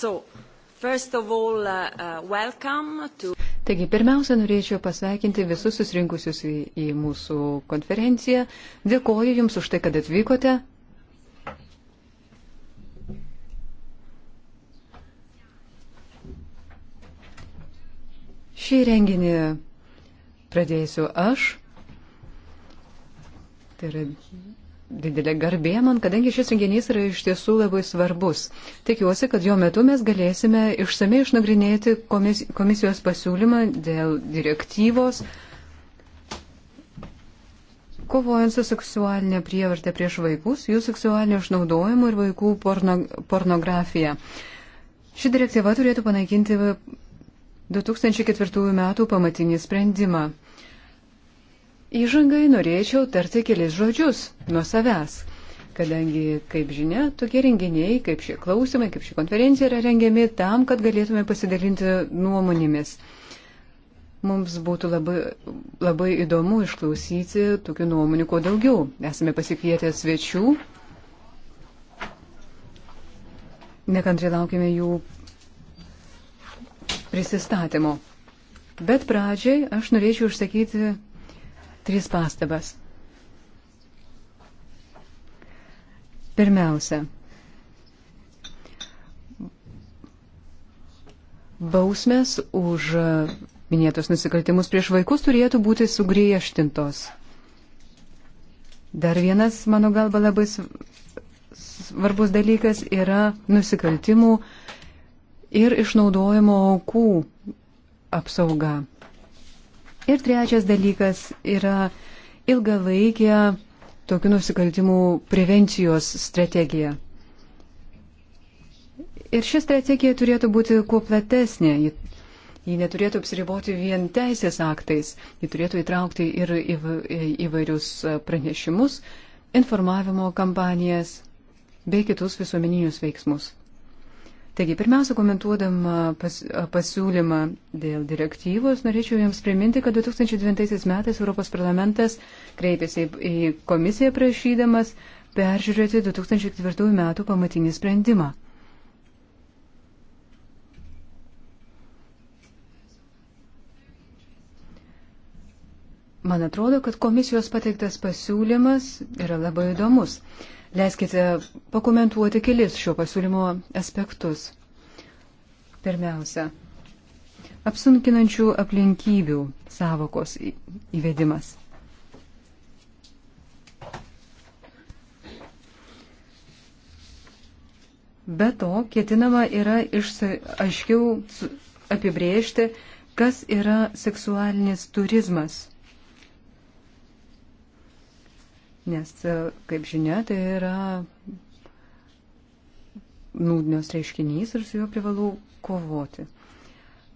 So, all, uh, uh to... Taigi, pirmiausia, norėčiau pasveikinti visus susirinkusius į, į mūsų konferenciją. Dėkoju Jums už tai, kad atvykote. Šį renginį pradėsiu aš. Tai yra didelė garbė man, kadangi šis renginys yra iš tiesų labai svarbus. Tikiuosi, kad jo metu mes galėsime išsamei išnagrinėti komis, komisijos pasiūlymą dėl direktyvos kovojant su seksualinė prievartė prieš vaikus, jų seksualinio išnaudojimu ir vaikų porno, pornografija. Ši direktyva turėtų panaikinti 2004 m. pamatinį sprendimą įžangai norėčiau tarti kelis žodžius nuo savęs, kadangi, kaip žinia, tokie renginiai, kaip šie klausimai, kaip ši konferencija yra rengiami tam, kad galėtume pasidalinti nuomonėmis. Mums būtų labai, labai įdomu išklausyti tokių nuomonių kuo daugiau. Esame pasikvietę svečių. Nekantri laukime jų prisistatymo. Bet pradžiai aš norėčiau išsakyti tris pastabas. Pirmiausia, bausmės už minėtos nusikaltimus prieš vaikus turėtų būti sugriežtintos. Dar vienas, mano galva, labai svarbus dalykas yra nusikaltimų ir išnaudojimo aukų apsauga. Ir trečias dalykas yra ilgalaikė tokių nusikaltimų prevencijos strategija. Ir ši strategija turėtų būti kuo platesnė. Ji neturėtų apsiriboti vien teisės aktais. Ji turėtų įtraukti ir įvairius pranešimus, informavimo kampanijas bei kitus visuomeninius veiksmus. Taigi, pirmiausia, komentuodama pas, pasiūlymą dėl direktyvos, norėčiau Jums priminti, kad 2009 metais Europos parlamentas kreipėsi į komisiją prašydamas peržiūrėti 2004 metų pamatinį sprendimą. Man atrodo, kad komisijos pateiktas pasiūlymas yra labai įdomus. Leiskite pakomentuoti kelis šio pasiūlymo aspektus. Pirmiausia, apsunkinančių aplinkybių savokos įvedimas. Be to, ketinama yra aiškiau apibrėžti, kas yra seksualinis turizmas nes, e, kaip žinia, tai yra nūdnios reiškinys ir su juo privalu kovoti.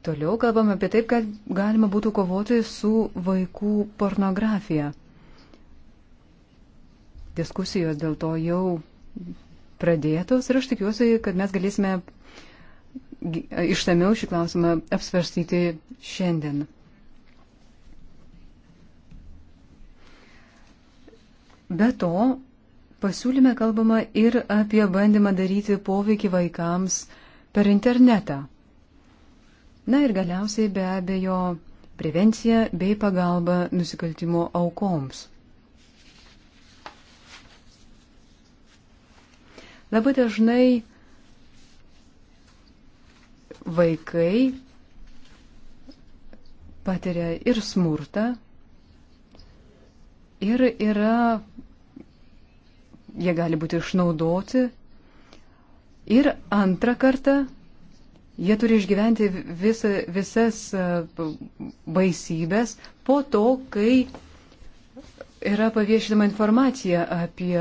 Toliau kalbame apie taip, kad galima būtų kovoti su vaikų pornografija. Diskusijos dėl to jau pradėtos ir aš tikiuosi, kad mes galėsime išsameu šį klausimą apsvarstyti šiandien. Be to, pasiūlyme kalbama ir apie bandymą daryti poveikį vaikams per internetą. Na ir galiausiai be abejo prevencija bei pagalba nusikaltimo aukoms. Labai dažnai vaikai patiria ir smurtą, ir yra jie gali būti išnaudoti. Ir antrą kartą jie turi išgyventi visa, visas e, baisybės po to, kai yra paviešinama informacija apie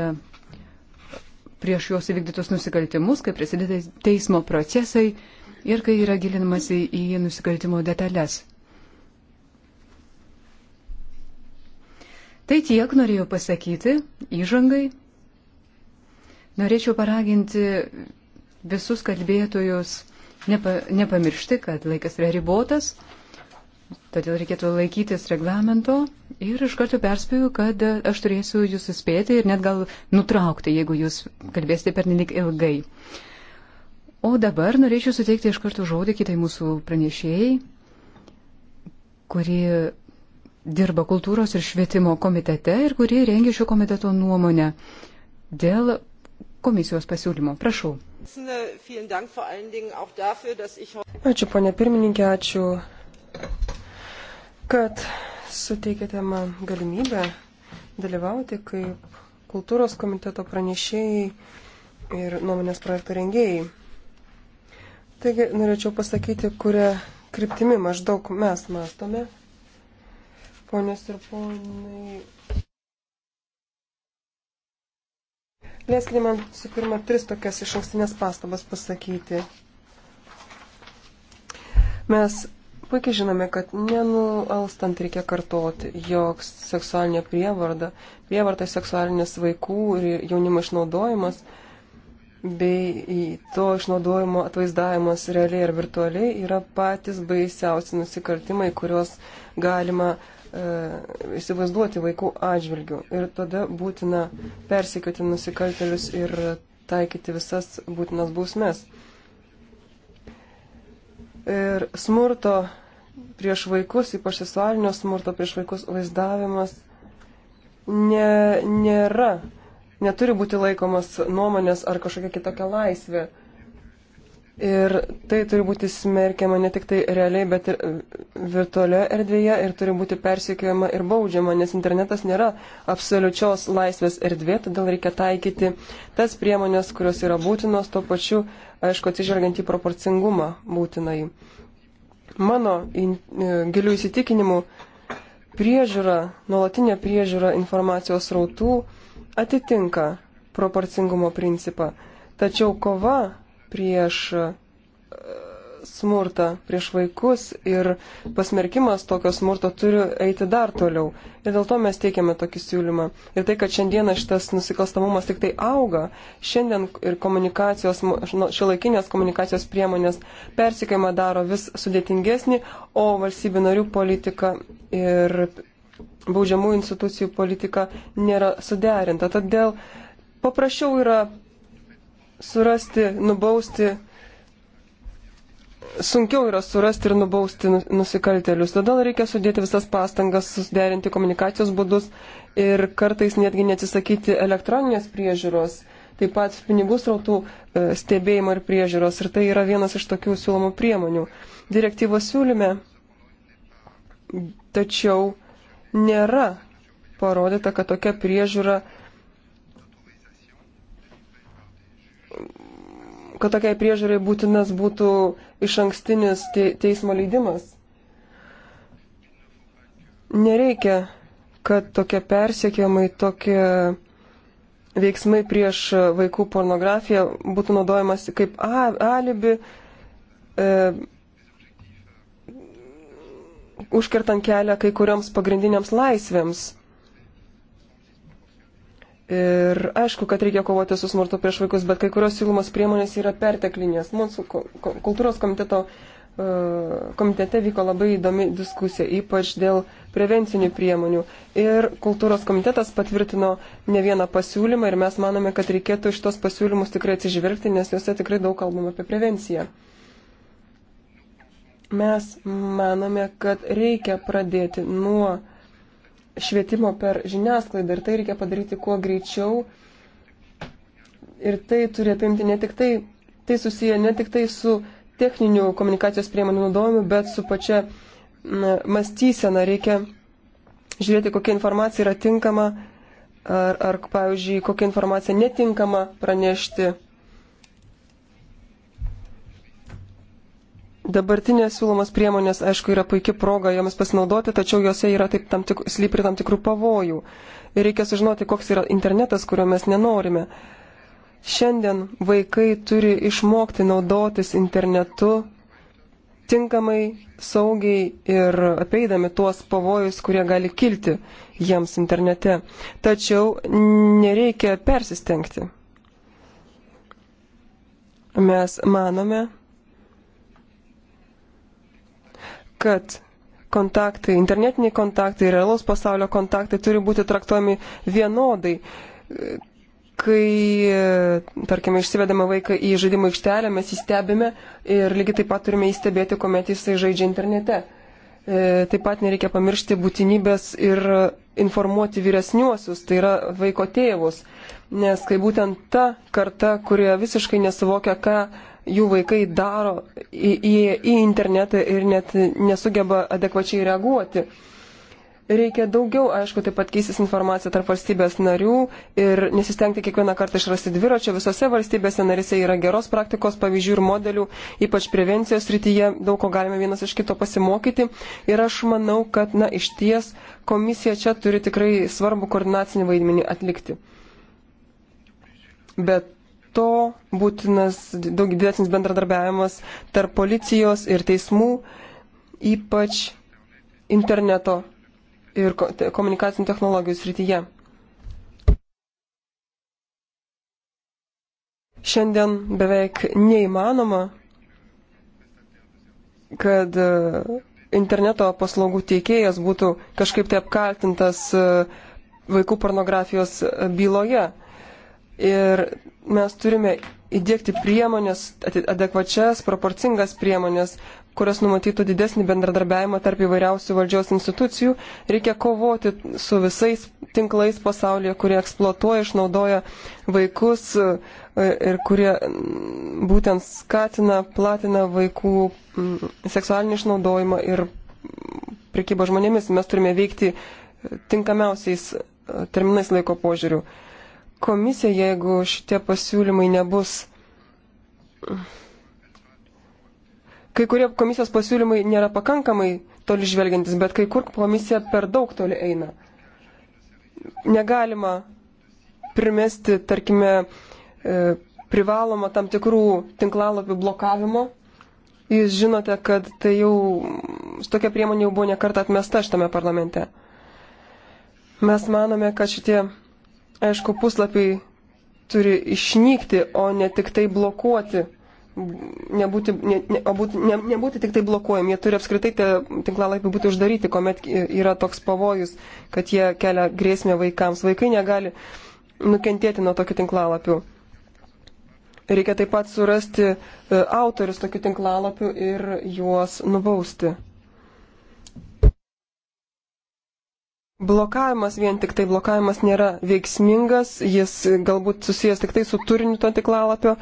prieš juos įvykdytus nusikaltimus, kai prasideda teismo procesai ir kai yra gilinamasi į nusikaltimo detalės. Tai tiek norėjau pasakyti įžangai. Norėčiau paraginti visus kalbėtojus nepa, nepamiršti, kad laikas yra ribotas, todėl reikėtų laikytis reglamento ir iš karto perspėju, kad aš turėsiu jūs įspėti ir net gal nutraukti, jeigu jūs kalbėsite pernelik ilgai. O dabar norėčiau suteikti iš karto žodį kitai mūsų pranešėjai, kuri dirba kultūros ir švietimo komitete ir kuri rengia šio komiteto nuomonę dėl komisijos pasiūlymo. Prašau. Ačiū, ponė pirmininkė, ačiū, kad suteikėte man galimybę dalyvauti kaip kultūros komiteto pranešėjai ir nuomonės projektų rengėjai. Taigi norėčiau pasakyti, kurią kryptimi maždaug mes mastome. Ponios ir ponai, Leiskite man su pirma tris tokias iš ankstinės pastabas pasakyti. Mes puikiai žinome, kad nenualstant reikia kartoti, jog seksualinė prievarta, prievarta seksualinis vaikų ir jaunimo išnaudojimas bei to išnaudojimo atvaizdavimas realiai ir virtualiai yra patys baisiausi nusikaltimai, kuriuos galima E, įsivaizduoti vaikų atžvilgių. Ir tada būtina persikioti nusikaltelius ir taikyti visas būtinas bausmes. Ir smurto prieš vaikus, ypač seksualinio smurto prieš vaikus vaizdavimas ne, nėra, neturi būti laikomas nuomonės ar kažkokia kitokia laisvė. Ir tai turi būti smerkiama ne tik tai realiai, bet ir virtualioje erdvėje ir turi būti persikiojama ir baudžiama, nes internetas nėra absoliučios laisvės erdvė, todėl reikia taikyti tas priemonės, kurios yra būtinos, tuo pačiu, aišku, atsižvelgiant į proporcingumą būtinai. Mano in, e, gilių įsitikinimų priežiūra, nuolatinė priežiūra informacijos rautų atitinka proporcingumo principą. Tačiau kova prieš e, smurtą prieš vaikus ir pasmerkimas tokio smurto turi eiti dar toliau. Ir dėl to mes teikiame tokį siūlymą. Ir tai, kad šiandieną šitas nusikalstamumas tik tai auga, šiandien ir komunikacijos, nu, šiolaikinės komunikacijos priemonės persikėjimą daro vis sudėtingesnį, o valstybių narių politika ir baudžiamų institucijų politika nėra suderinta. Todėl paprasčiau yra surasti, nubausti, sunkiau yra surasti ir nubausti nusikaltelius. Todėl reikia sudėti visas pastangas, susiderinti komunikacijos būdus ir kartais netgi neatsisakyti elektroninės priežiūros, taip pat pinigų srautų e, stebėjimo ir priežiūros. Ir tai yra vienas iš tokių siūlomų priemonių. Direktyvos siūlyme, tačiau nėra parodyta, kad tokia priežiūra kad tokiai priežiūrai būtinas būtų iš ankstinis te, teismo leidimas. Nereikia, kad tokie persiekiamai, tokie veiksmai prieš vaikų pornografiją būtų naudojamas kaip a, alibi, e, užkertant kelią kai kuriams pagrindiniams laisvėms. Ir aišku, kad reikia kovoti su smurto prieš vaikus, bet kai kurios siūlomos priemonės yra perteklinės. Mūsų kultūros komiteto, e, komitete vyko labai įdomi diskusija, ypač dėl prevencinių priemonių. Ir kultūros komitetas patvirtino ne vieną pasiūlymą ir mes manome, kad reikėtų iš tos pasiūlymus tikrai atsižvelgti, nes juose tikrai daug kalbama apie prevenciją. Mes manome, kad reikia pradėti nuo švietimo per žiniasklaidą ir tai reikia padaryti kuo greičiau. Ir tai turi apimti ne tik tai, tai susiję ne tik tai su techninių komunikacijos priemonių naudojimu, bet su pačia mąstysena. Reikia žiūrėti, kokia informacija yra tinkama ar, ar pavyzdžiui, kokią informaciją netinkama pranešti Dabartinės siūlomos priemonės, aišku, yra puikia proga jomis pasinaudoti, tačiau juose yra taip tam tik, slypri tam tikrų pavojų. Ir reikia sužinoti, koks yra internetas, kurio mes nenorime. Šiandien vaikai turi išmokti naudotis internetu tinkamai, saugiai ir apeidami tuos pavojus, kurie gali kilti jiems internete. Tačiau nereikia persistengti. Mes manome, kad kontaktai, internetiniai kontaktai, realaus pasaulio kontaktai turi būti traktuojami vienodai. Kai, tarkime, išsivedame vaiką į žaidimų aikštelę, mes jį stebime ir lygiai taip pat turime įstebėti, kuomet jisai žaidžia internete. E, taip pat nereikia pamiršti būtinybės ir informuoti vyresniuosius, tai yra vaiko tėvus, nes kai būtent ta karta, kurie visiškai nesuvokia, ką jų vaikai daro į, į, į internetą ir net nesugeba adekvačiai reaguoti. Reikia daugiau, aišku, taip pat keistis informaciją tarp valstybės narių ir nesistengti kiekvieną kartą išrasti dviračio. Visose valstybėse narise yra geros praktikos pavyzdžių ir modelių, ypač prevencijos rytyje, daug ko galime vienas iš kito pasimokyti. Ir aš manau, kad, na, iš ties komisija čia turi tikrai svarbu koordinacinį vaidmenį atlikti. Bet to būtinas daug didesnis bendradarbiavimas tarp policijos ir teismų, ypač interneto ir komunikacinių technologijų srityje. Šiandien beveik neįmanoma, kad e, interneto paslaugų teikėjas būtų kažkaip tai apkaltintas e, vaikų pornografijos e, byloje ir mes turime įdėkti priemonės, adekvačias, proporcingas priemonės, kurios numatytų didesnį bendradarbiavimą tarp įvairiausių valdžios institucijų. Reikia kovoti su visais tinklais pasaulyje, kurie eksploatuoja, išnaudoja vaikus e, ir kurie būtent skatina, platina vaikų seksualinį išnaudojimą ir prikybą žmonėmis. Mes turime veikti tinkamiausiais e, terminais laiko požiūrių komisija, jeigu šitie pasiūlymai nebus. Kai kurie komisijos pasiūlymai nėra pakankamai toli žvelgiantis, bet kai kur komisija per daug toli eina. Negalima primesti, tarkime, e, privaloma tam tikrų tinklalapių blokavimo. Jūs žinote, kad tai jau, tokia priemonė jau buvo nekart atmesta šitame parlamente. Mes manome, kad šitie Aišku, puslapiai turi išnykti, o ne tik tai blokuoti. Nebūti, ne, ne, būti, ne, nebūti tik tai blokuojami, jie turi apskritai tinklalapiai būti uždaryti, kuomet yra toks pavojus, kad jie kelia grėsmę vaikams. Vaikai negali nukentėti nuo tokių tinklalapių. Reikia taip pat surasti e, autorius tokių tinklalapių ir juos nubausti. Blokavimas vien tik tai blokavimas nėra veiksmingas, jis galbūt susijęs tik tai su turiniu to tiklalapio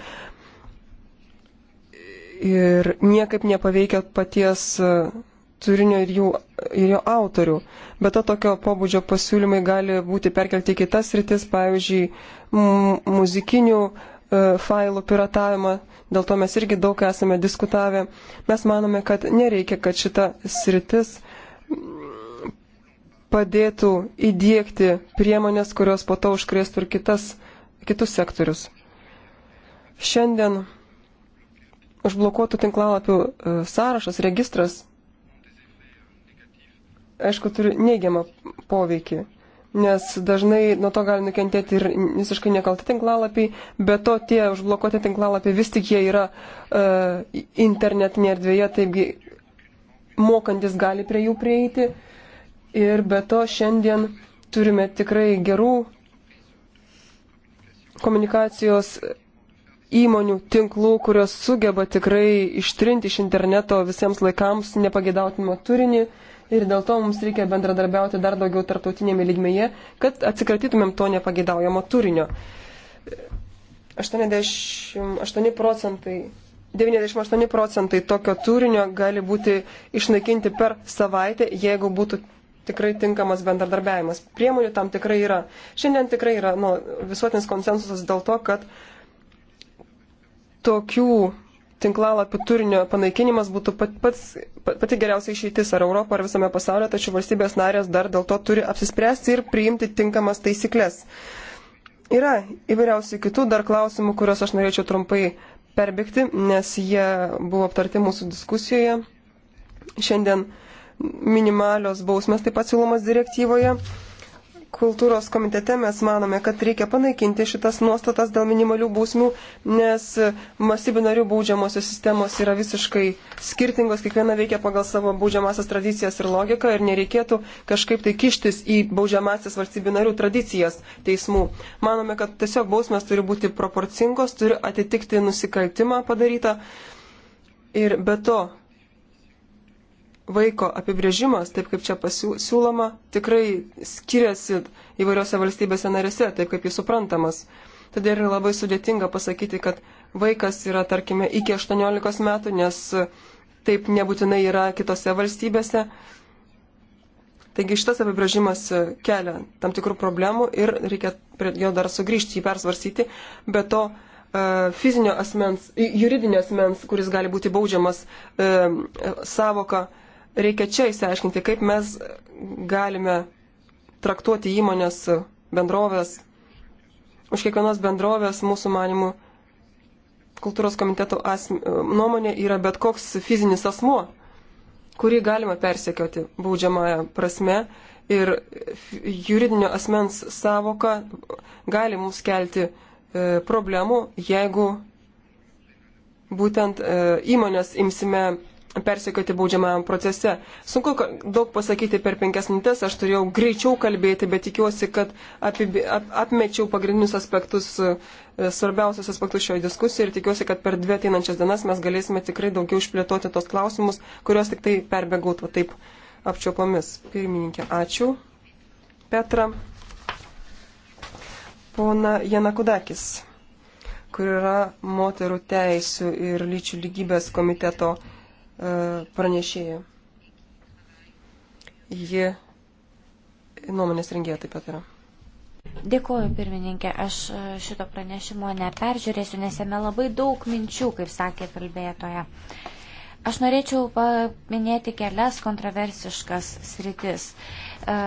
ir niekaip nepaveikia paties e, turinio ir, jų, ir jo autorių. Bet to tokio pobūdžio pasiūlymai gali būti perkelti į kitas rytis, pavyzdžiui, muzikinių e, failų piratavimą. Dėl to mes irgi daug esame diskutavę. Mes manome, kad nereikia, kad šita sritis padėtų įdėkti priemonės, kurios po to užkrėstų ir kitas, kitus sektorius. Šiandien užblokuotų tinklalapių e, sąrašas, registras, aišku, turi neigiamą poveikį, nes dažnai nuo to gali nukentėti ir visiškai nekalti tinklalapiai, bet to tie užblokuoti tinklalapiai vis tik jie yra uh, e, internetinė erdvėje, taigi mokantis gali prie jų prieiti Ir be to šiandien turime tikrai gerų komunikacijos įmonių tinklų, kurios sugeba tikrai ištrinti iš interneto visiems laikams nepagėdautinimo turinį. Ir dėl to mums reikia bendradarbiauti dar daugiau tarptautinėme lygmeje, kad atsikratytumėm to nepagėdaujamo turinio. 88 procentai 98 procentai tokio turinio gali būti išnaikinti per savaitę, jeigu būtų tikrai tinkamas bendradarbiavimas. Priemonių tam tikrai yra. Šiandien tikrai yra nu, visuotinis konsensusas dėl to, kad tokių tinklalapių turinio panaikinimas būtų pat, pats, pati geriausia išeitis ar Europoje, ar visame pasaulyje, tačiau valstybės narės dar dėl to turi apsispręsti ir priimti tinkamas taisyklės. Yra įvairiausių kitų dar klausimų, kuriuos aš norėčiau trumpai perbėgti, nes jie buvo aptarti mūsų diskusijoje. Šiandien uh, minimalios bausmės taip pat siūlomas direktyvoje. Kultūros komitete mes manome, kad reikia panaikinti šitas nuostatas dėl minimalių bausmių, nes masybių narių baudžiamosios sistemos yra visiškai skirtingos, kiekviena veikia pagal savo baudžiamasias tradicijas ir logiką ir nereikėtų kažkaip tai kištis į baudžiamasias valstybių narių tradicijas teismų. Manome, kad tiesiog bausmės turi būti proporcingos, turi atitikti nusikaltimą padarytą. Ir be to, vaiko apibrėžimas, taip kaip čia pasiūloma, tikrai skiriasi įvairiose valstybėse narėse, taip kaip jis suprantamas. Tad yra labai sudėtinga pasakyti, kad vaikas yra, tarkime, iki 18 metų, nes taip nebūtinai yra kitose valstybėse. Taigi šitas apibrėžimas kelia tam tikrų problemų ir reikia prie jo dar sugrįžti, jį persvarsyti. Be to, e, fizinio asmens, juridinio asmens, kuris gali būti baudžiamas e, e, savoka reikia čia įsiaiškinti, kaip mes galime traktuoti įmonės bendrovės. Už kiekvienos bendrovės mūsų manimų kultūros komiteto asm... nuomonė yra bet koks fizinis asmuo, kurį galima persekioti baudžiamąją prasme ir juridinio asmens savoka gali mums kelti e, problemų, jeigu būtent e, įmonės imsime persikoti baudžiamajam procese. Sunku daug pasakyti per penkias minutės, aš turėjau greičiau kalbėti, bet tikiuosi, kad apibi, ap, apmečiau pagrindinius aspektus, e, svarbiausius aspektus šioje diskusijoje ir tikiuosi, kad per dvi ateinančias dienas mes galėsime tikrai daugiau išplėtoti tos klausimus, kuriuos tik tai perbėgau va taip apčiopomis. Pirmininkė, ačiū. Petra. Pona Janakudakis kur yra moterų teisų ir lyčių lygybės komiteto pranešėja. Ji nuomonės rengėja taip pat yra. Dėkuoju, pirmininkė. Aš e, šito pranešimo neperžiūrėsiu, nes jame labai daug minčių, kaip sakė kalbėtoja. Aš norėčiau paminėti kelias kontroversiškas sritis. E,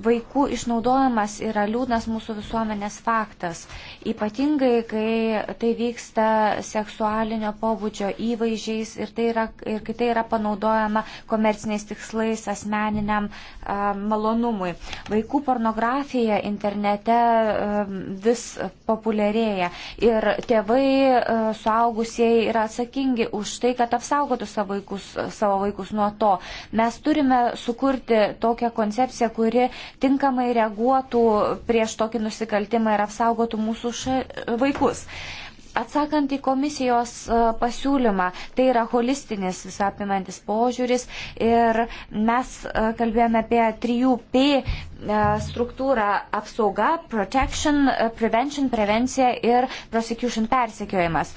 Vaikų išnaudojimas yra liūdnas mūsų visuomenės faktas, ypatingai kai tai vyksta seksualinio pobūdžio įvaizdžiais ir, tai yra, ir kai tai yra panaudojama komerciniais tikslais asmeniniam a, malonumui. Vaikų pornografija internete a, vis populiarėja ir tėvai a, suaugusieji yra atsakingi už tai, kad apsaugotų savo vaikus, savo vaikus nuo to. Mes turime sukurti tokią koncepciją, kuri kuri tinkamai reaguotų prieš tokį nusikaltimą ir apsaugotų mūsų ša... vaikus. Atsakant į komisijos e, pasiūlymą, tai yra holistinis visapimantis požiūris ir mes e, kalbėjome apie 3P E, struktūrą apsauga, protection, e, prevention, prevencija ir prosecution persekiojimas.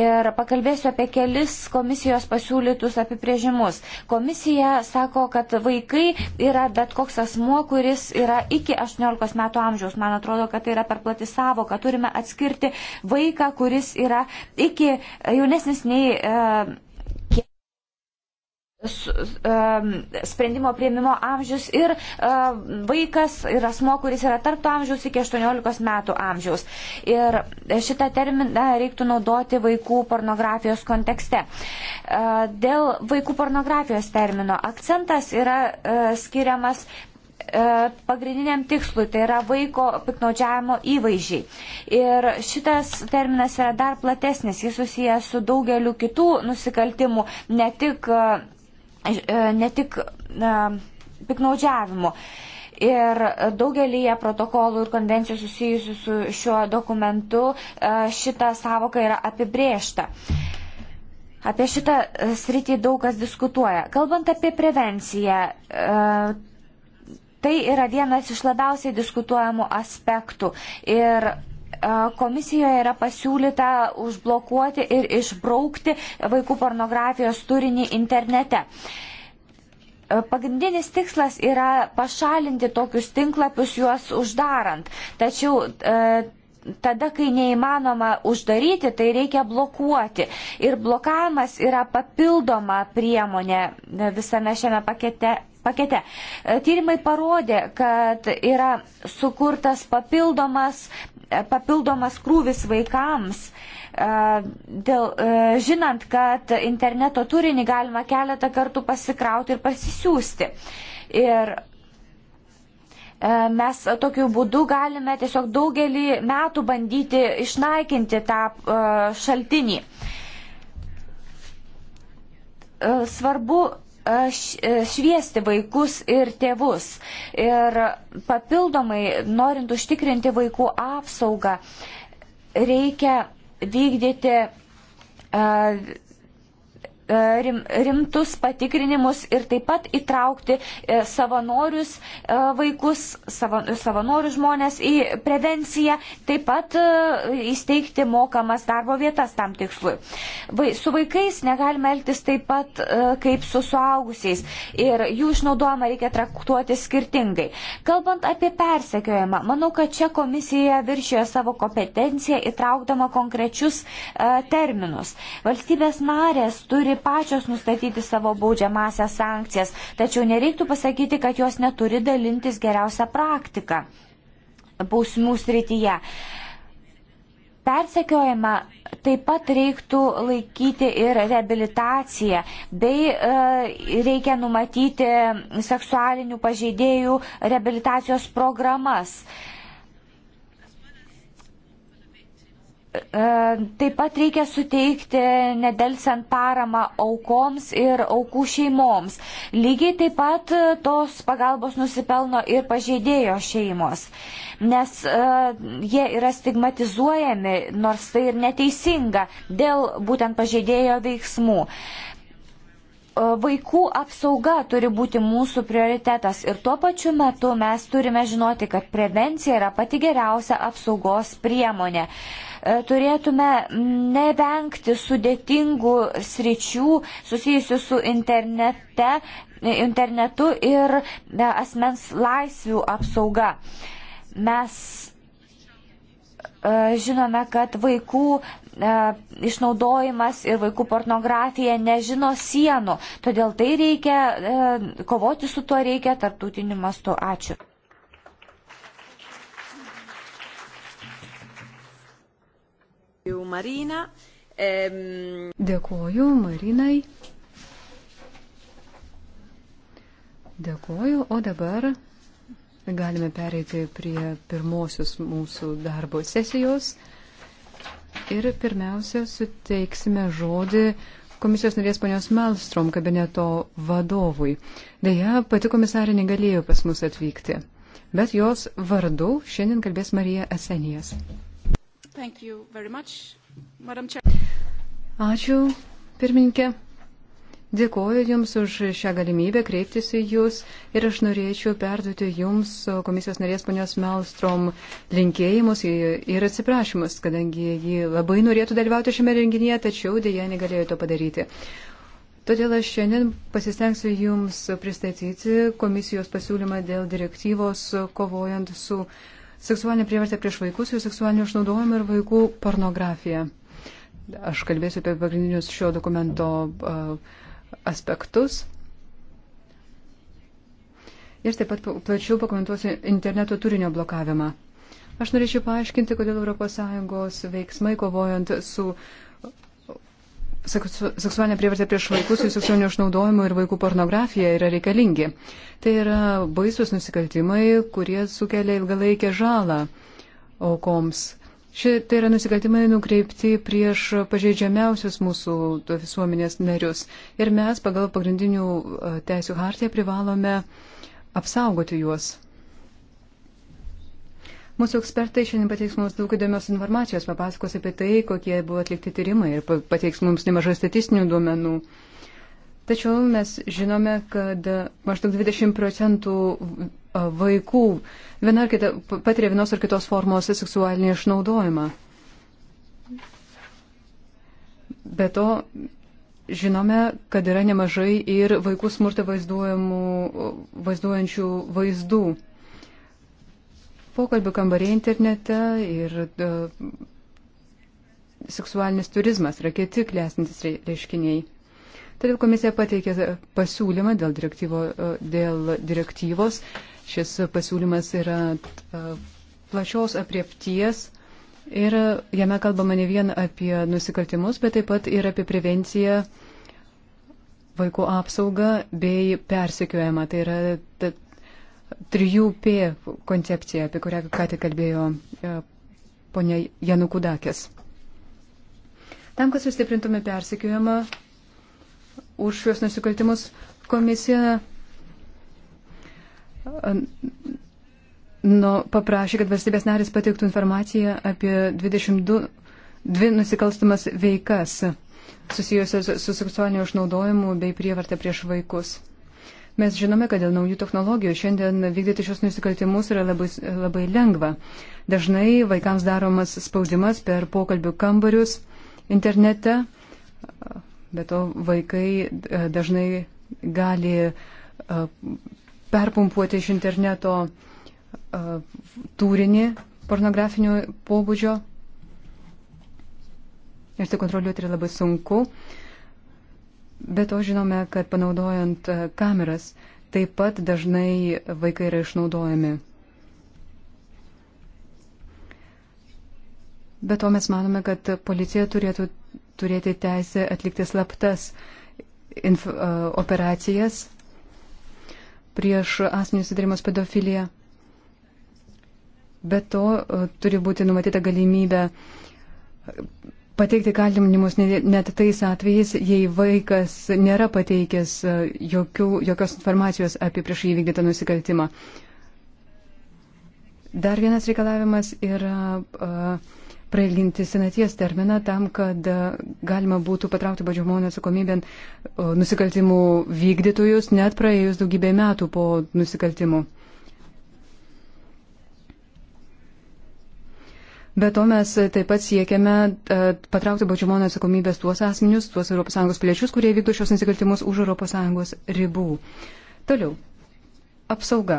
Ir pakalbėsiu apie kelis komisijos pasiūlytus apibrėžimus. Komisija sako, kad vaikai yra bet koks asmuo, kuris yra iki 18 metų amžiaus. Man atrodo, kad tai yra per plati savo, kad turime atskirti vaiką, kuris yra iki jaunesnis nei. E, sprendimo prieimimo amžius ir vaikas ir asmo, kuris yra tarp to amžiaus iki 18 metų amžiaus. Ir šitą terminą reiktų naudoti vaikų pornografijos kontekste. E, dėl vaikų pornografijos termino akcentas yra e, skiriamas e, pagrindiniam tikslui, tai yra vaiko piknaudžiavimo įvaizdžiai. Ir šitas terminas yra dar platesnis, jis susijęs su daugeliu kitų nusikaltimų, ne tik uh, E, ne tik piknaudžiavimu. Ir daugelį protokolų ir konvencijų susijusių su šiuo dokumentu e, šita savoka yra apibriešta. Apie šitą e, sritį daug kas diskutuoja. Kalbant apie prevenciją, tai yra vienas iš labiausiai diskutuojamų aspektų. Ir E, komisijoje yra pasiūlyta užblokuoti ir išbraukti vaikų pornografijos turinį internete. E, pagrindinis tikslas yra pašalinti tokius tinklapius juos uždarant. Tačiau e, tada, kai neįmanoma uždaryti, tai reikia blokuoti. Ir blokavimas yra papildoma priemonė visame šiame pakete. pakete. Tyrimai parodė, kad yra sukurtas papildomas E, papildomas krūvis vaikams, e, dėl, e, žinant, kad interneto turinį galima keletą kartų pasikrauti ir pasisiųsti. Ir mes tokiu būdu galime tiesiog daugelį metų bandyti išnaikinti tą šaltinį. Svarbu E, šviesti vaikus ir tėvus. Ir papildomai, norint užtikrinti vaikų apsaugą, reikia vykdyti e, E, rimtus patikrinimus ir taip pat įtraukti e, savanorius e, vaikus, savanorius žmonės į prevenciją, taip pat įsteigti mokamas darbo vietas tam tikslui. Su vaikais negalime elgtis taip pat kaip su suaugusiais ir jų išnaudojimą reikia traktuoti skirtingai. Kalbant apie persekiojimą, manau, kad čia komisija viršėjo savo kompetenciją įtraukdama konkrečius terminus. Valstybės narės turi pačios nustatyti savo baudžiamąsias sankcijas, tačiau nereiktų pasakyti, kad jos neturi dalintis geriausią praktiką bausmių srityje. Persekiojama taip pat reiktų laikyti ir reabilitaciją, bei e, reikia numatyti seksualinių pažeidėjų reabilitacijos programas. E, E, taip pat reikia suteikti nedelsiant paramą aukoms ir aukų šeimoms. Lygiai taip pat tos pagalbos nusipelno ir pažeidėjo šeimos, nes uh, jie yra stigmatizuojami, nors tai ir neteisinga, dėl būtent pažeidėjo veiksmų. E, vaikų apsauga turi būti mūsų prioritetas ir tuo pačiu metu mes turime žinoti, kad prevencija yra pati geriausia apsaugos priemonė. Uh, E, turėtume nevengti sudėtingų sričių susijusių su internete, e, internetu ir asmens laisvių apsauga. Mes e, žinome, kad vaikų išnaudojimas ir vaikų pornografija nežino sienų. Todėl tai reikia, kovoti su tuo reikia tarptautiniu mastu. Ačiū. Marina. Ehm... Dėkoju Marinai. Dėkoju, o dabar galime pereiti prie pirmosios mūsų darbo sesijos. Ir pirmiausia, suteiksime žodį komisijos narės ponios Melstrom kabineto vadovui. Deja, pati komisarė negalėjo pas mus atvykti, bet jos vardu šiandien kalbės Marija Esenijas. Ačiū, pirmininkė. Dėkoju Jums už šią galimybę kreiptis į Jūs ir aš norėčiau perduoti Jums komisijos narės ponios Melstrom linkėjimus ir atsiprašymus, kadangi ji labai norėtų dalyvauti šiame renginyje, tačiau dėja negalėjo to padaryti. Todėl aš šiandien pasistengsiu Jums pristatyti komisijos pasiūlymą dėl direktyvos kovojant su uh, seksualinė prievartė prieš vaikus, jų seksualinio išnaudojimo ir vaikų pornografija. Aš kalbėsiu apie pagrindinius šio dokumento aspektus. Ir taip pat plačiau pakomentuosiu interneto turinio blokavimą. Aš norėčiau paaiškinti, kodėl ES veiksmai kovojant su uh, seksualinė prievartė prieš vaikus, jų seksualinio išnaudojimo ir vaikų pornografija yra reikalingi. Tai yra baisus nusikaltimai, kurie sukelia ilgalaikę žalą aukoms. Ši, tai yra nusikaltimai nukreipti prieš pažeidžiamiausius mūsų visuomenės narius. Ir mes pagal pagrindinių e, teisų hartiją privalome apsaugoti juos. Mūsų ekspertai šiandien pateiks mums daug įdomios informacijos, papasakos apie tai, kokie buvo atlikti tyrimai ir pateiks mums nemažai statistinių duomenų. Tačiau mes žinome, kad maždaug 20 procentų vaikų viena ar kita patiria vienos ar kitos formos seksualinį išnaudojimą. Be to, žinome, kad yra nemažai ir vaikų smurtą vaizduojančių vaizdų pokalbių kambariai internete ir uh, seksualinis turizmas yra kiti klesintis reiškiniai. Todėl komisija pateikė pasiūlymą dėl, direktyvo, e, dėl direktyvos. Šis pasiūlymas yra e, plačios apriepties ir jame kalbama ne vien apie nusikaltimus, bet taip pat ir apie prevenciją, vaikų apsaugą bei persekiojimą. Tai yra 3P koncepciją, apie kurią ką tik kalbėjo e, ponia Janukudakės. Tam, kad sustiprintume persikiojimą už šios nusikaltimus, komisija e, nu, paprašė, kad valstybės narės pateiktų informaciją apie 22 dvi nusikalstamas veikas susijusios su seksualiniu išnaudojimu bei prievarta prieš vaikus. Mes žinome, kad dėl naujų technologijų šiandien vykdyti šios nusikaltimus yra labai, labai lengva. Dažnai vaikams daromas spaudimas per pokalbių kambarius internete, bet to vaikai e, dažnai gali e, perpumpuoti iš interneto e, turinį pornografinio pobūdžio ir tai kontroliuoti yra labai sunku. Uh, Bet to žinome, kad panaudojant e, kameras taip pat dažnai vaikai yra išnaudojami. Bet to mes manome, kad policija turėtų turėti teisę atlikti slaptas inf, uh, operacijas prieš asmenį sudarimas pedofiliją. Be to uh, turi būti numatyta galimybė pateikti kaltinimus net tais atvejais, jei vaikas nėra pateikęs e, jokių, jokios informacijos apie prieš įvykdytą nusikaltimą. Dar vienas reikalavimas yra uh, prailginti senaties terminą tam, kad uh, galima būtų patraukti baudžiamonio atsakomybėn uh, nusikaltimų vykdytojus net praėjus daugybę metų po nusikaltimų. Be to mes taip pat siekiame e, patraukti baudžiamonio atsakomybės tuos asmenius, tuos ES piliečius, kurie vykdo šios nusikaltimus už ES ribų. Toliau. Apsauga.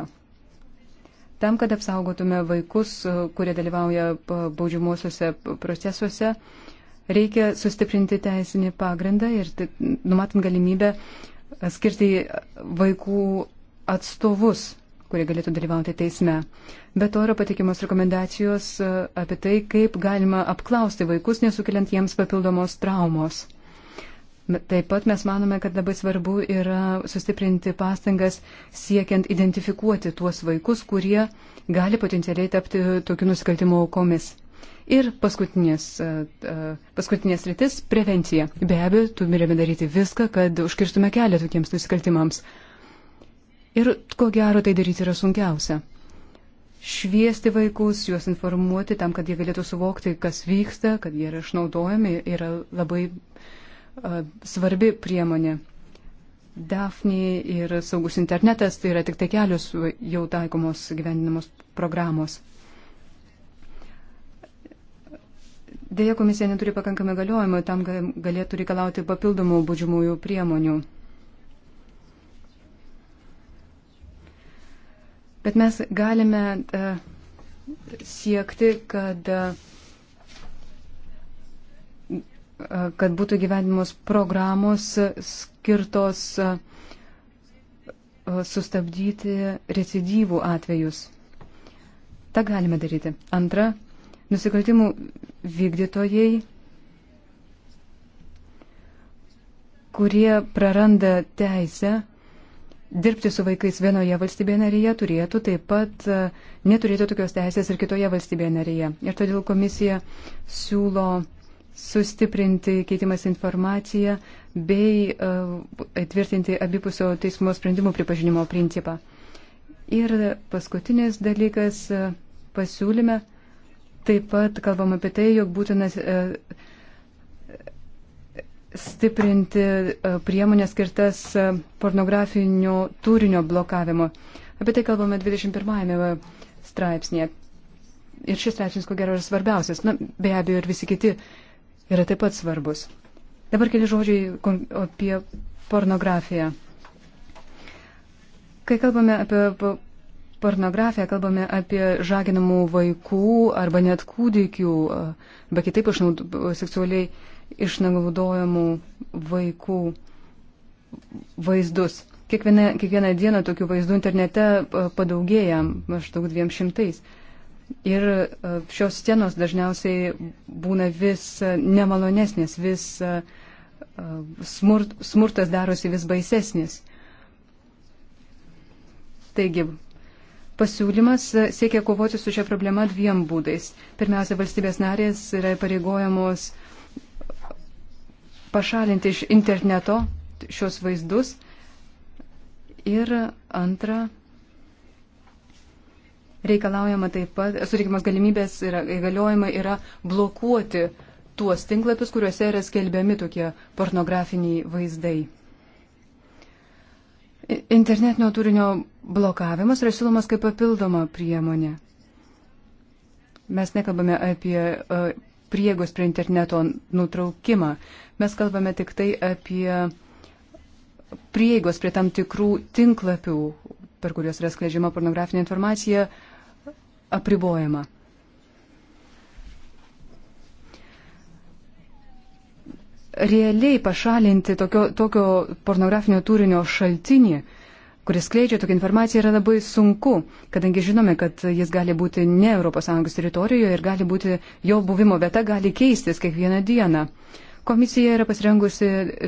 Tam, kad apsaugotume vaikus, e, kurie dalyvauja e, baudžiamuosiuose procesuose, reikia sustiprinti teisinį pagrindą ir numatant galimybę skirti vaikų atstovus kurie galėtų dalyvauti teisme. Be to yra patikimos rekomendacijos e, apie tai, kaip galima apklausti vaikus, nesukeliant jiems papildomos traumos. Taip pat mes manome, kad labai svarbu yra sustiprinti pastangas siekiant identifikuoti tuos vaikus, kurie gali potencialiai tapti tokių nusikaltimų aukomis. Ir paskutinės, e, e, paskutinės rytis - prevencija. Be abejo, turime daryti viską, kad užkirstume kelią tokiems nusikaltimams. Ir ko gero tai daryti yra sunkiausia. Šviesti vaikus, juos informuoti tam, kad jie galėtų suvokti, kas vyksta, kad jie yra išnaudojami, yra labai uh, svarbi priemonė. Dafni ir saugus internetas tai yra tik tai kelios jau taikomos gyvendinamos programos. Deja, komisija neturi pakankamai galiojimo, tam galėtų reikalauti papildomų būdžiamųjų priemonių. Bet mes galime e, siekti, kad, e, kad būtų gyvenimos programos skirtos e, sustabdyti recidyvų atvejus. Ta galime daryti. Antra, nusikaltimų vykdytojai, kurie praranda teisę dirbti su vaikais vienoje valstybėje narėje turėtų taip pat e, neturėti tokios teisės ir kitoje valstybėje narėje. Ir todėl komisija siūlo sustiprinti keitimas informaciją bei atvirtinti e, abipusio teismo sprendimų pripažinimo principą. Ir paskutinis dalykas e, pasiūlyme taip pat kalbam apie tai, jog būtinas. E, stiprinti e, priemonės skirtas e, pornografinio turinio blokavimo. Apie tai kalbame 21 e, straipsnėje. Ir šis straipsnis, ko gero, yra svarbiausias. Na, be abejo, ir visi kiti yra taip pat svarbus. Dabar keli žodžiai apie pornografiją. Kai kalbame apie pornografiją, kalbame apie žaginamų vaikų arba net kūdikių, be kitaip išnaudų seksualiai uh, išnaudojamų vaikų vaizdus. Kiekvieną, kiekvieną dieną tokių vaizdų internete e, padaugėja maždaug dviem šimtais. Ir e, šios scenos dažniausiai būna vis e, nemalonesnės, vis smurt, smurtas darosi vis baisesnis. Taigi, Pasiūlymas siekia kovoti su šia problema dviem būdais. Pirmiausia, valstybės narės yra pareigojamos pašalinti iš interneto šios vaizdus. Ir antra, reikalaujama taip pat, suteikimas galimybės ir įgaliojimai yra blokuoti tuos tinklapius, kuriuose yra skelbiami tokie pornografiniai vaizdai. Internetinio turinio blokavimas yra siūlomas kaip papildoma priemonė. Mes nekalbame apie e, priegos prie interneto nutraukimą, Mes kalbame tik tai apie prieigos prie tam tikrų tinklapių, per kuriuos yra skleidžiama pornografinė informacija, apribojama. Realiai pašalinti tokio, tokio pornografinio turinio šaltinį, kuris skleidžia tokią informaciją, yra labai sunku, kadangi žinome, kad jis gali būti ne ES teritorijoje ir gali būti jo buvimo vieta gali keistis kiekvieną dieną. Uh, Komisija yra pasirengusi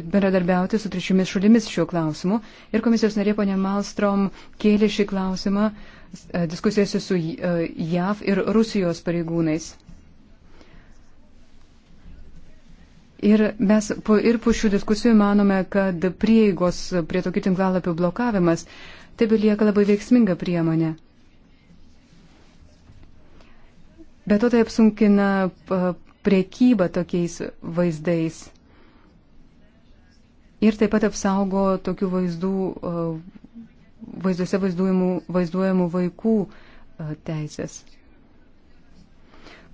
bendradarbiauti su trečiomis šalimis šiuo klausimu ir komisijos narė ponė Malstrom kėlė šį klausimą e, diskusijose su e, JAV ir Rusijos pareigūnais. Ir mes po, ir po šių diskusijų manome, kad prieigos prie tokių tinklalapių blokavimas taip lieka labai veiksminga priemonė. Be to tai apsunkina priekyba tokiais vaizdais. Ir taip pat apsaugo tokių vaizdų, e, vaizduose vaizduojamų, vaizduojamų vaikų e, teisės.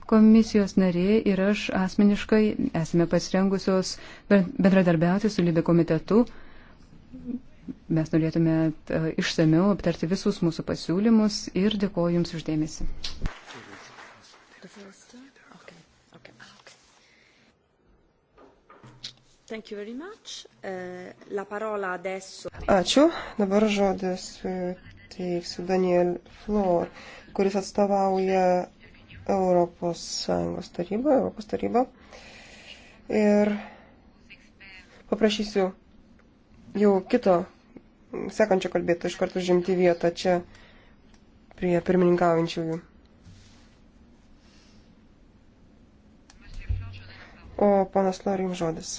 Komisijos narė ir aš asmeniškai esame pasirengusios bendradarbiauti su Libė komitetu. Mes norėtume e, išsameu aptarti visus mūsų pasiūlymus ir dėkoju Jums uždėmesi. Eh, Ačiū. Dabar žodis e, teiksiu Daniel Flor, kuris atstovauja Europos Sąjungos tarybą, Europos tarybą. Ir paprašysiu jau kito sekančio kalbėto iš karto žimti vietą čia prie pirmininkaujančiųjų. O ponas Lorim žodis.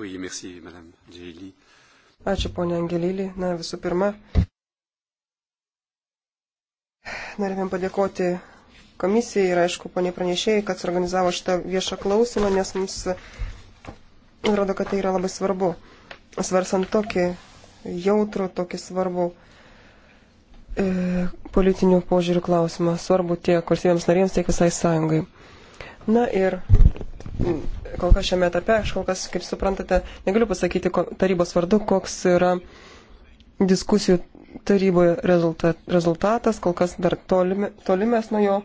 Oui, merci, madame Angelili. Ačiū, ponia Angelili. Na, visų pirma, norėtume padėkoti komisijai ir, aišku, poniai pranešėjai, kad suorganizavo šitą viešą klausimą, nes mums atrodo, kad tai yra labai svarbu. Svarsant tokį jautrų, tokį svarbų e, politinių požiūrių klausimą, svarbu tiek valstybėms narėms, tiek visai sąjungai. Na ir kol kas šiame etape, aš kol kas, kaip suprantate, negaliu pasakyti tarybos vardu, koks yra diskusijų taryboje rezultat, rezultatas, kol kas dar tolime, tolimės nuo jo.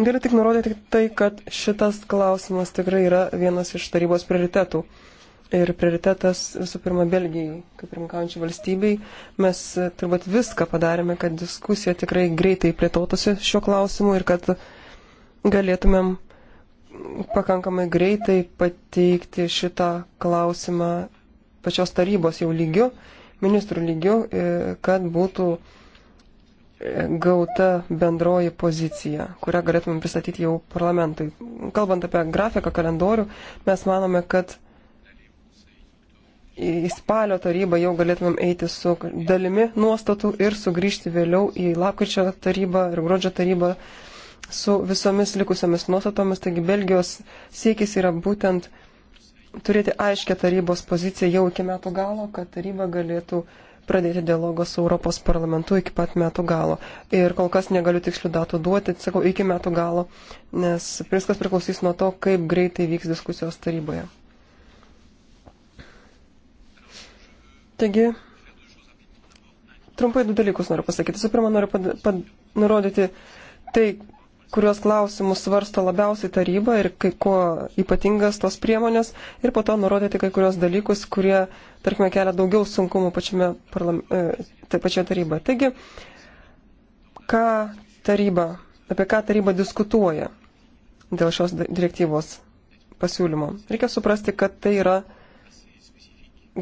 Galiu tik nurodyti tai, kad šitas klausimas tikrai yra vienas iš tarybos prioritetų. Ir prioritetas visų pirma Belgijai, kaip pirmkaujančiai valstybei. Mes turbūt viską padarėme, kad diskusija tikrai greitai plėtotųsi šiuo klausimu ir kad galėtumėm pakankamai greitai pateikti šitą klausimą pačios tarybos jau lygiu, ministrų lygiu, e, kad būtų e, gauta bendroji pozicija, kurią galėtume pristatyti jau parlamentui. Kalbant apie grafiką, kalendorių, mes manome, kad į spalio tarybą jau galėtumėm eiti su dalimi nuostatų ir sugrįžti vėliau į lapkričio tarybą ir gruodžio tarybą su visomis likusiamis nuostatomis. Taigi Belgijos siekis yra būtent turėti aiškę tarybos poziciją jau iki metų galo, kad taryba galėtų pradėti dialogą su Europos parlamentu iki pat metų galo. Ir kol kas negaliu tikslių datų duoti, sakau, iki metų galo, nes viskas priklausys nuo to, kaip greitai vyks diskusijos taryboje. Taigi, trumpai du dalykus noriu pasakyti. Visų pirma, noriu pad, pad, nurodyti tai, kuriuos klausimus svarsto labiausiai taryba ir kai kuo ypatingas tos priemonės ir po to nurodyti kai kurios dalykus, kurie, tarkime, kelia daugiau sunkumų pačiame parlam, tai pačioje taryboje. Taigi, ką taryba, apie ką taryba diskutuoja dėl šios direktyvos pasiūlymo? Reikia suprasti, kad tai yra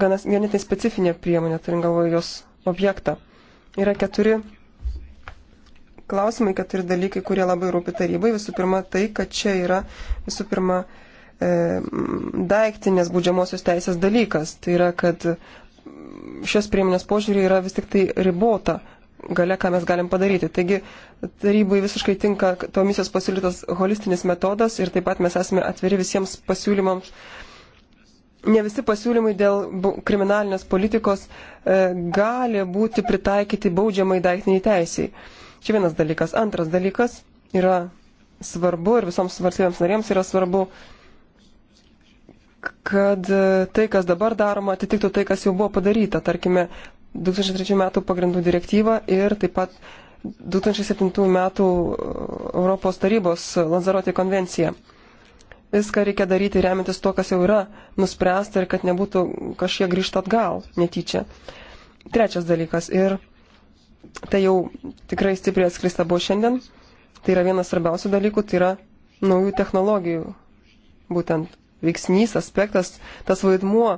ganėtinai specifinė priemonė, turint galvoje jos objektą. Yra keturi klausimai, keturi dalykai, kurie labai rūpi tarybai. Visų pirma, tai, kad čia yra visų pirma e, daiktinės būdžiamosios teisės dalykas. Tai yra, kad šios priemonės požiūrį yra vis tik tai ribota gale, ką mes galim padaryti. Taigi tarybai visiškai tinka komisijos pasiūlytas holistinis metodas ir taip pat mes esame atviri visiems pasiūlymams. Ne visi pasiūlymai dėl kriminalinės politikos e, gali būti pritaikyti baudžiamai daiktiniai teisiai. E, Čia vienas dalykas. Antras dalykas yra svarbu ir visoms valstybėms narėms yra svarbu, kad tai, kas dabar daroma, atitiktų tai, kas jau buvo padaryta. Tarkime, 2003 metų pagrindų direktyvą ir taip pat 2007 metų uh, Europos tarybos Lanzarotė konvenciją. Viską reikia daryti remiantis to, kas jau yra nuspręsta ir kad nebūtų kažkiek grįžta atgal netyčia. Trečias dalykas. Ir tai jau tikrai stipriai atskrista buvo šiandien. Tai yra vienas svarbiausių dalykų, tai yra naujų technologijų būtent veiksnys, aspektas, tas vaidmuo,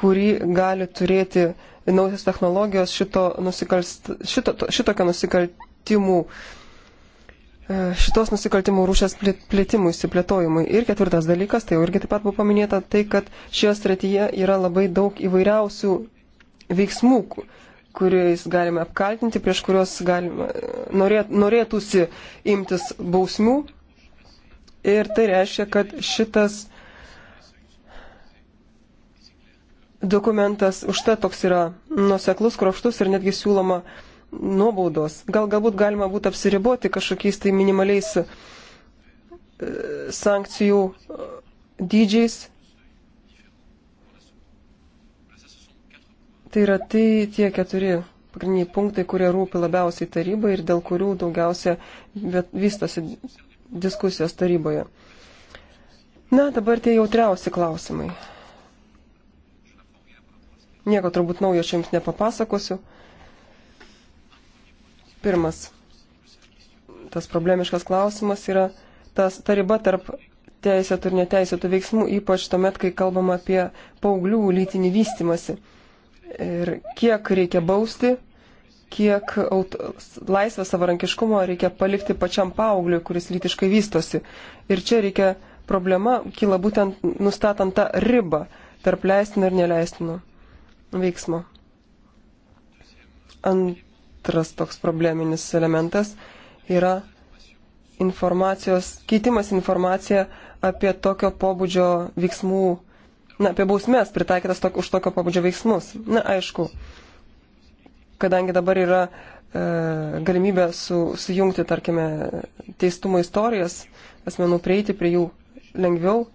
kurį gali turėti naujos technologijos šito nusikalst, šito, šitokio nusikaltimų, e, šitos nusikaltimų rūšės plėtimui, įsiplėtojimui. Ir ketvirtas dalykas, tai jau irgi taip pat buvo paminėta, tai kad šioje srityje yra labai daug įvairiausių veiksmų, kuriais galime apkaltinti, prieš kuriuos galima, norėt, norėtųsi imtis bausmių. Ir tai reiškia, kad šitas dokumentas užtat toks yra nuseklus, kruopštus ir netgi siūloma nuobaudos. Gal galbūt galima būtų apsiriboti kažkokiais tai minimaliais e, sankcijų e, dydžiais, Tai yra tai tie keturi pagrindiniai punktai, kurie rūpi labiausiai tarybai ir dėl kurių daugiausia vystosi diskusijos taryboje. Na, dabar tie jautriausi klausimai. Nieko turbūt naujo aš jums nepapasakosiu. Pirmas, tas problemiškas klausimas yra tas, ta riba tarp teisėtų ir neteisėtų veiksmų, ypač tuomet, kai kalbam apie paauglių lytinį vystimasi ir kiek reikia bausti, kiek auto, laisvę savarankiškumo reikia palikti pačiam paaugliui, kuris lytiškai vystosi. Ir čia reikia problema kyla būtent nustatant tą ribą tarp leistino ir neleistino veiksmo. Antras toks probleminis elementas yra informacijos, keitimas informacija apie tokio pobūdžio veiksmų na, apie bausmės pritaikytas tok, už tokio pabudžio veiksmus. Na, aišku, kadangi dabar yra e, galimybė su, sujungti, tarkime, teistumo istorijas, asmenų prieiti prie jų lengviau,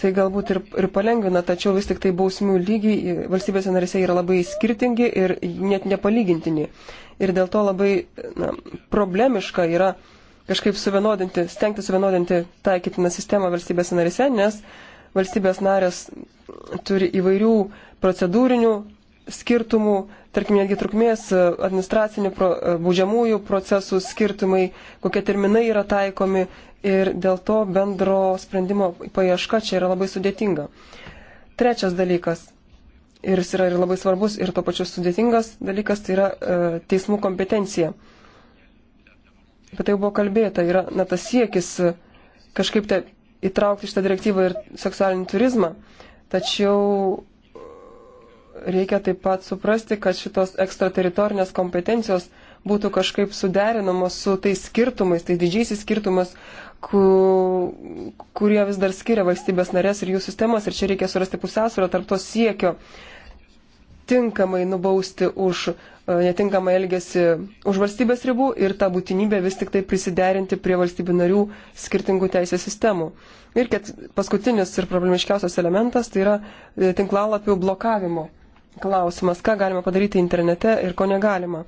tai galbūt ir, ir palengvina, tačiau vis tik tai bausmių lygiai valstybėse narise yra labai skirtingi ir net nepalygintini. Ir dėl to labai na, problemiška yra kažkaip suvienodinti, stengti suvienodinti taikytiną sistemą valstybės narise, nes valstybės narės turi įvairių procedūrinių skirtumų, tarkim, netgi trukmės e, administracinių pro, e, būdžiamųjų procesų skirtumai, kokie terminai yra taikomi ir dėl to bendro sprendimo paieška čia yra labai sudėtinga. Trečias dalykas, ir jis yra ir labai svarbus, ir to pačiu sudėtingas dalykas, tai yra e, teismų kompetencija apie tai buvo kalbėta, yra na, tas siekis e, kažkaip te įtraukti šitą direktyvą ir seksualinį turizmą. Tačiau e, reikia taip pat suprasti, kad šitos ekstrateritorinės kompetencijos būtų kažkaip suderinamos su tais skirtumais, tai didžiaisiais skirtumas, ku, kurie vis dar skiria valstybės narės ir jų sistemas. Ir čia reikia surasti pusiausvyrą tarp to siekio tinkamai nubausti už E, netinkamą elgesį už valstybės ribų ir tą būtinybę vis tik tai prisiderinti prie valstybių narių skirtingų teisės sistemų. Ir ket, paskutinis ir problemiškiausias elementas tai yra e, tinklalapių blokavimo klausimas, ką galima padaryti internete ir ko negalima.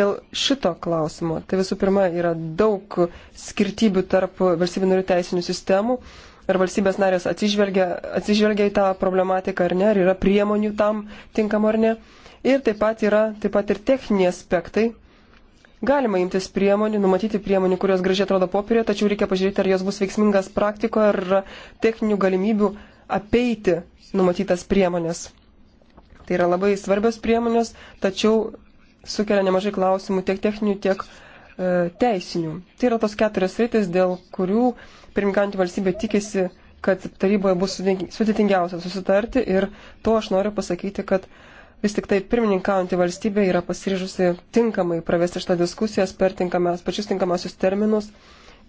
Dėl šito klausimo, tai visų pirma, yra daug skirtybių tarp valstybių narių teisinių sistemų. Ar valstybės narės atsižvelgia, atsižvelgia į tą problematiką ar ne, ar yra priemonių tam tinkamo ar ne. Uh, Ir taip pat yra taip pat ir techniniai aspektai. Galima imtis priemonių, numatyti priemonių, kurios gražiai atrodo popierė, tačiau reikia pažiūrėti, ar jos bus veiksmingas praktikoje, ar techninių galimybių apeiti numatytas priemonės. Tai yra labai svarbios priemonės, tačiau sukelia nemažai klausimų tiek techninių, tiek e, teisinių. Tai yra tos keturios rytis, dėl kurių pirmininkantį valstybę tikisi, kad taryboje bus sudėtingiausia susitarti ir to aš noriu pasakyti, kad Vis tik tai pirmininkaujantį valstybę yra pasiryžusi tinkamai pravesti šitą diskusiją per tinkamas, pačius tinkamiausius terminus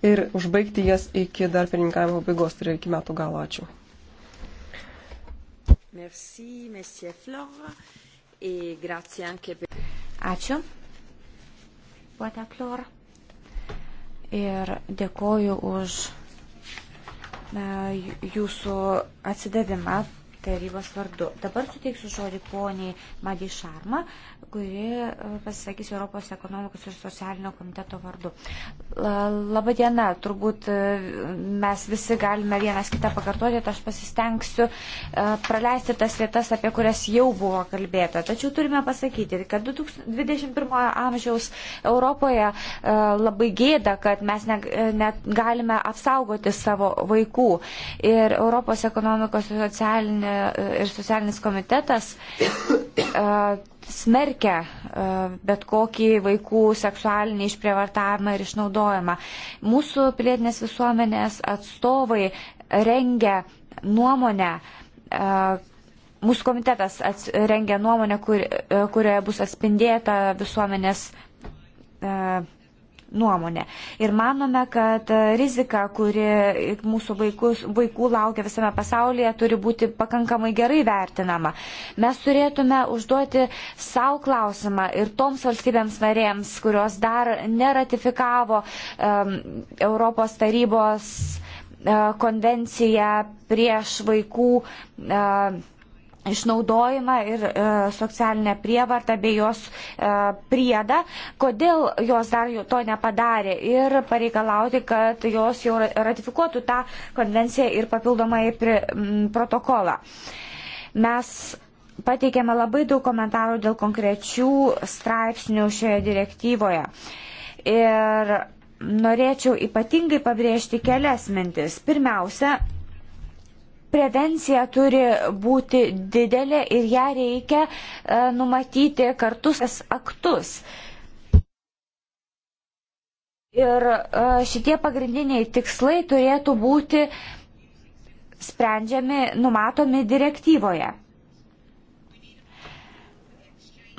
ir užbaigti jas iki dar pirmininkavimo pabaigos, tai yra iki metų galo. Ačiū. Merci, Flora, per... Ačiū, ponia Flora. Ir dėkoju už na, jūsų atsidavimą tarybos vardu. Dabar suteiksiu žodį poniai Madi Šarma, kuri e, pasisakys Europos ekonomikos ir socialinio komiteto vardu. Labą dieną, turbūt e, mes visi galime vienas kitą pakartoti, tai aš pasistengsiu e, praleisti tas vietas, apie kurias jau buvo kalbėta. Tačiau turime pasakyti, kad 21 amžiaus Europoje labai gėda, kad mes net galime apsaugoti savo vaikų. Ir Europos ekonomikos ir, socialinė, ir socialinis komitetas smerkia e, bet kokį vaikų seksualinį išprievartavimą ir išnaudojimą. Mūsų pilietinės visuomenės atstovai rengia nuomonę, e, mūsų komitetas rengia nuomonę, kur, e, kurioje bus atspindėta visuomenės nuomonę. Ir manome, kad e, rizika, kuri mūsų vaikus, vaikų laukia visame pasaulyje, turi būti pakankamai gerai vertinama. Mes turėtume užduoti savo klausimą ir toms valstybėms narėms, kurios dar neratifikavo um, Europos tarybos uh, konvenciją prieš vaikų uh, išnaudojimą ir e, socialinę prievartą bei jos e, priedą, kodėl jos dar to nepadarė ir pareikalauti, kad jos jau ratifikuotų tą konvenciją ir papildomai pri, m, protokolą. Mes pateikėme labai daug komentarų dėl konkrečių straipsnių šioje direktyvoje. Ir norėčiau ypatingai pabrėžti kelias mintis. Pirmiausia, Prevencija turi būti didelė ir ją reikia e, numatyti kartus aktus. Ir e, šitie pagrindiniai tikslai turėtų būti sprendžiami, numatomi direktyvoje.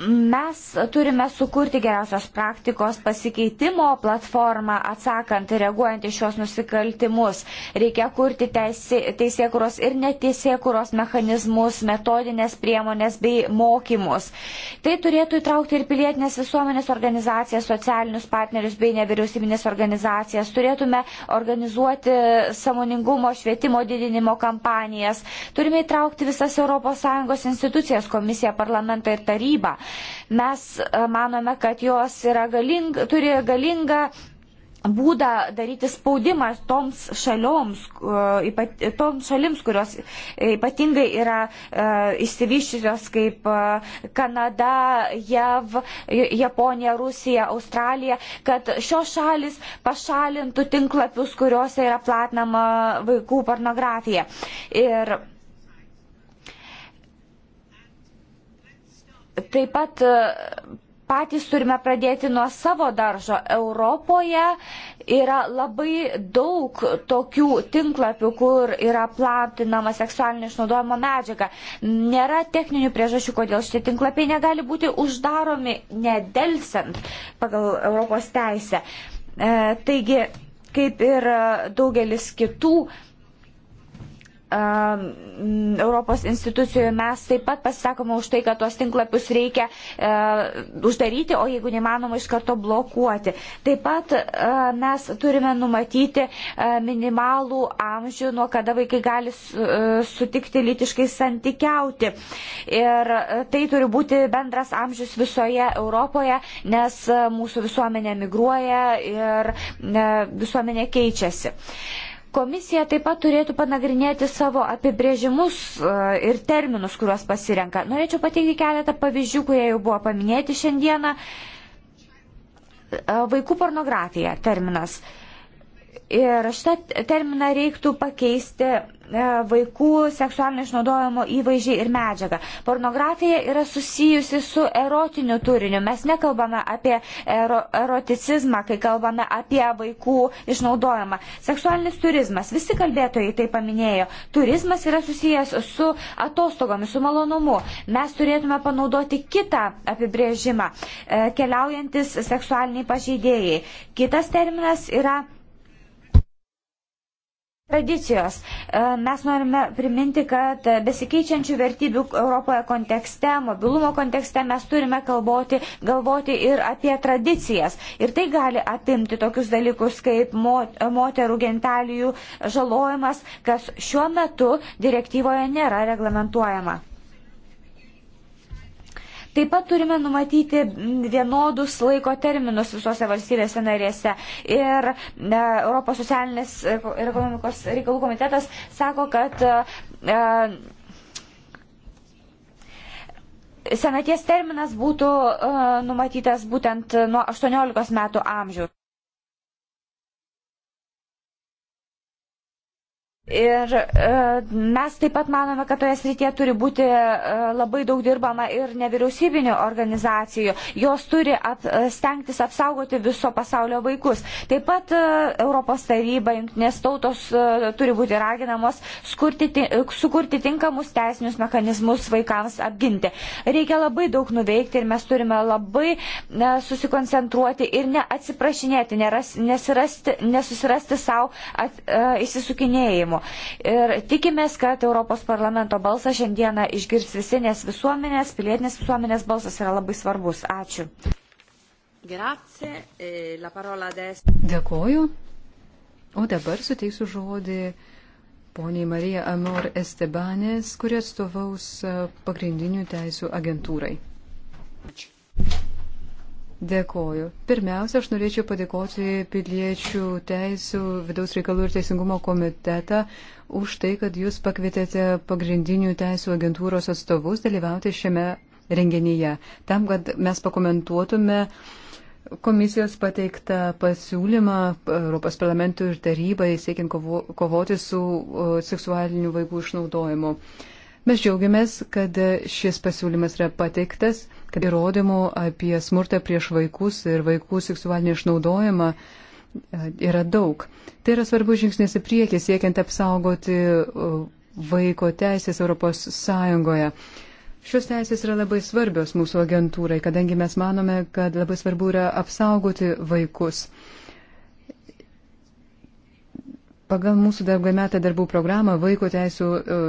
Mes turime sukurti geriausios praktikos pasikeitimo platformą, atsakant ir reaguojant į šios nusikaltimus. Reikia kurti teisėkuros ir neteisėkuros mechanizmus, metodinės priemonės bei mokymus. Tai turėtų įtraukti ir pilietinės visuomenės organizacijas, socialinius partnerius bei nevyriausybinės organizacijas. Turėtume organizuoti samoningumo švietimo didinimo kampanijas. Turime įtraukti visas ES institucijas, komisiją, parlamentą ir tarybą. Mes e, manome, kad jos galing, turi galingą būdą daryti spaudimą toms šalioms, e, toms šalims, kurios ypatingai yra e, išsivyščiusios kaip Kanada, JAV, Japonija, Rusija, Australija, kad šios šalis pašalintų tinklapius, kuriuose yra platinama vaikų pornografija. Ir Taip pat e, patys turime pradėti nuo savo daržo. Europoje yra labai daug tokių tinklapių, kur yra platinama seksualinio išnaudojimo medžiaga. Nėra techninių priežasčių, kodėl šitie tinklapiai negali būti uždaromi nedelsiant pagal Europos teisę. E, taigi, kaip ir e, daugelis kitų Europos institucijų mes taip pat pasisakome už tai, kad tuos tinklapius reikia e, uždaryti, o jeigu nemanoma, iš karto blokuoti. Taip pat e, mes turime numatyti e, minimalų amžių, nuo kada vaikai gali su, e, sutikti lytiškai santykiauti. Ir e, tai turi būti bendras amžius visoje Europoje, nes e, mūsų visuomenė migruoja ir e, visuomenė keičiasi. E, Komisija taip pat turėtų panagrinėti savo apibrėžimus e, ir terminus, kuriuos pasirenka. Norėčiau pateikti keletą pavyzdžių, kurie jau buvo paminėti šiandieną. E, vaikų pornografija terminas. Ir šitą terminą reiktų pakeisti E, vaikų seksualinio išnaudojimo įvaizdžiai ir medžiaga. Pornografija yra susijusi su erotiniu turiniu. Mes nekalbame apie ero, eroticizmą, kai kalbame apie vaikų išnaudojimą. Seksualinis turizmas, visi kalbėtojai tai paminėjo, turizmas yra susijęs su atostogomis, su malonumu. Mes turėtume panaudoti kitą apibrėžimą, e, keliaujantis seksualiniai pažeidėjai. Kitas terminas yra Tradicijos. E, mes norime priminti, kad besikeičiančių vertybių Europoje kontekste, mobilumo kontekste mes turime kalboti, galvoti ir apie tradicijas. Ir tai gali apimti tokius dalykus kaip moterų gentalijų žalojimas, kas šiuo metu direktyvoje nėra reglamentuojama. Taip pat turime numatyti vienodus laiko terminus visose valstybėse narėse. Ir e, Europos socialinės e, ir ekonomikos reikalų komitetas sako, kad e, senaties terminas būtų numatytas būtent nuo 18 metų amžiaus. Ir e, mes taip pat manome, kad toje srityje turi būti e, labai daug dirbama ir nevyriausybinio organizacijų. Jos turi ap, stengtis apsaugoti viso pasaulio vaikus. Taip pat e, Europos taryba, jungtinės tautos turi būti raginamos skurti, sukurti tinkamus teisinius mechanizmus vaikams apginti. Reikia labai daug nuveikti ir mes turime labai susikoncentruoti ir neatsiprašinėti, neras, nesirasti, nesusirasti savo at, įsisukinėjimų įstatymų. Ir tikimės, kad Europos parlamento balsą šiandieną išgirs visi, nes visuomenės, pilietinės visuomenės balsas yra labai svarbus. Ačiū. E, Dėkoju. O dabar suteiksiu žodį poniai Marija Amor Estebanės, kurie atstovaus e, pagrindinių teisų agentūrai. Ačiū. Dėkoju. Pirmiausia, aš norėčiau padėkoti piliečių teisų vidaus reikalų ir teisingumo komitetą už tai, kad jūs pakvietėte pagrindinių teisų agentūros atstovus dalyvauti šiame renginyje, tam, kad mes pakomentuotume komisijos pateiktą pasiūlymą Europos parlamentų ir tarybai siekiant kovo, kovoti su seksualiniu vaikų išnaudojimu. Mes džiaugiamės, kad šis pasiūlymas yra pateiktas kad įrodymų apie smurtą prieš vaikus ir vaikų seksualinį išnaudojimą e, yra daug. Tai yra svarbus žingsnis į priekį, siekiant apsaugoti e, vaiko teisės Europos Sąjungoje. Šios teisės yra labai svarbios mūsų agentūrai, kadangi mes manome, kad labai svarbu yra apsaugoti vaikus. Pagal mūsų darbametę darbų programą vaiko teisų e,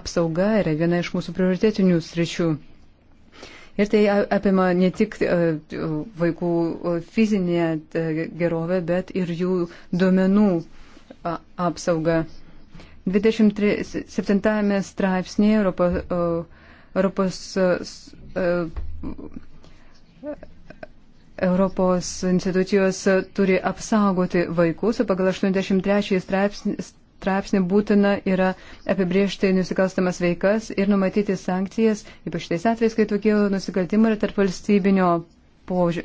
apsauga yra viena iš mūsų prioritetinių sričių. Ir tai apima ne tik e, vaikų e, fizinę e, gerovę, bet ir jų duomenų apsaugą. 27 straipsnėje Europos, Europos, Europos institucijos turi apsaugoti vaikus, o pagal 83 straipsnį straipsnį būtina yra apibriežti nusikalstamas veikas ir numatyti sankcijas, ypač tais atvejais, kai tokie nusikaltimai yra tarp valstybinio pož...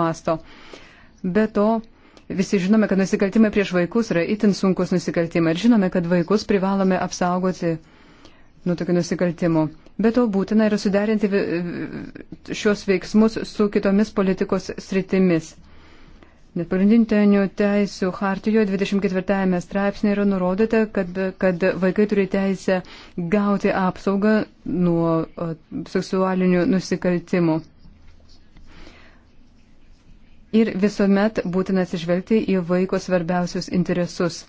masto. Be to, visi žinome, kad nusikaltimai prieš vaikus yra itin sunkus nusikaltimai ir žinome, kad vaikus privalome apsaugoti nuo tokių nusikaltimų. Be to būtina yra suderinti šios veiksmus su kitomis politikos sritimis. Net pagrindinių teisų hartijoje 24 straipsnė yra nurodyta, kad, kad vaikai turi teisę gauti apsaugą nuo seksualinių nusikaltimų. Ir visuomet būtina atsižvelgti į vaiko svarbiausius interesus.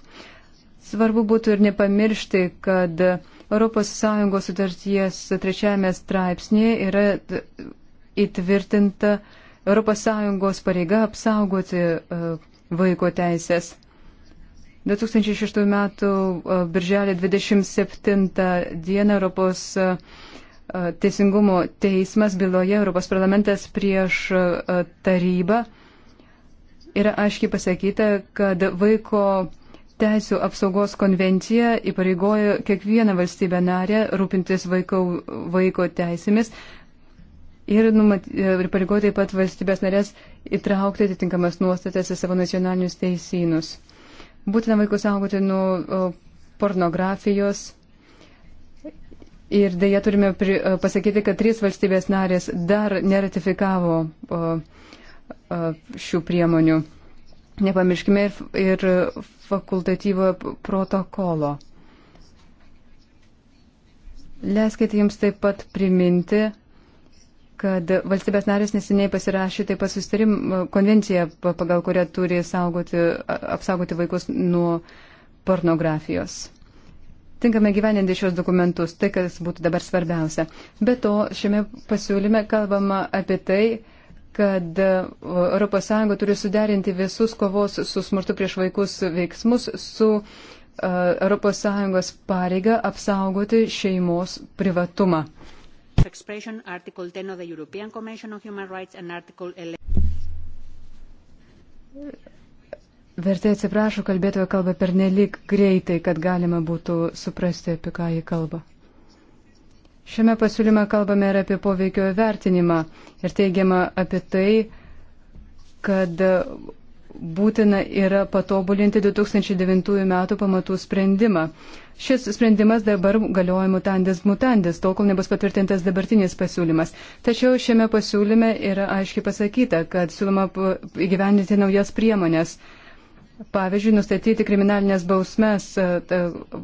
Svarbu būtų ir nepamiršti, kad ES sutarties trečiajame straipsnėje yra įtvirtinta uh, ES pareiga apsaugoti e, vaiko teisės. 2006 m. E, birželio 27 d. Europos e, teisingumo teismas byloje Europos parlamentas prieš tarybą yra aiškiai pasakyta, kad vaiko teisų apsaugos konvencija įpareigoja kiekvieną valstybę narę rūpintis vaiko, vaiko teisėmis, Ir, numat, ir pareigoja taip pat valstybės narės įtraukti atitinkamas nuostatas į savo nacionalinius teisynus. Būtina vaikus saugoti nuo pornografijos. Ir dėja turime pri, pasakyti, kad trys valstybės narės dar neratifikavo o, o, šių priemonių. Nepamirškime ir, ir fakultatyvo protokolo. Leiskite jums taip pat priminti, kad valstybės narės neseniai pasirašė taip pat sustarim konvenciją, pagal kurią turi saugoti, apsaugoti vaikus nuo pornografijos. Tinkame gyveninti šios dokumentus, tai kas būtų dabar svarbiausia. Be to, šiame pasiūlyme kalbama apie tai, kad ES turi suderinti visus kovos su smurtu prieš vaikus veiksmus su ES pareiga apsaugoti šeimos privatumą of expression, Article 10 of the European Convention on Human Rights and Article 11. Vertė atsiprašo, kalbėtoja kalba per nelik greitai, kad galima būtų suprasti, apie ką jį kalba. Šiame pasiūlyme kalbame ir apie poveikio vertinimą ir teigiama apie tai, kad būtina yra patobulinti 2009 m. pamatų sprendimą. Šis sprendimas dabar galioja mutandis mutandis, tol kol nebus patvirtintas dabartinis pasiūlymas. Tačiau šiame pasiūlyme yra aiškiai pasakyta, kad siūloma įgyvendinti naujas priemonės. Pavyzdžiui, nustatyti kriminalinės bausmes e,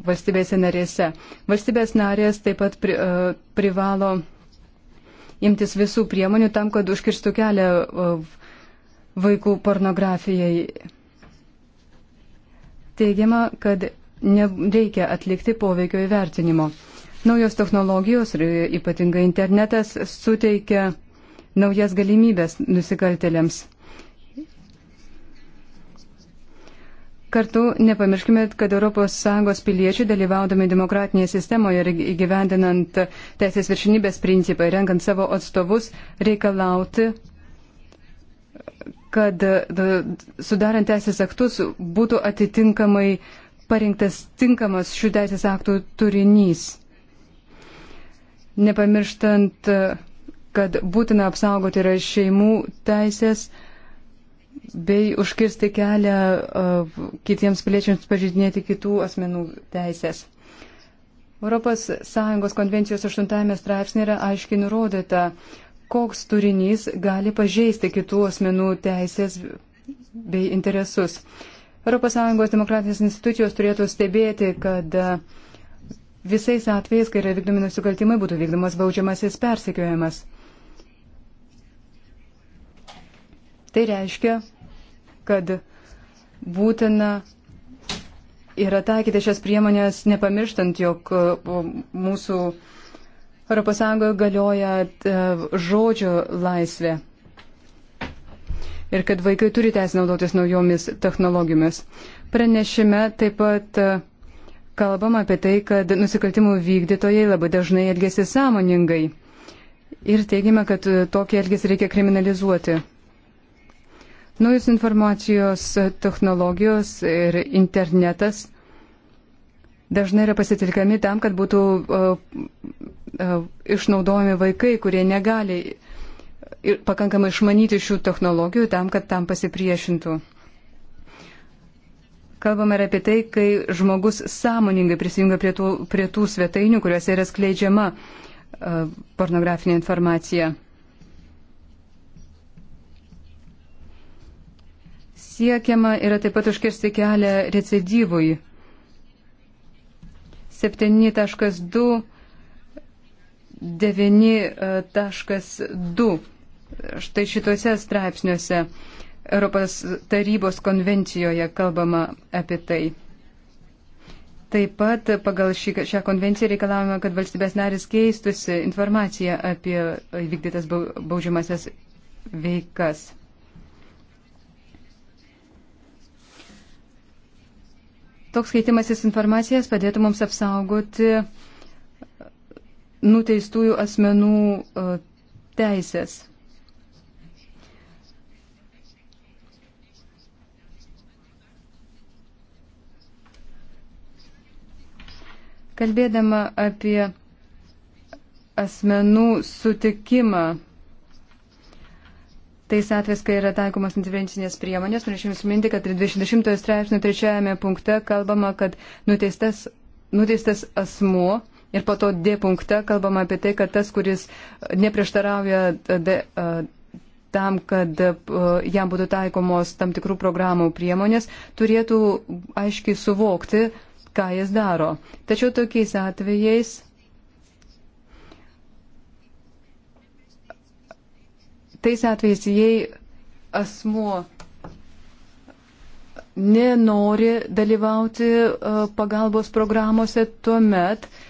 valstybėse narėse. Valstybės narės taip pat pri, e, privalo imtis visų priemonių tam, kad užkirstų kelią e, vaikų pornografijai. Teigiama, kad nereikia atlikti poveikio įvertinimo. Naujos technologijos ir ypatingai internetas suteikia naujas galimybės nusikaltelėms. Kartu nepamirškime, kad ES piliečiai dalyvaudami demokratinėje sistemoje ir įgyvendinant teisės viršinybės principą, renkant savo atstovus, reikalauti kad sudarant teisės aktus būtų atitinkamai parinktas tinkamas šių teisės aktų turinys. Nepamirštant, kad būtina apsaugoti yra šeimų teisės bei užkirsti kelią uh, kitiems piliečiams pažydinėti kitų asmenų teisės. ES konvencijos 8 straipsnė yra aiškiai nurodyta, koks turinys gali pažeisti kitų asmenų teisės bei interesus. ES demokratinės institucijos turėtų stebėti, kad e, visais atvejais, kai yra vykdomi nusikaltimai, būtų vykdomas baudžiamasis persekiojimas. Tai reiškia, kad būtina yra taikyti šias priemonės, nepamirštant, jog e, mūsų ES galioja e, žodžio laisvė ir kad vaikai turi teisę naudotis naujomis technologijomis. Pranešime taip pat e, kalbama apie tai, kad nusikaltimų vykdytojai labai dažnai elgesi sąmoningai ir teigiame, kad e, tokį elgesį reikia kriminalizuoti. Naujus informacijos technologijos ir internetas dažnai yra pasitelkami tam, kad būtų E, išnaudojami vaikai, kurie negali pakankamai išmanyti šių technologijų tam, kad tam pasipriešintų. Kalbame ir apie tai, kai žmogus sąmoningai prisijungia prie tų, prie tų svetainių, kuriuose yra skleidžiama uh, pornografinė informacija. Siekiama yra taip pat užkirsti kelią recidyvui. 7.2 9.2. Štai šituose straipsniuose Europos tarybos konvencijoje kalbama apie tai. Taip pat pagal šį, šią konvenciją reikalavome, kad valstybės narės keistusi informaciją apie vykdytas baudžiamasias veikas. Toks keitimasis informacijas padėtų mums apsaugoti uh, nuteistųjų asmenų e, teisės. Kalbėdama apie asmenų sutikimą, tais atvejais, kai yra taikomas intervencinės priemonės, norėčiau Jums minti, kad 20 straipsnio trečiajame punkte kalbama, kad nuteistas, nuteistas asmuo Ir po to D punkte kalbama apie tai, kad tas, kuris neprieštarauja e, de, e, tam, kad e, jam būtų taikomos tam tikrų programų priemonės, turėtų aiškiai suvokti, ką jis daro. Tačiau tokiais atvejais tais atvejais, jei asmuo nenori dalyvauti pagalbos programuose, tuomet uh,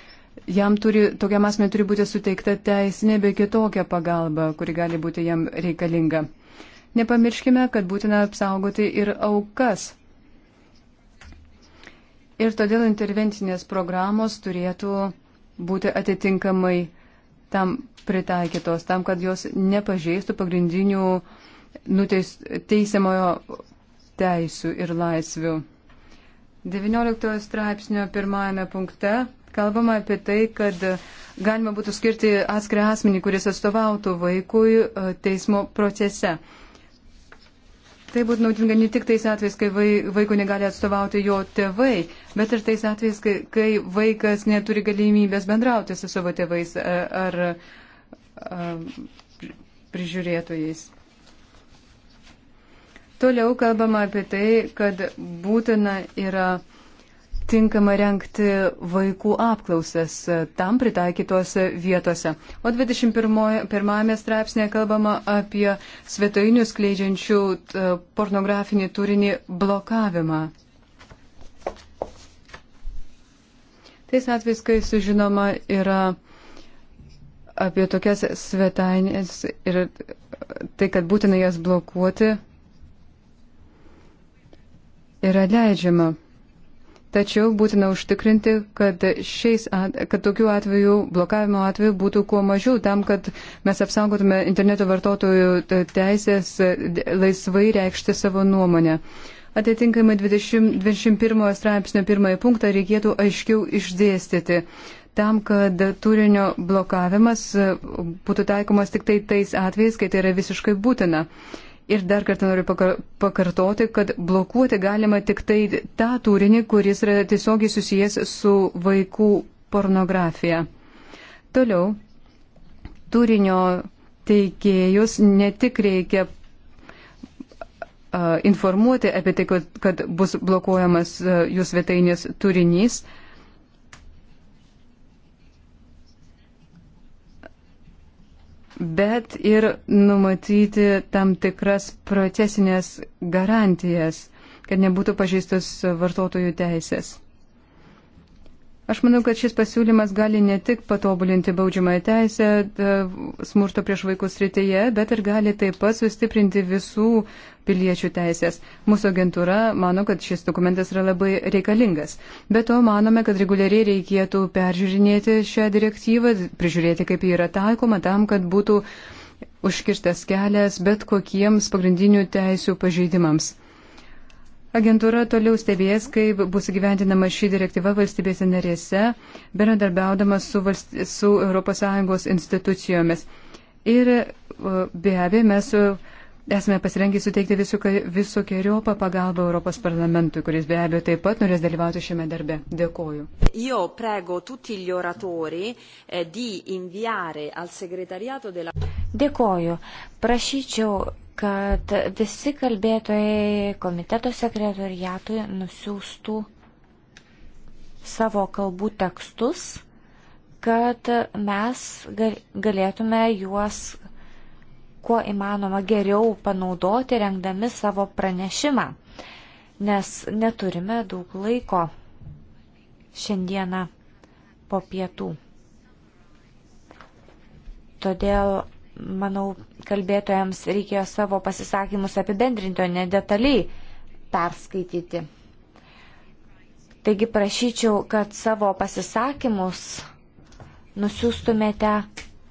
jam turi, tokiam asmeniui turi būti suteikta teisinė bei kitokia pagalba, kuri gali būti jam reikalinga. Nepamirškime, kad būtina apsaugoti ir aukas. Ir todėl intervencinės programos turėtų būti atitinkamai tam pritaikytos, tam, kad jos nepažeistų pagrindinių nuteis, teisiamojo teisų ir laisvių. 19 straipsnio pirmajame punkte kalbama apie tai, kad galima būtų skirti atskirą asmenį, kuris atstovautų vaikui e, teismo procese. Tai būtų naudinga ne tik tais atvejais, kai vaiko negali atstovauti jo tėvai, bet ir tais atvejais, kai, kai vaikas neturi galimybės bendrauti su savo tėvais e, ar, ar e, prižiūrėtojais. Toliau kalbama apie tai, kad būtina yra tinkama renkti vaikų apklausas tam pritaikytose vietose. O 21 straipsnėje kalbama apie svetainių skleidžiančių pornografinį turinį blokavimą. Tais atvejais, kai sužinoma yra apie tokias svetainės ir tai, kad būtina jas blokuoti, yra leidžiama. Tačiau būtina užtikrinti, kad, šiais, kad tokių atvejų, blokavimo atvejų būtų kuo mažiau, tam, kad mes apsaugotume interneto vartotojų teisės laisvai reikšti savo nuomonę. Atitinkamai 20, 21 straipsnio pirmąjį punktą reikėtų aiškiau išdėstyti tam, kad turinio blokavimas e, būtų taikomas tik tai tais atvejais, kai tai yra visiškai būtina. Uh, Ir dar kartą noriu pakartoti, kad blokuoti galima tik tai tą turinį, kuris yra tiesiogiai susijęs su vaikų pornografija. Toliau, turinio teikėjus ne tik reikia informuoti apie tai, kad, kad bus blokuojamas jų svetainės turinys, uh, bet ir numatyti tam tikras procesinės garantijas, kad nebūtų pažįstos vartotojų teisės. Aš manau, kad šis pasiūlymas gali ne tik patobulinti baudžiamąją teisę e, smurto prieš vaikus rytyje, bet ir gali taip pat sustiprinti visų piliečių teisės. Mūsų agentūra mano, kad šis dokumentas yra labai reikalingas. Be to, manome, kad reguliariai reikėtų peržiūrinėti šią direktyvą, prižiūrėti, kaip ji yra taikoma, tam, kad būtų užkirstas kelias bet kokiems pagrindinių teisų pažeidimams. Agentūra toliau stebės, kaip bus gyventinama ši direktyva valstybėse narėse, bendradarbiaudama su, valst... su ES institucijomis. Ir be abejo, mes esame pasirengę suteikti visokiojopą pagalbą Europos parlamentui, kuris be abejo taip pat norės dalyvauti šiame darbe. Dėkoju. Jo prego tutti gli oratori eh, di inviare al segretariato della. Dėkoju. Prašyčiau, kad visi kalbėtojai komiteto sekretoriatui nusiųstų savo kalbų tekstus, kad mes galėtume juos kuo įmanoma geriau panaudoti, rengdami savo pranešimą, nes neturime daug laiko šiandieną po pietų. Todėl manau, kalbėtojams reikėjo savo pasisakymus apibendrinti, o ne detaliai perskaityti. Taigi prašyčiau, kad savo pasisakymus nusiųstumėte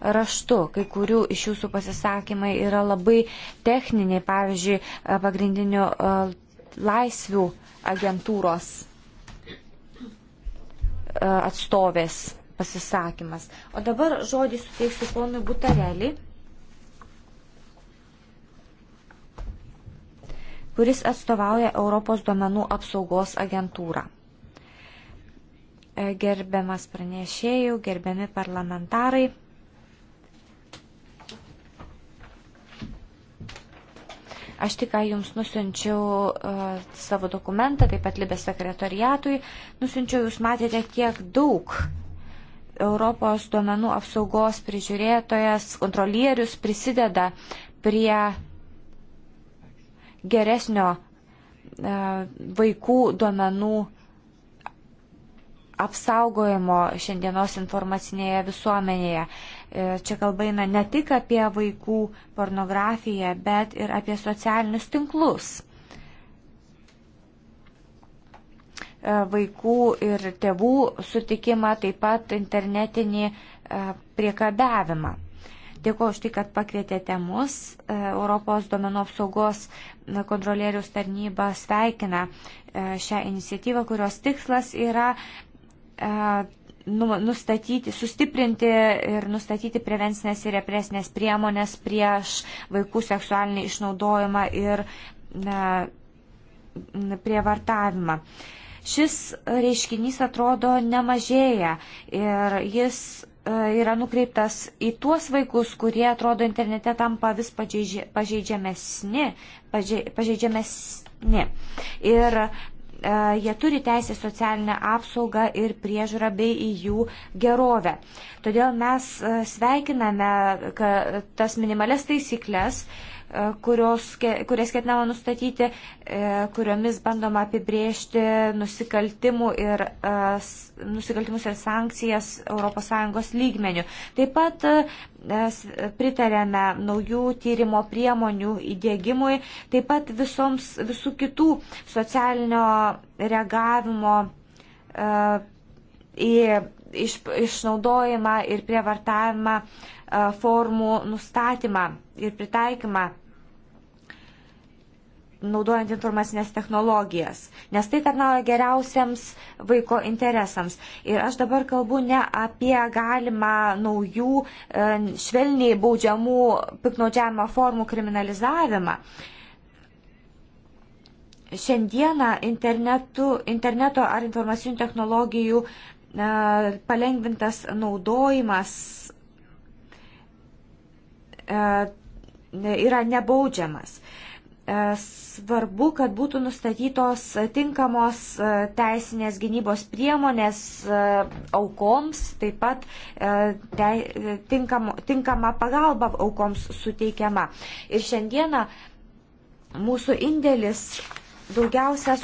raštu. Kai kurių iš jūsų pasisakymai yra labai techniniai, pavyzdžiui, pagrindinių e, laisvių agentūros e, atstovės pasisakymas. O dabar žodį suteiksiu ponui Butareliui. kuris atstovauja Europos duomenų apsaugos agentūrą. E, gerbiamas pranešėjų, gerbiami parlamentarai. Aš tik ką jums nusinčiau uh, e, savo dokumentą, taip pat Libės sekretariatui. Nusinčiau, jūs matėte, kiek daug Europos duomenų apsaugos prižiūrėtojas, kontrolierius prisideda prie geresnio e, vaikų duomenų apsaugojimo šiandienos informacinėje visuomenėje. E, čia kalba eina ne tik apie vaikų pornografiją, bet ir apie socialinius tinklus. E, vaikų ir tėvų sutikimą, taip pat internetinį priekabiavimą. Dėkuoju už tai, kad pakvietėte mus. E, Europos domenų apsaugos kontrolierius tarnyba sveikina e, šią iniciatyvą, kurios tikslas yra e, nustatyti, sustiprinti ir nustatyti prevencinės ir represinės priemonės prieš vaikų seksualinį išnaudojimą ir prievartavimą. Šis reiškinys atrodo nemažėja ir jis E, yra nukreiptas į tuos vaikus, kurie atrodo internete tampa vis pažeidžiamesni. pažeidžiamesni. Ir e, jie turi teisę socialinę apsaugą ir priežiūrą bei į jų gerovę. Todėl mes e, sveikiname tas minimales taisyklės, e, E, kurios, kurias ketinama nustatyti, e, kuriomis bandoma apibriežti nusikaltimų ir, e, nusikaltimus ir sankcijas ES lygmenių. Taip pat pritarėme naujų tyrimo priemonių įdėgymui, taip pat visoms, visų kitų socialinio reagavimo į iš, išnaudojimą ir prievartavimą, formų nustatymą ir pritaikymą naudojant informacinės technologijas, nes tai tarnauja geriausiams vaiko interesams. Ir aš dabar kalbu ne apie galimą naujų e, švelniai baudžiamų piknaudžiavimo formų kriminalizavimą. Šiandieną internetu, interneto ar informacinių technologijų palengvintas naudojimas e, yra nebaudžiamas. E, svarbu, kad būtų nustatytos tinkamos e, teisinės gynybos priemonės aukoms, taip pat te, tinkamo, tinkama pagalba aukoms suteikiama. Ir šiandieną mūsų indėlis daugiausia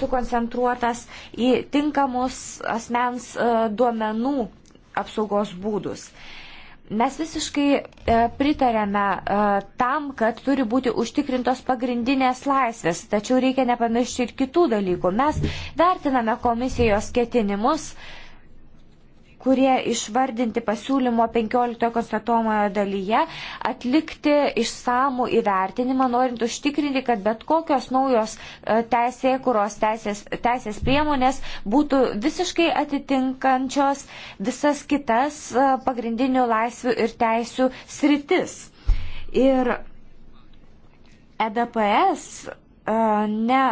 sukoncentruotas į tinkamus asmens e, duomenų apsaugos būdus. Mes visiškai e, pritarėme e, tam, kad turi būti užtikrintos pagrindinės laisvės, tačiau reikia nepamiršti ir kitų dalykų. Mes vertiname komisijos ketinimus uh, kurie išvardinti pasiūlymo 15 konstatuomojo dalyje, atlikti išsamų įvertinimą, norint užtikrinti, kad bet kokios naujos e, teisėkuros teisės, teisės priemonės būtų visiškai atitinkančios visas kitas e, pagrindinių laisvių ir teisių sritis. Ir EDPS e, ne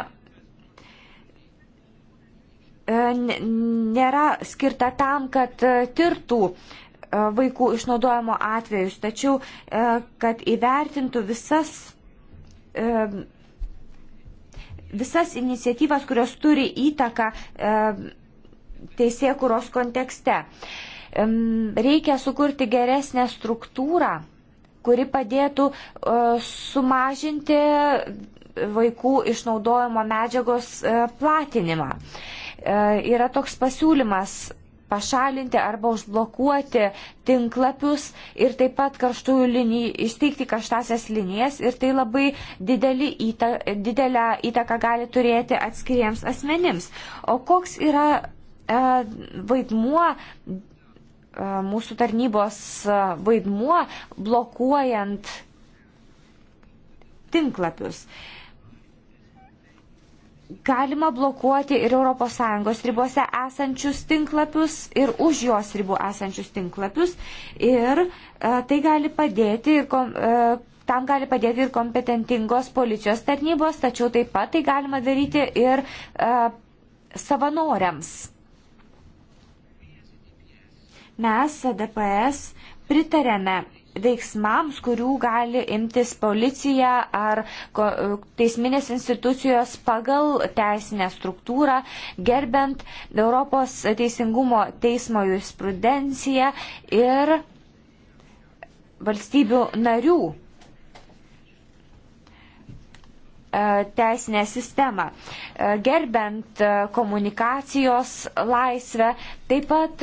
E, nėra skirta tam, kad e, tirtų e, vaikų išnaudojimo atvejus, tačiau kad įvertintų visas, visas iniciatyvas, kurios turi įtaką teisėkuros kontekste. Reikia sukurti geresnę struktūrą, kuri padėtų sumažinti vaikų išnaudojimo medžiagos platinimą. Uh, E, yra toks pasiūlymas pašalinti arba užblokuoti tinklapius ir taip pat karštųjų linijų, įsteigti karštasias linijas ir tai labai didelį įta, didelę įtaką gali turėti atskiriems asmenims. O koks yra e, vaidmuo, e, mūsų tarnybos vaidmuo blokuojant tinklapius? E, galima blokuoti ir ES ribose esančius tinklapius ir už jos ribų esančius tinklapius ir e, tai gali padėti ir kom, e, tam gali padėti ir kompetentingos policijos tarnybos, tačiau taip pat tai galima daryti ir e, savanoriams. Mes, e DPS, pritarėme veiksmams, kurių gali imtis policija ar teisminės institucijos pagal teisinę struktūrą, gerbent Europos teisingumo teismo jurisprudenciją ir valstybių narių E, teisinę sistemą, e, gerbent e, komunikacijos laisvę, taip pat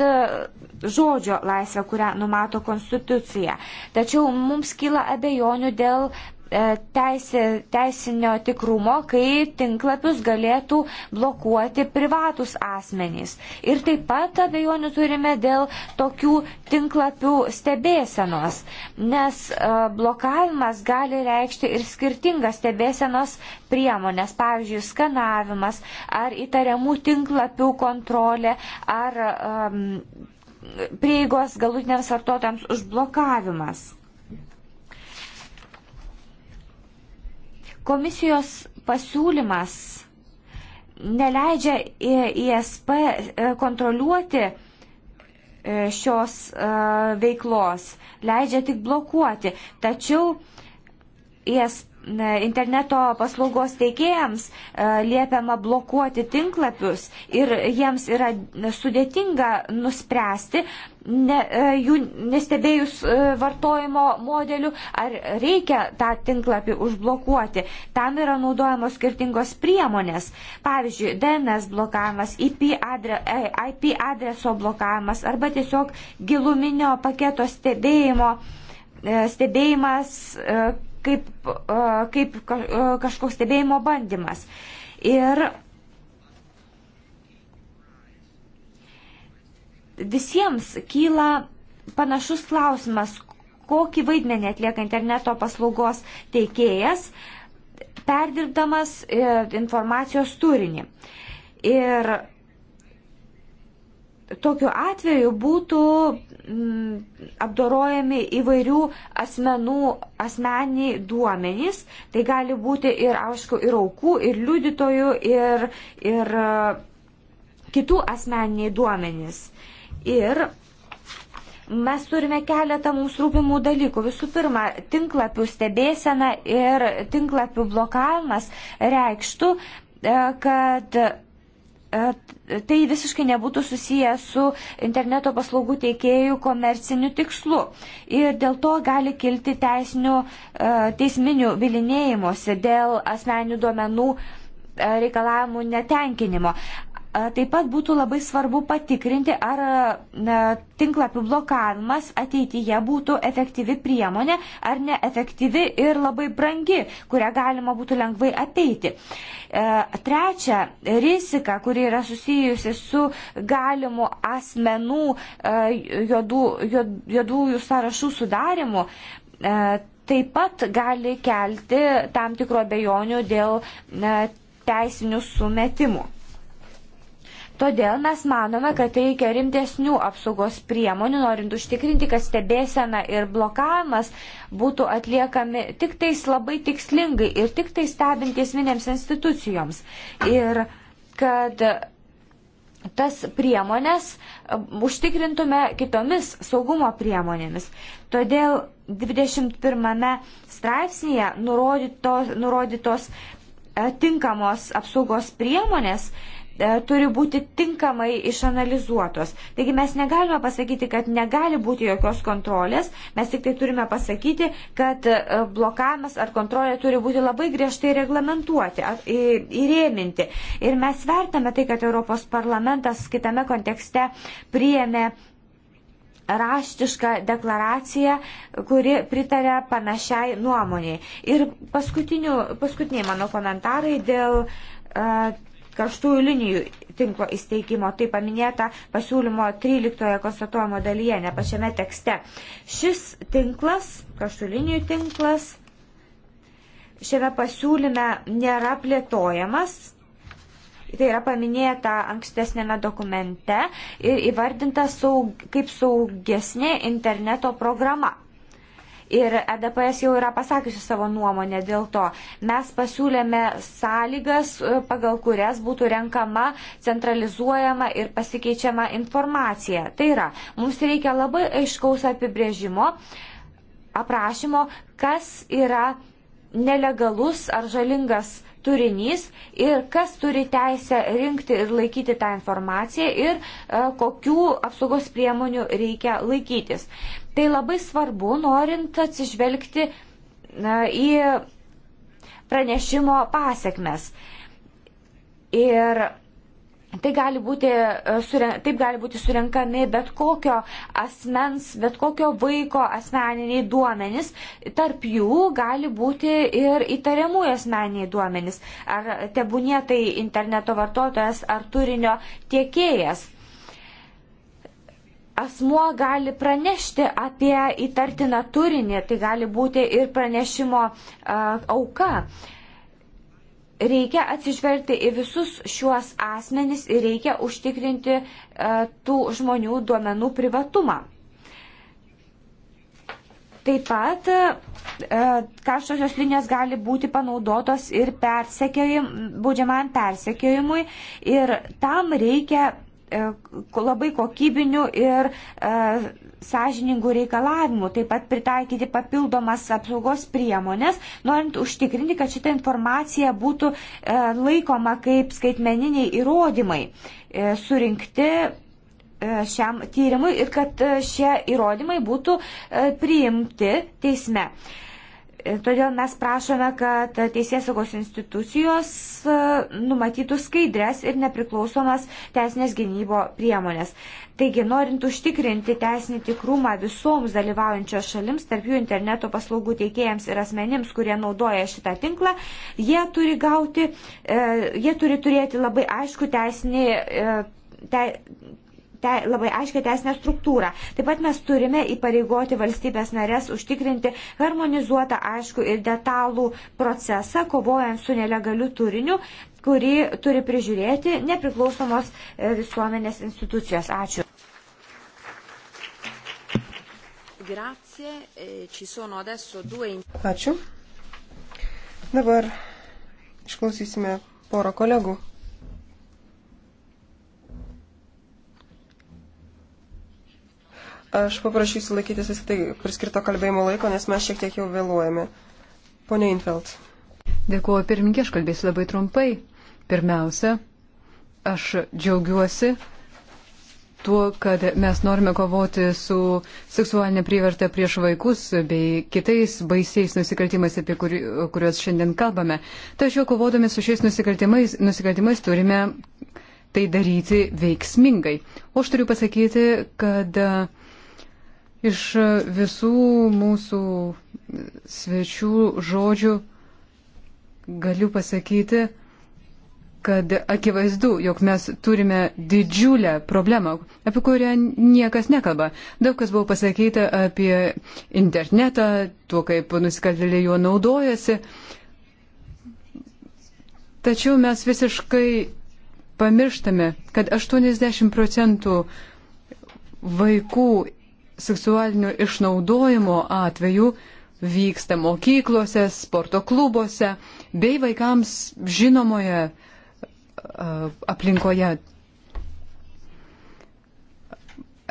žodžio laisvę, kurią numato Konstitucija. Tačiau mums kyla abejonių dėl E, teisė, teisinio tikrumo, kai tinklapius galėtų blokuoti privatus asmenys. Ir taip pat abejonių turime dėl tokių tinklapių stebėsenos, nes e, blokavimas gali reikšti ir skirtingas stebėsenos priemonės, pavyzdžiui, skanavimas ar įtariamų tinklapių kontrolė ar um, prieigos galutiniams vartotojams užblokavimas. Komisijos pasiūlymas neleidžia ISP e, kontroliuoti e, šios e, veiklos, leidžia tik blokuoti. Tačiau ISP interneto paslaugos teikėjams liepiama blokuoti tinklapius ir jiems yra sudėtinga nuspręsti, ne, e, jų nestebėjus e, vartojimo modelių, ar reikia tą tinklapį užblokuoti. Tam yra naudojamos skirtingos priemonės. Pavyzdžiui, DNS blokavimas, IP, adre, e, IP adreso blokavimas arba tiesiog giluminio paketo stebėjimo, stebėjimas kaip, kaip kažkoks stebėjimo bandymas. Ir visiems kyla panašus klausimas, kokį vaidmenį atlieka interneto paslaugos teikėjas, perdirbdamas e, informacijos turinį. Ir tokiu atveju būtų m, mm, apdorojami įvairių asmenų asmeniai duomenys. Tai gali būti ir, aišku, ir aukų, ir liudytojų, ir, ir e, kitų asmeniai duomenys. Ir mes turime keletą mums rūpimų dalykų. Visų pirma, tinklapių stebėsena ir tinklapių blokavimas reikštų, e, kad e, tai visiškai nebūtų susiję su interneto paslaugų teikėjų komerciniu tikslu. Ir dėl to gali kilti teisinių, e, teisminių vilinėjimuose dėl asmenių duomenų reikalavimų netenkinimo. Taip pat būtų labai svarbu patikrinti, ar tinklapių blokavimas ateityje būtų efektyvi priemonė, ar neefektyvi ir labai brangi, kurią galima būtų lengvai apeiti. Trečia, rizika, kuri yra susijusi su galimu asmenų juodų, juod, juodųjų sąrašų sudarimu, taip pat gali kelti tam tikro bejonių dėl teisinių sumetimų. Todėl mes manome, kad reikia rimtesnių apsaugos priemonių, norint užtikrinti, kad stebėsena ir blokavimas būtų atliekami tik tais labai tikslingai ir tik tai stebint tiesminėms institucijoms. Ir kad tas priemonės e, užtikrintume kitomis saugumo priemonėmis. Todėl 21 straipsnėje nurodytos, nurodytos e, tinkamos apsaugos priemonės E, turi būti tinkamai išanalizuotos. Taigi mes negalime pasakyti, kad negali būti jokios kontrolės, mes tik tai turime pasakyti, kad e, blokavimas ar kontrolė turi būti labai griežtai reglamentuoti, įrėminti. Ir mes vertame tai, kad Europos parlamentas kitame kontekste priėmė raštišką deklaraciją, kuri pritarė panašiai nuomoniai. Ir paskutiniai mano komentarai dėl uh, karštųjų linijų tinklo įsteigimo, tai paminėta pasiūlymo 13 konstatuojamo dalyje, ne pačiame tekste. Šis tinklas, karštųjų linijų tinklas, šiame pasiūlyme nėra plėtojamas, tai yra paminėta ankstesnėme dokumente ir įvardinta saug, kaip saugesnė interneto programa. Ir EDPS jau yra pasakiusi savo nuomonę dėl to. Mes pasiūlėme sąlygas, e, pagal kurias būtų renkama, centralizuojama ir pasikeičiama informacija. Tai yra, mums reikia labai aiškaus apibrėžimo, aprašymo, kas yra nelegalus ar žalingas turinys ir kas turi teisę rinkti ir laikyti tą informaciją ir e, kokių apsaugos priemonių reikia laikytis. Tai labai svarbu, norint atsižvelgti į pranešimo pasiekmes. Ir Tai gali būti, e, taip gali būti surinkami bet kokio asmens, bet kokio vaiko asmeniniai duomenys. Tarp jų gali būti ir įtariamųjų asmeniniai duomenys. Ar tebūnė tai interneto vartotojas ar turinio tiekėjas. Asmuo gali pranešti apie įtartiną turinį, tai gali būti ir pranešimo uh, auka. Uh, reikia atsižvelgti į visus šiuos asmenis ir reikia užtikrinti e, tų žmonių duomenų privatumą. Taip pat e, karštosios linijos gali būti panaudotos ir persekiojim, baudžiamam persekiojimui ir tam reikia E, labai kokybinių ir e, sąžiningų reikalavimų, taip pat pritaikyti papildomas apsaugos priemonės, norint užtikrinti, kad šitą informaciją būtų e, laikoma kaip skaitmeniniai įrodymai surinkti šiam tyrimui ir kad šie įrodymai būtų priimti teisme. Todėl mes prašome, kad teisėsaugos institucijos e, numatytų skaidrės ir nepriklausomas teisinės gynybo priemonės. Taigi, norint užtikrinti teisinį tikrumą visoms dalyvaujančios šalims, tarp jų interneto paslaugų teikėjams ir asmenims, kurie naudoja šitą tinklą, jie turi, gauti, e, jie turi turėti labai aišku teisinį. E, te, te, labai aiškia teisinę struktūrą. Taip pat mes turime įpareigoti valstybės narės užtikrinti harmonizuotą, aišku, ir detalų procesą, kovojant su nelegaliu turiniu, kurį turi prižiūrėti nepriklausomos e, visuomenės institucijos. Ačiū. E, Ačiū. Dabar išklausysime porą kolegų. Aš paprašysiu laikytis vis tai priskirto kalbėjimo laiko, nes mes šiek tiek jau vėluojame. Pone Infeld. Dėkuoju pirmininkė, aš kalbėsiu labai trumpai. Pirmiausia, aš džiaugiuosi tuo, kad mes norime kovoti su seksualinė prievarta prieš vaikus bei kitais baisiais nusikaltimais, apie kuri, kuriuos šiandien kalbame. Tačiau kovodami su šiais nusikaltimais, nusikaltimais turime tai daryti veiksmingai. O aš turiu pasakyti, kad uh, Iš visų mūsų svečių žodžių galiu pasakyti, kad akivaizdu, jog mes turime didžiulę problemą, apie kurią niekas nekalba. Daug kas buvo pasakyta apie internetą, tuo, kaip nusikaltėliai juo naudojasi. Tačiau mes visiškai pamirštame, kad 80 procentų vaikų seksualinio išnaudojimo atveju vyksta mokyklose, sporto klubuose bei vaikams žinomoje aplinkoje.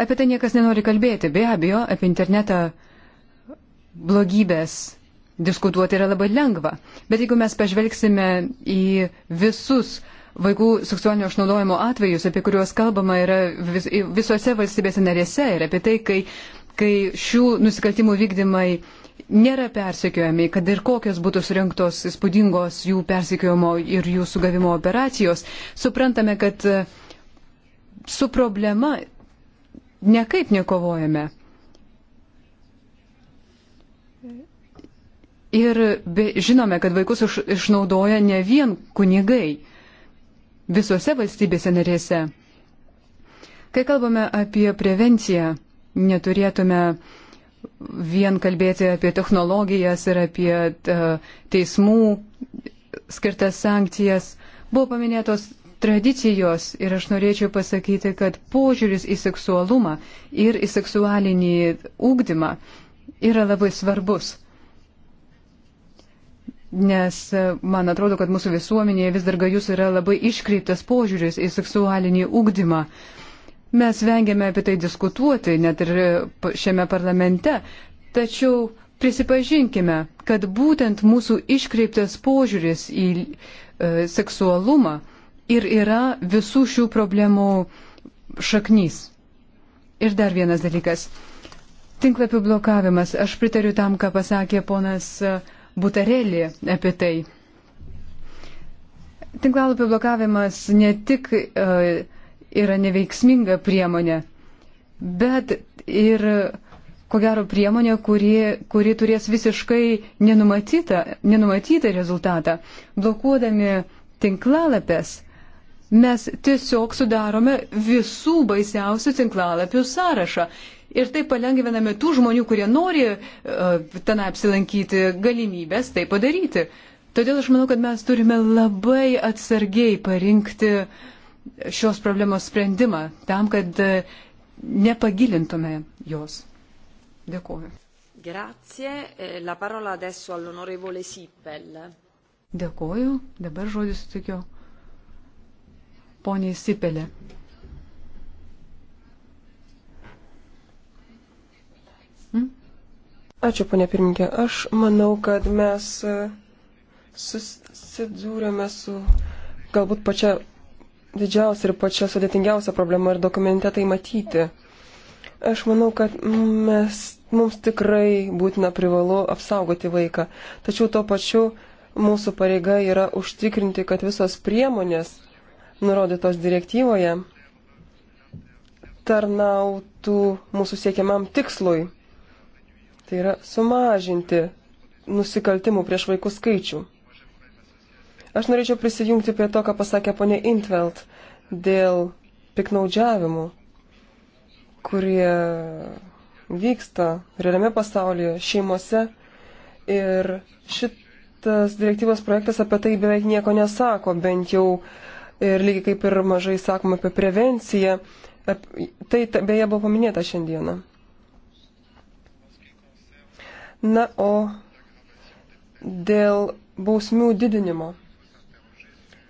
Apie tai niekas nenori kalbėti. Be abejo, apie internetą blogybės diskutuoti yra labai lengva. Bet jeigu mes pažvelgsime į visus uh, vaikų seksualinio išnaudojimo atvejus, apie kuriuos kalbama yra vis, visose valstybėse narėse ir apie tai, kai, kai šių nusikaltimų vykdymai nėra persekiojami, kad ir kokios būtų surinktos įspūdingos jų persekiojimo ir jų sugavimo operacijos, suprantame, kad e, su problema nekaip nekovojame. Ir be, žinome, kad vaikus iš, išnaudoja ne vien kunigai visose valstybėse narėse. Kai kalbame apie prevenciją, neturėtume vien kalbėti apie technologijas ir apie e, teismų skirtas sankcijas. Buvo paminėtos tradicijos ir aš norėčiau pasakyti, kad požiūris į seksualumą ir į seksualinį ūkdymą yra labai svarbus nes man atrodo, kad mūsų visuomenėje vis dar gajus yra labai iškreiptas požiūris į seksualinį ūkdymą. Mes vengiame apie tai diskutuoti, net ir šiame parlamente, tačiau prisipažinkime, kad būtent mūsų iškreiptas požiūris į e, seksualumą ir yra visų šių problemų šaknys. Ir dar vienas dalykas. Tinklapių blokavimas. Aš pritariu tam, ką pasakė ponas. E, Butarelį apie tai. Tinklalapio blokavimas ne tik e, yra neveiksminga priemonė, bet ir ko gero priemonė, kuri, kuri turės visiškai nenumatytą, nenumatytą rezultatą. Blokuodami tinklalapės mes tiesiog sudarome visų baisiausių tinklalapių sąrašą. Ir taip palengviname tų žmonių, kurie nori uh, ten apsilankyti, galimybės tai padaryti. Todėl aš manau, kad mes turime labai atsargiai parinkti šios problemos sprendimą, tam, kad uh, nepagilintume jos. Dėkuoju. Grazie. E, la parola adesso all'onorevole Sippel. Dėkuoju. Dabar žodį sutikiu poniai Sipelė. Hmm? Ačiū, ponė pirmininkė. Aš manau, kad mes e, susidūrėme su galbūt pačia didžiausia ir pačia sudėtingiausia problema ir dokumente tai matyti. Aš manau, kad mes, mums tikrai būtina privalu apsaugoti vaiką. Tačiau tuo pačiu mūsų pareiga yra užtikrinti, kad visos priemonės nurodytos direktyvoje tarnautų mūsų siekiamam tikslui. Tai yra sumažinti nusikaltimų prieš vaikus skaičių. Aš norėčiau prisijungti prie to, ką pasakė ponė Intveld dėl piknaudžiavimų, kurie vyksta realiame pasaulyje, šeimose. Ir šitas direktyvos projektas apie tai beveik nieko nesako, bent jau uh, ir lygiai kaip ir mažai sakoma apie prevenciją. Tai beje buvo paminėta šiandieną. Na, o dėl bausmių didinimo.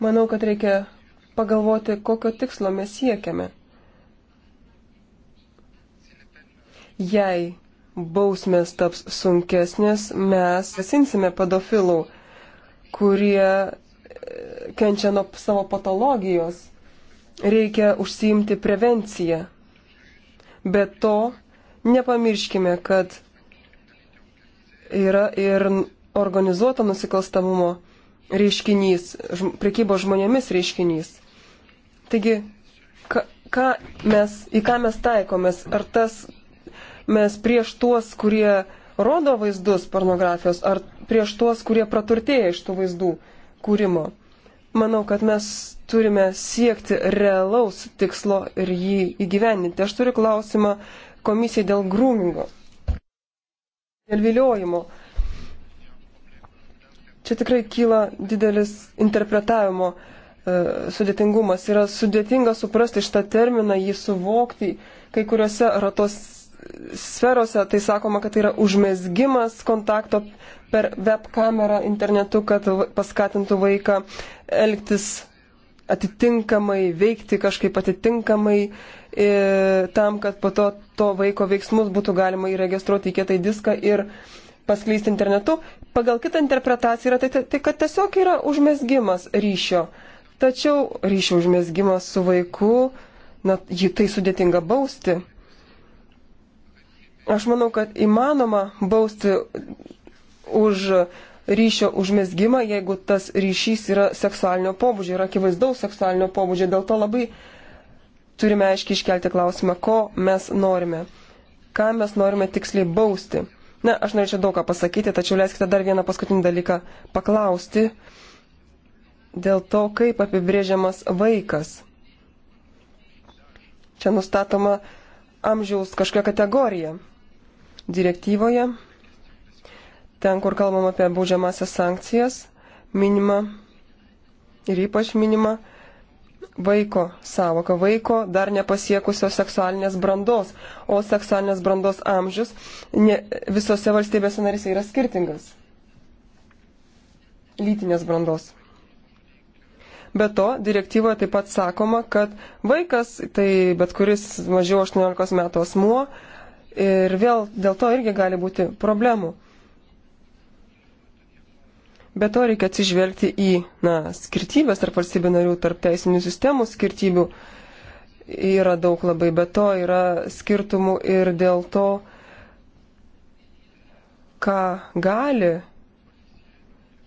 Manau, kad reikia pagalvoti, kokio tikslo mes siekiame. Jei bausmės taps sunkesnės, mes pasinsime pedofilų, kurie kenčia nuo savo patologijos. Reikia užsiimti prevenciją. Be to, nepamirškime, kad yra ir organizuoto nusikalstamumo reiškinys, prekybo žmonėmis reiškinys. Taigi, ka, ką mes, į ką mes taikomės? Ar tas mes prieš tuos, kurie rodo vaizdus pornografijos, ar prieš tuos, kurie praturtėja iš tų vaizdų kūrimo? Manau, kad mes turime siekti realaus tikslo ir jį įgyveninti. Aš turiu klausimą komisijai dėl grūmingo, dėl viliojimo. Čia tikrai kyla didelis interpretavimo e, sudėtingumas. Yra sudėtinga suprasti šitą terminą, jį suvokti. Kai kuriuose ratos sferose tai sakoma, kad tai yra užmesgimas kontakto per web kamerą internetu, kad paskatintų vaiką elgtis atitinkamai, veikti kažkaip atitinkamai, e, tam, kad po to to vaiko veiksmus būtų galima įregistruoti į kietai diską ir paskleisti internetu. Pagal kitą interpretaciją yra tai, tai, tai kad tiesiog yra užmesgimas ryšio. Tačiau ryšio užmesgimas su vaiku, na, jį tai sudėtinga bausti. Aš manau, kad įmanoma bausti už ryšio užmėsgymą, jeigu tas ryšys yra seksualinio pobūdžio, yra akivaizdaus seksualinio pobūdžio. Dėl to labai turime aiškiai iškelti klausimą, ko mes norime, ką mes norime tiksliai bausti. Na, aš norėčiau daug ką pasakyti, tačiau leiskite dar vieną paskutinį dalyką paklausti dėl to, kaip apibrėžiamas vaikas. Čia nustatoma amžiaus kažkokia kategorija direktyvoje ten, kur kalbam apie baudžiamasias sankcijas, minima ir ypač minima vaiko savoka, vaiko dar nepasiekusio seksualinės brandos, o seksualinės brandos amžius ne, visose valstybėse narise yra skirtingas. Lytinės brandos. Be to, direktyvoje taip pat sakoma, kad vaikas, tai bet kuris mažiau 18 metų asmuo, ir vėl dėl to irgi gali būti problemų. Be to reikia atsižvelgti į na, skirtybės tarp valstybių narių, tarp teisinių sistemų skirtybių. Yra daug labai, be to yra skirtumų ir dėl to, ką gali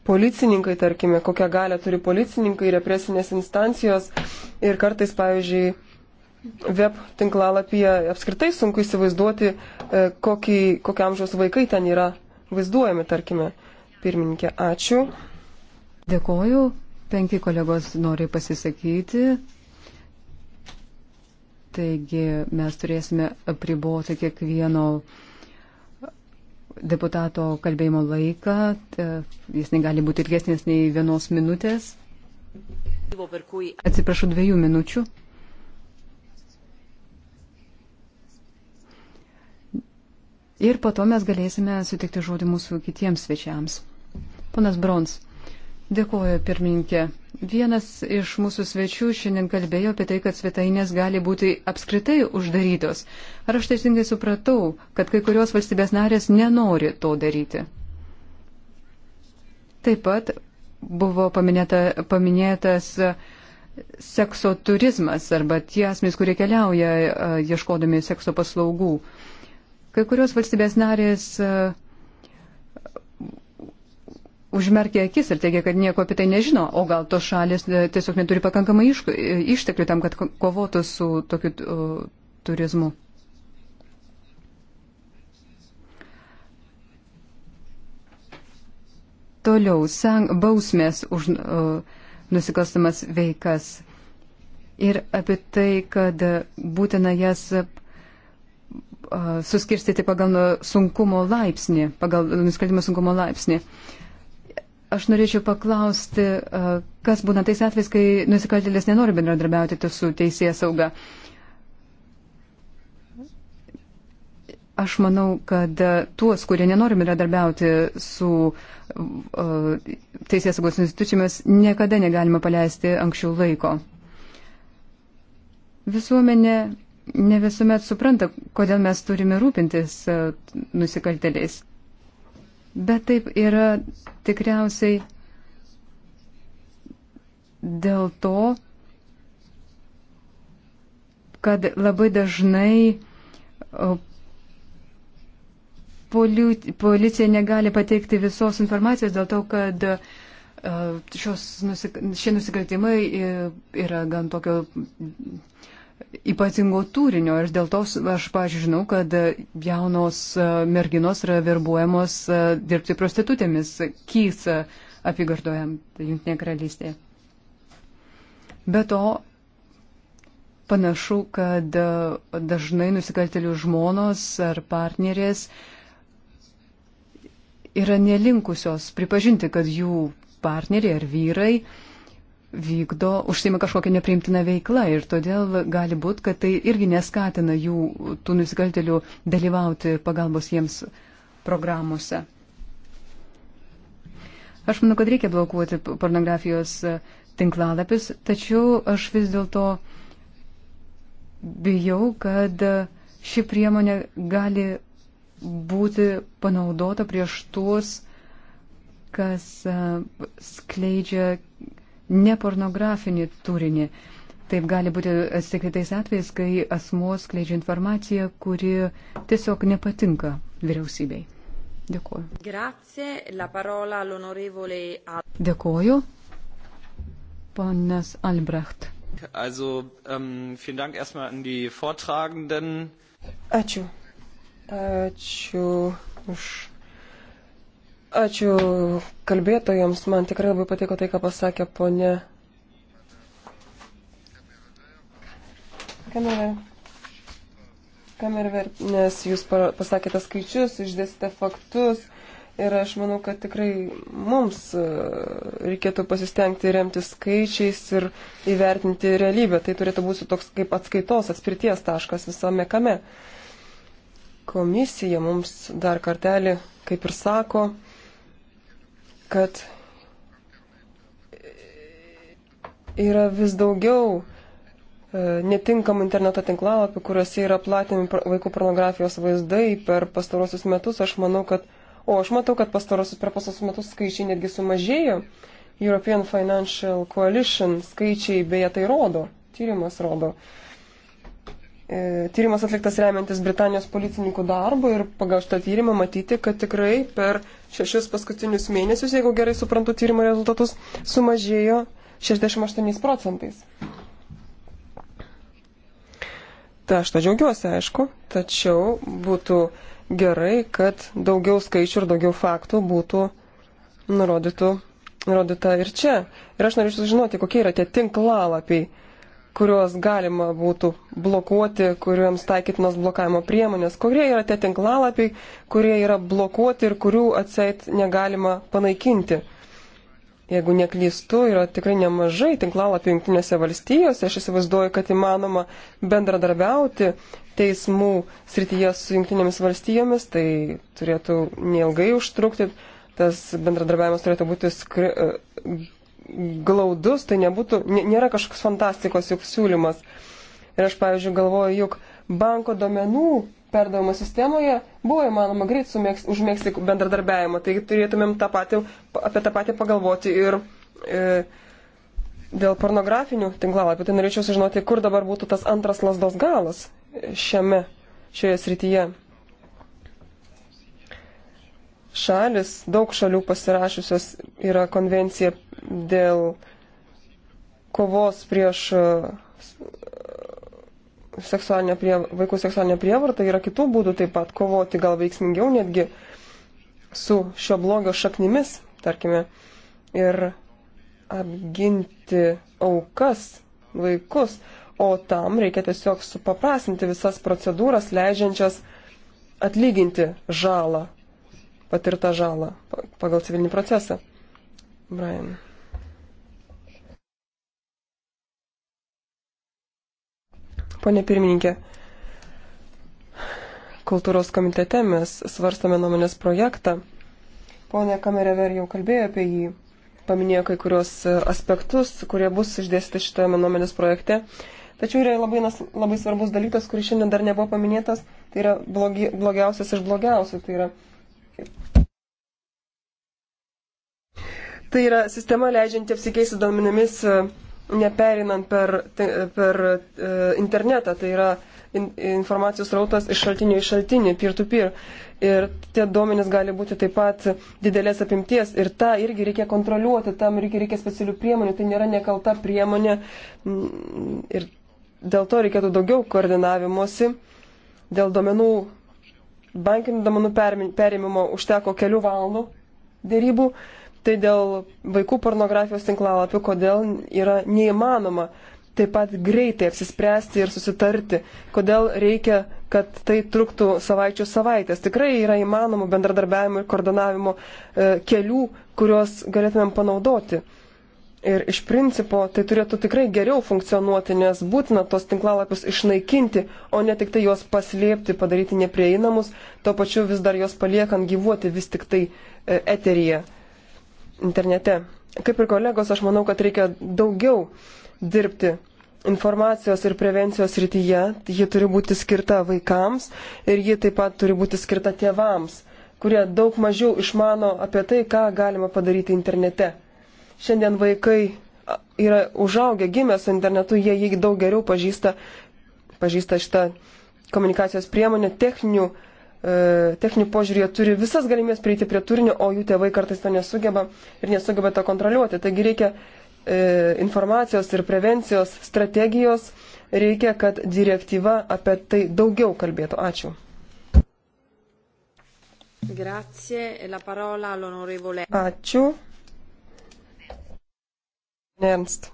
policininkai, tarkime, kokią galę turi policininkai, represinės instancijos ir kartais, pavyzdžiui, web tinklalapyje apskritai sunku įsivaizduoti, e, kokį, kokiam žiaus vaikai ten yra vaizduojami, tarkime. Pirmininkė, ačiū. Dėkoju. Penki kolegos nori pasisakyti. Taigi mes turėsime apriboti kiekvieno deputato kalbėjimo laiką. Jis negali būti ilgesnis nei vienos minutės. Atsiprašau dviejų minučių. Ir po to mes galėsime sutikti žodį mūsų kitiems svečiams. Ponas Brons. Dėkuoju, pirmininkė. Vienas iš mūsų svečių šiandien kalbėjo apie tai, kad svetainės gali būti apskritai uždarytos. Ar aš teisingai supratau, kad kai kurios valstybės narės nenori to daryti? Taip pat buvo paminėta, paminėtas e, sekso turizmas arba tie asmenys, kurie keliauja e, ieškodami sekso paslaugų. Kai kurios valstybės narės uh, užmerkia akis ir teigia, kad nieko apie tai nežino, o gal tos šalis e, tiesiog neturi pakankamai e, išteklių tam, kad kovotų su tokiu uh, turizmu. Toliau, sang, bausmės už uh, nusikalstamas veikas ir apie tai, kad būtina jas e, suskirstyti pagal sunkumo laipsnį, pagal nusikaltimo sunkumo laipsnį. Uh, Aš norėčiau paklausti, kas būna tais atvejais, kai nusikaltėlis nenori bendradarbiauti su teisėja sauga. Aš manau, kad tuos, kurie nenori bendradarbiauti su uh, teisės saugos institucijomis, niekada negalima paleisti anksčiau laiko. Visuomenė ne visuomet supranta, kodėl mes turime rūpintis uh, nusikaltėliais. Bet taip yra tikriausiai dėl to, kad labai dažnai policija negali pateikti visos informacijos dėl to, kad e, šios, šie nusikaltimai e, yra gan tokio ypatingo turinio ir dėl to aš, pažiūrėjau, žinau, kad jaunos e, merginos yra verbuojamos e, dirbti prostitutėmis Kys e, apygardoje tai Junktinėje karalystėje. Be to, panašu, kad dažnai nusikaltelių žmonos ar partnerės yra nelinkusios pripažinti, kad jų partneriai ar vyrai uh, vykdo, užsima kažkokią nepriimtiną veiklą ir todėl gali būti, kad tai irgi neskatina jų, tų nusikaltelių, dalyvauti pagalbos jiems programuose. Aš manau, kad reikia blokuoti pornografijos tinklalapius, tačiau aš vis dėlto bijau, kad ši priemonė gali būti panaudota prieš tuos, kas skleidžia nepornografinį turinį. Taip gali būti atsitikti tais atvejais, kai asmuo skleidžia informaciją, kuri tiesiog nepatinka vyriausybei. Dėkuoju. Grazie, la parola all'onorevole. Dėkuoju. Ponas Albrecht. Also, um, vielen Dank erstmal an die Vortragenden. Ačiū. Ačiū už Ačiū kalbėtojams, man tikrai labai patiko tai, ką pasakė ponė. Kamera. Kamera, nes jūs pasakėte skaičius, išdėstėte faktus ir aš manau, kad tikrai mums e, reikėtų pasistengti remti skaičiais ir įvertinti realybę. Tai turėtų būti toks kaip atskaitos, atspirties taškas visame kame. Komisija mums dar kartelį, kaip ir sako, kad yra vis daugiau e, netinkamų interneto tinklalapių, kuriuose yra platinami vaikų pornografijos vaizdai per pastarosius metus. Aš manau, kad, o aš matau, kad pastarosius per pastarosius metus skaičiai netgi sumažėjo. European Financial Coalition skaičiai beje tai rodo, tyrimas rodo. Uh, E, tyrimas atliktas remiantis Britanijos policininkų darbu ir pagal šitą tyrimą matyti, kad tikrai per šešis paskutinius mėnesius, jeigu gerai suprantu tyrimo rezultatus, sumažėjo 68 procentais. Ta, aš to džiaugiuosi, aišku, tačiau būtų gerai, kad daugiau skaičių ir daugiau faktų būtų nurodytų, nurodyta ir čia. Ir aš norėčiau sužinoti, kokie yra tie tinklalapiai kuriuos galima būtų blokuoti, kuriuoms taikytinos blokavimo priemonės, kurie yra tie tinklalapiai, kurie yra blokuoti ir kurių atseit negalima panaikinti. Jeigu neklystu, yra tikrai nemažai tinklalapių jungtinėse valstijose. Aš įsivaizduoju, kad įmanoma bendradarbiauti teismų srityje su jungtinėmis valstijomis. Tai turėtų neilgai užtrukti. Tas bendradarbiavimas turėtų būti skri glaudus, tai nebūtų, nėra kažkoks fantastikos juk siūlymas. Ir aš, pavyzdžiui, galvoju, juk banko domenų perdavimo sistemoje buvo įmanoma greit užmėgsti bendradarbiavimą, tai turėtumėm tą patį, apie tą patį pagalvoti ir e, dėl pornografinių tinklalapių. Tai norėčiau sužinoti, kur dabar būtų tas antras lasdos galas šiame, šioje srityje. Šalis, daug šalių pasirašiusios yra konvencija dėl kovos prieš e, seksualinę prie, vaikų seksualinę prievartą yra kitų būdų taip pat kovoti gal veiksmingiau netgi su šio blogio šaknimis, tarkime, ir apginti aukas, vaikus, o tam reikia tiesiog supaprasinti visas procedūras, leidžiančias atlyginti žalą, patirtą žalą pagal civilinį procesą. Brian. Pone pirmininkė, kultūros komitete mes svarstame nuomonės projektą. Pone Kamerever jau kalbėjo apie jį, paminėjo kai kurios e, aspektus, kurie bus išdėstyti šitame nuomonės projekte. Tačiau yra labai, labai svarbus dalykas, kuris šiandien dar nebuvo paminėtas, tai yra blogi, blogiausias iš blogiausių. Tai yra, tai yra sistema leidžianti apsikeisti duomenimis e, neperinant per, per e, internetą, tai yra informacijos rautas iš šaltinio į šaltinį, peer-to-peer. -peer. Ir tie duomenys gali būti taip pat didelės apimties ir tą irgi reikia kontroliuoti, tam irgi reikia specialių priemonių, tai nėra nekalta priemonė mm, ir dėl to reikėtų daugiau koordinavimuose, dėl duomenų, bankinių duomenų perėmimo užteko kelių valandų dėrybų Tai dėl vaikų pornografijos tinklalapių, kodėl yra neįmanoma taip pat greitai apsispręsti ir susitarti, kodėl reikia, kad tai truktų savaičių savaitės. Tikrai yra įmanomų bendradarbiavimo ir koordinavimo e, kelių, kuriuos galėtumėm panaudoti. Ir iš principo tai turėtų tikrai geriau funkcionuoti, nes būtina tos tinklalapius išnaikinti, o ne tik tai juos paslėpti, padaryti neprieinamus, tuo pačiu vis dar juos paliekant gyvuoti vis tik tai e, eteryje internete. Kaip ir kolegos, aš manau, kad reikia daugiau dirbti informacijos ir prevencijos rytyje. Ji turi būti skirta vaikams ir ji taip pat turi būti skirta tėvams, kurie daug mažiau išmano apie tai, ką galima padaryti internete. Šiandien vaikai yra užaugę, gimę su internetu, jie jį daug geriau pažįsta, pažįsta šitą komunikacijos priemonę, techninių E, techninių požiūrį jie turi visas galimybės prieiti prie turinio, o jų tėvai kartais to nesugeba ir nesugeba to kontroliuoti. Taigi reikia e, informacijos ir prevencijos strategijos, reikia, kad direktyva apie tai daugiau kalbėtų. Ačiū. Grazie, e la parola all'onorevole. Ačiū. Ernst.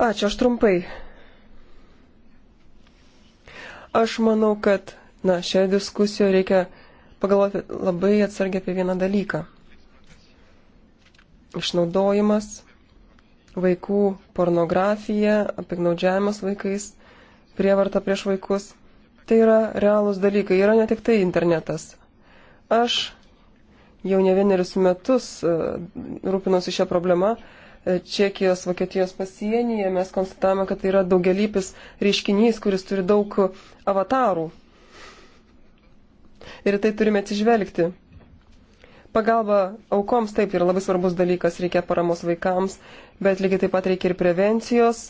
Ačiū, aš trumpai Aš manau, kad na, šioje diskusijoje reikia pagalvoti labai atsargiai apie vieną dalyką. Išnaudojimas, vaikų pornografija, apignaudžiavimas vaikais, prievarta prieš vaikus. Tai yra realūs dalykai, yra ne tik tai internetas. Aš jau ne vienerius metus e, rūpinosi šią problemą Čekijos, Vokietijos pasienyje, mes konstatavome, kad tai yra daugelypis reiškinys, kuris turi daug avatarų. Ir tai turime atsižvelgti. Pagalba aukoms taip yra labai svarbus dalykas, reikia paramos vaikams, bet lygiai taip pat reikia ir prevencijos.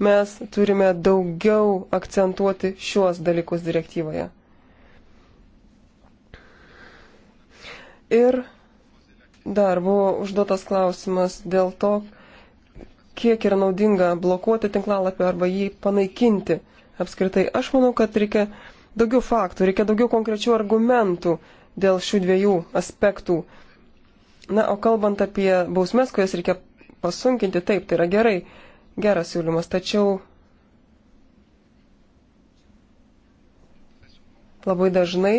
Mes turime daugiau akcentuoti šiuos dalykus direktyvoje. Ir Dar buvo užduotas klausimas dėl to, kiek yra naudinga blokuoti tinklalapį arba jį panaikinti apskritai. Aš manau, kad reikia daugiau faktų, reikia daugiau konkrečių argumentų dėl šių dviejų aspektų. Na, o kalbant apie bausmes, kurias reikia pasunkinti, taip, tai yra gerai, geras siūlymas, tačiau labai dažnai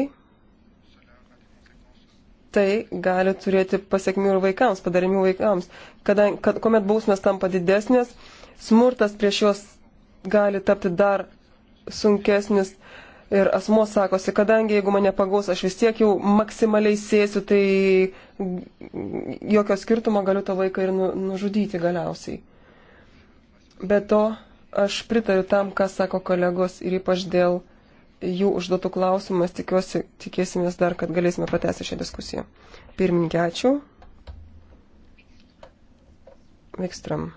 tai gali turėti pasiekmių ir vaikams, padarinių vaikams. Kada, kad, kuomet bausmės tampa didesnės, smurtas prieš juos gali tapti dar sunkesnis ir asmo sakosi, kadangi jeigu mane pagaus, aš vis tiek jau maksimaliai sėsiu, tai jokio skirtumo galiu tą vaiką ir nu, nužudyti galiausiai. Be to, aš pritariu tam, ką sako kolegos ir ypač dėl jų užduotų klausimas. Tikiuosi, tikėsimės dar, kad galėsime pratęsti šią diskusiją. Pirmininkė, ačiū. Vikstram.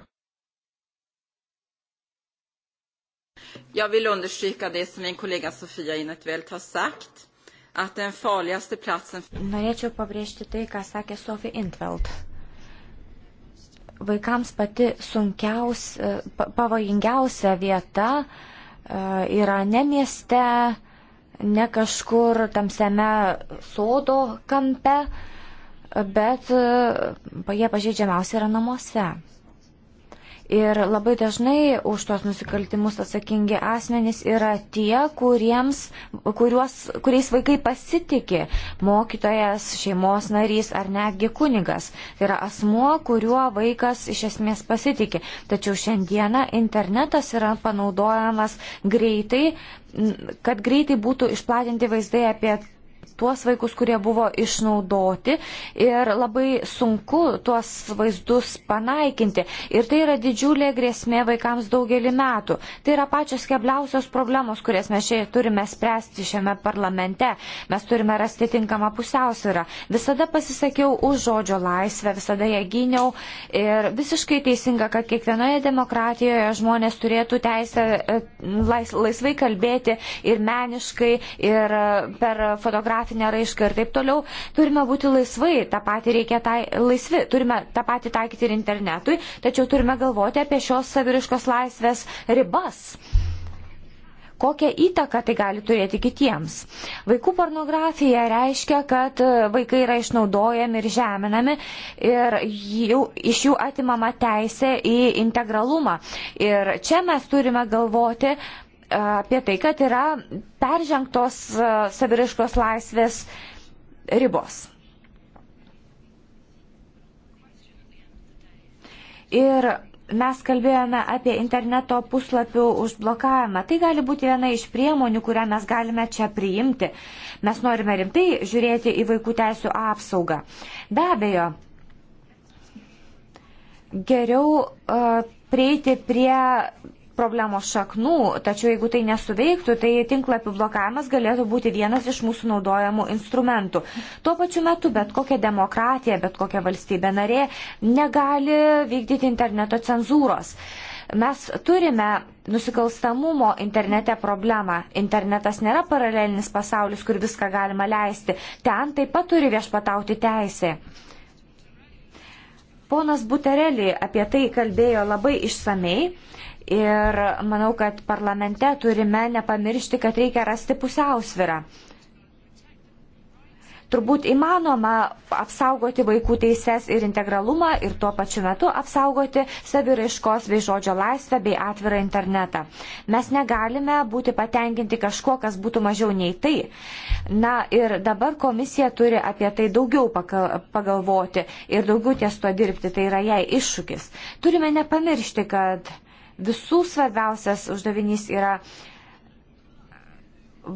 Jag vill understryka det som min kollega Sofia Inetvelt har sagt, att den farligaste platsen... Norėčiau pabrėžti tai, ką sakė Sofia Intveld. Vaikams pati sunkiausia, pavojingiausia vieta uh, yra ne mieste, ne kažkur tamsiame sodo kampe, bet e, jie pažeidžiamiausi yra namuose. Ir labai dažnai už tuos nusikaltimus atsakingi asmenys yra tie, kuriems, kuriuos, kuriais vaikai pasitikė - mokytojas, šeimos narys ar netgi kunigas. Tai yra asmuo, kuriuo vaikas iš esmės pasitikė. Tačiau šiandieną internetas yra panaudojamas greitai, kad greitai būtų išplatinti vaizdai apie tuos vaikus, kurie buvo išnaudoti ir labai sunku tuos vaizdus panaikinti. Ir tai yra didžiulė grėsmė vaikams daugelį metų. Tai yra pačios kebliausios problemos, kurias mes čia turime spręsti šiame parlamente. Mes turime rasti tinkamą pusiausvyrą. Visada pasisakiau už žodžio laisvę, visada ją gyniau ir visiškai teisinga, kad kiekvienoje demokratijoje žmonės turėtų teisę e, laisvai kalbėti ir meniškai, ir e, per fotografiją geografinę raišką ir taip toliau, turime būti laisvai, tą patį reikia tai, laisvi, turime tą patį taikyti ir internetui, tačiau turime galvoti apie šios saviriškos laisvės ribas kokią įtaką tai gali turėti kitiems. Vaikų pornografija reiškia, kad e, vaikai yra išnaudojami ir žeminami ir jau, iš jų atimama teisė į integralumą. Ir čia mes turime galvoti, apie tai, kad yra peržengtos e, saviriškos laisvės ribos. Ir mes kalbėjome apie interneto puslapių užblokavimą. Tai gali būti viena iš priemonių, kurią mes galime čia priimti. Mes norime rimtai žiūrėti į vaikų teisų apsaugą. Be abejo, geriau uh, prieiti prie problemos šaknų, tačiau jeigu tai nesuveiktų, tai tinklapių blokavimas galėtų būti vienas iš mūsų naudojamų instrumentų. Tuo pačiu metu bet kokia demokratija, bet kokia valstybė narė negali vykdyti interneto cenzūros. Mes turime nusikalstamumo internete problemą. Internetas nėra paralelinis pasaulis, kur viską galima leisti. Ten taip pat turi viešpatauti teisė. Ponas Buterelį apie tai kalbėjo labai išsamei Ir manau, kad parlamente turime nepamiršti, kad reikia rasti pusiausvirą. Turbūt įmanoma apsaugoti vaikų teises ir integralumą ir tuo pačiu metu apsaugoti saviraiškos bei žodžio laisvę bei atvirą internetą. Mes negalime būti patenkinti kažkuo, kas būtų mažiau nei tai. Na ir dabar komisija turi apie tai daugiau pagalvoti ir daugiau ties to dirbti, tai yra jai iššūkis. Turime nepamiršti, kad visų svarbiausias uždavinys yra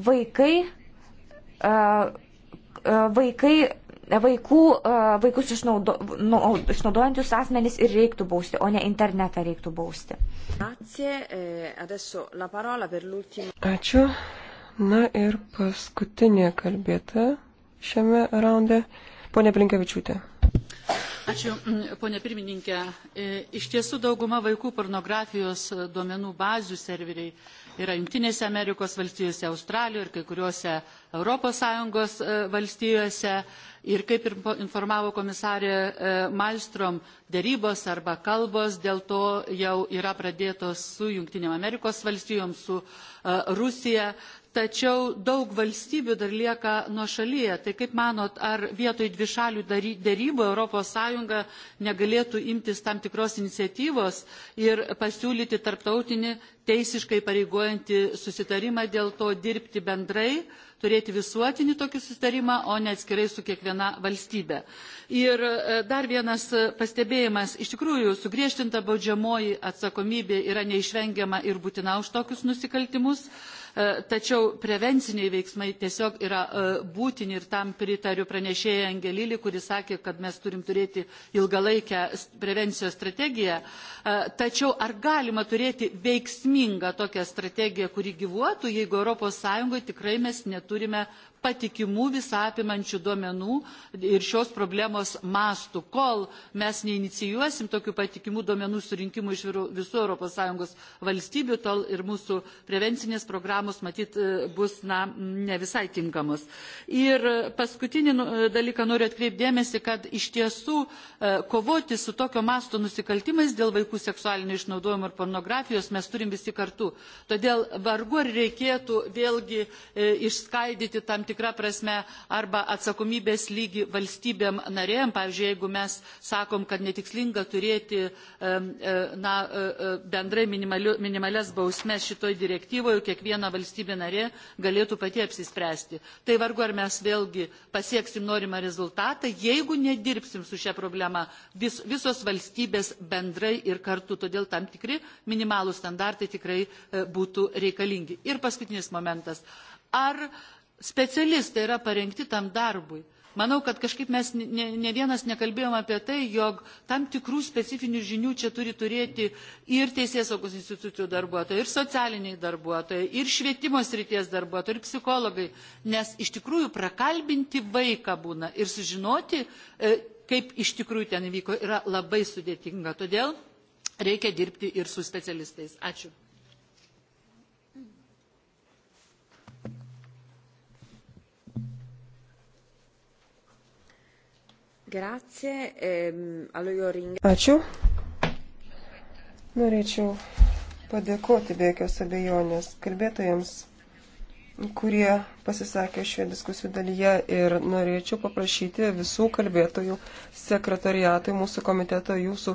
vaikai, vaikai vaikų, vaikus išnaudo, nu, išnaudojančius asmenys ir reiktų bausti, o ne internetą reiktų bausti. E, Ačiū. Na ir paskutinė kalbėta šiame raunde, ponė Blinkevičiūtė. Ačiū, ponė pirmininkė. E, iš tiesų dauguma vaikų pornografijos e, duomenų bazių serveriai yra Junktinėse Amerikos valstijose, Australijoje ir kai kuriuose ES e, valstijose. Ir kaip ir informavo komisarė Malstrom, dėrybos arba kalbos dėl to jau yra pradėtos su Junktinėm Amerikos valstijom, su Rusija tačiau daug valstybių dar lieka nuo šalyje. Tai kaip manot, ar vietoj dvišalių dėrybų ES negalėtų imtis tam tikros iniciatyvos ir pasiūlyti tarptautinį teisiškai pareigojantį susitarimą dėl to dirbti bendrai, turėti visuotinį tokį susitarimą, o ne atskirai su kiekviena valstybė. Ir e, dar vienas pastebėjimas, iš tikrųjų, sugriežtinta baudžiamoji atsakomybė yra neišvengiama ir būtina už tokius nusikaltimus. E, tačiau prevenciniai veiksmai tiesiog yra e, būtini ir tam pritariu pranešėjai Angelilį, kuris sakė, kad mes turim turėti ilgalaikę prevencijos strategiją. E, tačiau ar galima turėti veiksmingą tokią strategiją, kuri gyvuotų, jeigu ES tikrai mes neturime patikimų visą apimančių duomenų ir šios problemos mastų. Kol mes neinicijuosim tokių patikimų duomenų surinkimų iš visų ES valstybių, tol ir mūsų prevencinės programos matyt e, bus na, ne visai tinkamos. Ir paskutinį nu, e, dalyką noriu atkreipdėmėsi, kad iš tiesų e, kovoti su tokio masto nusikaltimais dėl vaikų seksualinio išnaudojimo ir pornografijos mes turim visi kartu. Todėl vargu ar reikėtų vėlgi išskaidyti tam tikrą tikrą prasme arba atsakomybės lygį valstybėm narėjom. Pavyzdžiui, jeigu mes sakom, kad netikslinga turėti e, na, e, e, bendrai minimalias bausmes šitoj direktyvoje, kiekviena valstybė narė galėtų pati apsispręsti. Tai vargu ar mes vėlgi pasieksim norimą rezultatą, jeigu nedirbsim su šia problema vis, visos valstybės bendrai ir kartu. Todėl tam tikri minimalų standartai tikrai būtų reikalingi. Ir paskutinis momentas. Ar specialistai yra parengti tam darbui. Manau, kad kažkaip mes ne, ne vienas nekalbėjom apie tai, jog tam tikrų specifinių žinių čia turi turėti ir Teisės saugos institucijų darbuotojai, ir socialiniai darbuotojai, ir švietimo srities darbuotojai, ir psichologai, nes iš tikrųjų prakalbinti vaiką būna ir sužinoti, e, kaip iš tikrųjų ten vyko, yra labai sudėtinga. Todėl reikia dirbti ir su specialistais. Ačiū. Ehm, Ačiū. Norėčiau padėkoti be jokios abejonės kalbėtojams, kurie pasisakė šioje diskusijų dalyje ir norėčiau paprašyti visų kalbėtojų sekretariatui mūsų komiteto jūsų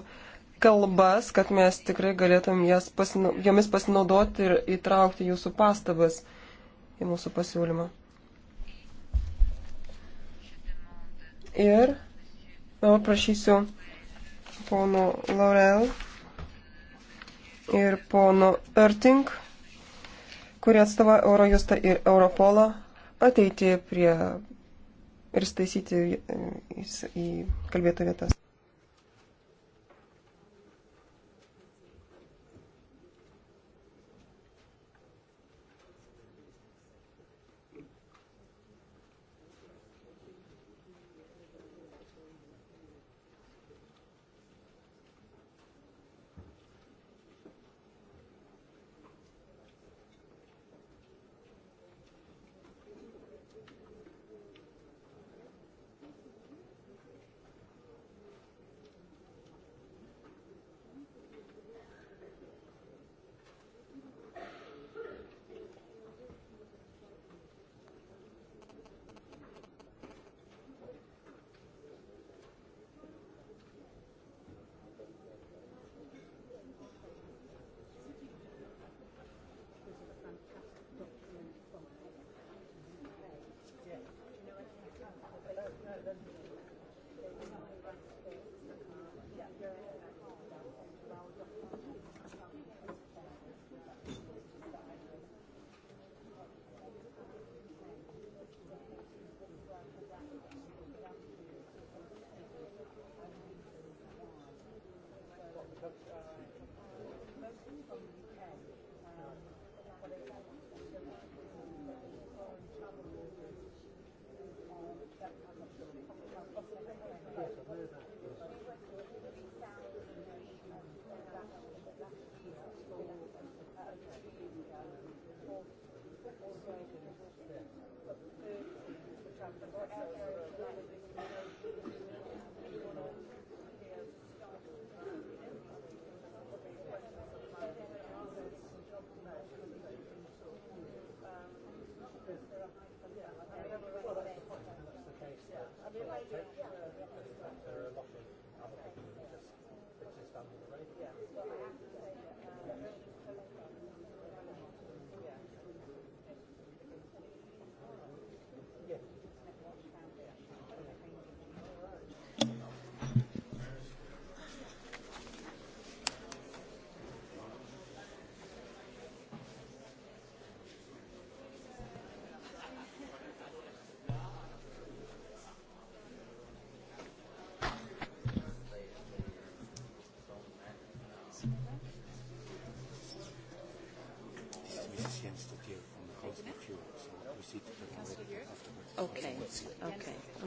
kalbas, kad mes tikrai galėtum jas pasina jomis pasinaudoti ir įtraukti jūsų pastabas į mūsų pasiūlymą. Ir Dabar prašysiu pono Laurel ir pono Erting, kurie atstovauja Eurojustą ir Europolą, ateiti prie ir staisyti į kalbėtų vietas.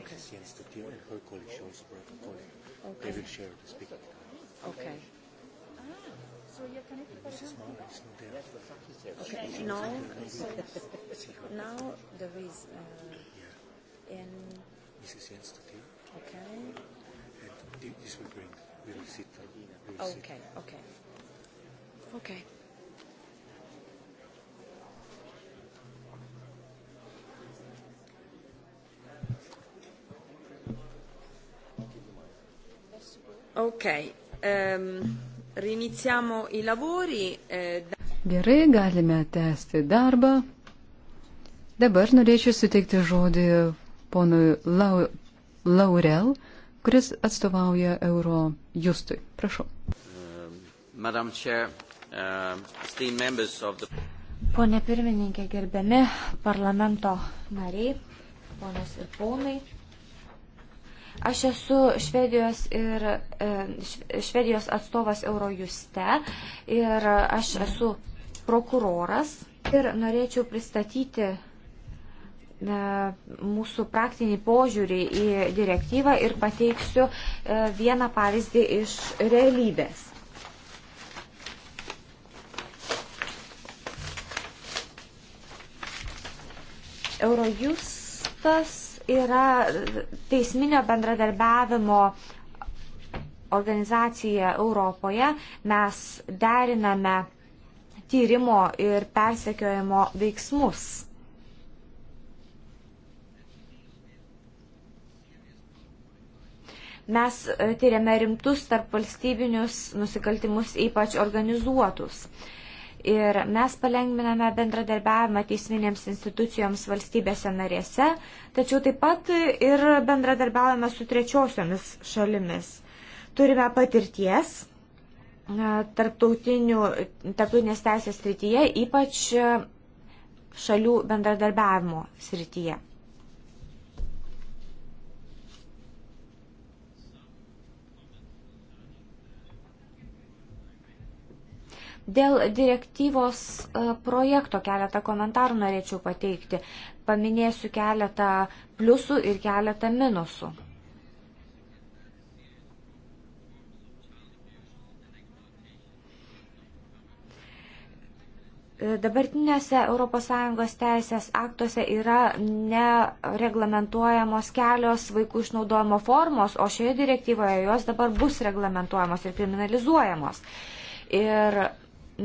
Okay. Yes, the dear and her colleague, she also brought a colleague. Okay. They will share the speaking time. Okay. Ah, so you're connected by Mrs. Mara is not there. Okay, okay. now, now there is. Uh, yeah. In Mrs. Jenstadil. Okay. And this will bring, we will sit. We will okay, sit. okay. Okay. Ok, um, riniziamo i lavori. Eh, da... Gerai, galime tęsti darbą. Dabar norėčiau suteikti žodį ponui Lau Laurel, kuris atstovauja Euro Justui. Prašau. Um, Chair, um, the... Pone pirmininkė, gerbiami parlamento nariai, ponas ir ponai. Aš esu Švedijos, ir, e, švedijos atstovas Eurojuste ir aš esu prokuroras ir norėčiau pristatyti e, mūsų praktinį požiūrį į direktyvą ir pateiksiu e, vieną pavyzdį iš realybės. Eurojustas yra teisminio bendradarbiavimo organizacija Europoje. Mes deriname tyrimo ir persekiojimo veiksmus. Mes e, tyrėme rimtus tarp valstybinius nusikaltimus, ypač organizuotus. Uh, Ir mes palengviname bendradarbiavimą teisminėms institucijoms valstybėse narėse, tačiau taip pat ir bendradarbiavame su trečiosiomis šalimis. Turime patirties e, tarptautinės teisės srityje, ypač e, šalių bendradarbiavimo srityje. Dėl direktyvos e, projekto keletą komentarų norėčiau pateikti. Paminėsiu keletą pliusų ir keletą minusų. E, dabartinėse ES teisės aktuose yra nereglamentuojamos kelios vaikų išnaudojimo formos, o šioje direktyvoje jos dabar bus reglamentuojamos ir kriminalizuojamos. Ir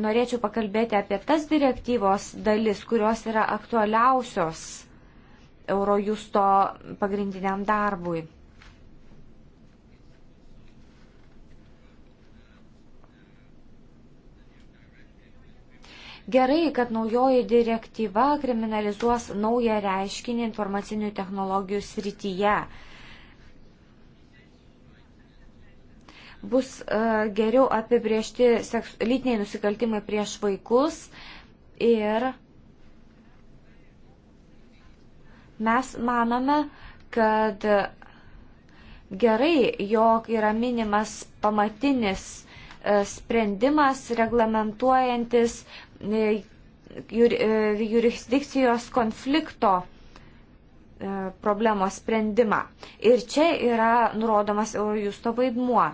norėčiau pakalbėti apie tas direktyvos dalis, kurios yra aktualiausios Eurojusto pagrindiniam darbui. Gerai, kad naujoji direktyva kriminalizuos naują reiškinį informacinių technologijų srityje. bus e, geriau apibriežti seks, lytiniai nusikaltimai prieš vaikus ir mes manome, kad gerai, jog yra minimas pamatinis e, sprendimas reglamentuojantis e, jurisdikcijos konflikto problemos sprendimą. Ir čia yra nurodomas Eurojusto vaidmuo.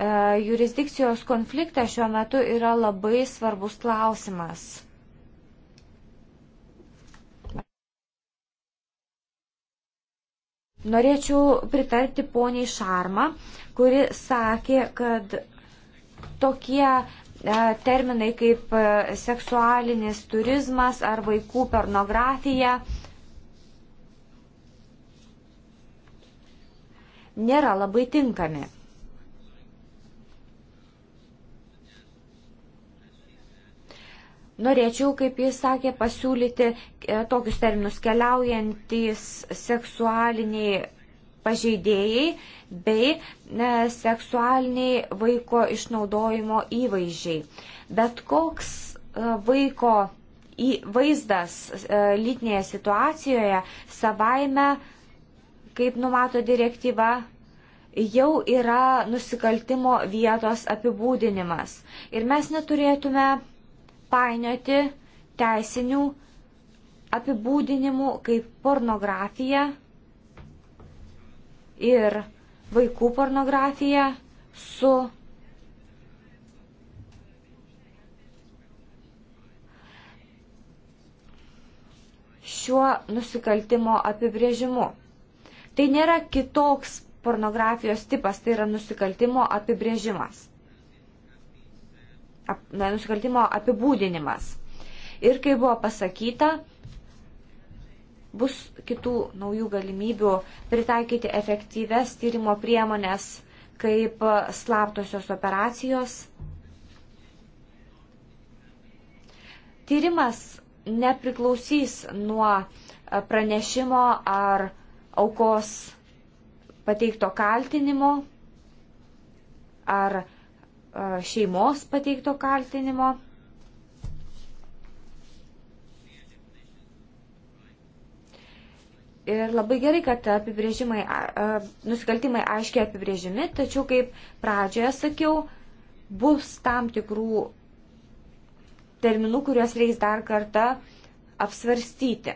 E, jurisdikcijos konfliktas šiuo metu yra labai svarbus klausimas. Norėčiau pritarti poniai Šarma, kuri sakė, kad tokie e, terminai kaip e, seksualinis turizmas ar vaikų pornografija nėra labai tinkami. Norėčiau, kaip jis sakė, pasiūlyti e, tokius terminus keliaujantys seksualiniai pažeidėjai bei e, seksualiniai vaiko išnaudojimo įvaizdžiai. Bet koks e, vaiko vaizdas lytinėje situacijoje savaime, kaip numato direktyva, jau yra nusikaltimo vietos apibūdinimas. Ir mes neturėtume painioti teisinių apibūdinimų kaip pornografija ir vaikų pornografija su šiuo nusikaltimo apibrėžimu. Tai nėra kitoks pornografijos tipas, tai yra nusikaltimo apibrėžimas ap, na, nusikaltimo apibūdinimas. Ir kaip buvo pasakyta, bus kitų naujų galimybių pritaikyti efektyves tyrimo priemonės kaip slaptosios operacijos. Tyrimas nepriklausys nuo pranešimo ar aukos pateikto kaltinimo ar šeimos pateikto kaltinimo. Ir labai gerai, kad apibrėžimai, nusikaltimai aiškiai apibrėžimi, tačiau kaip pradžioje sakiau, bus tam tikrų terminų, kuriuos reiks dar kartą apsvarstyti.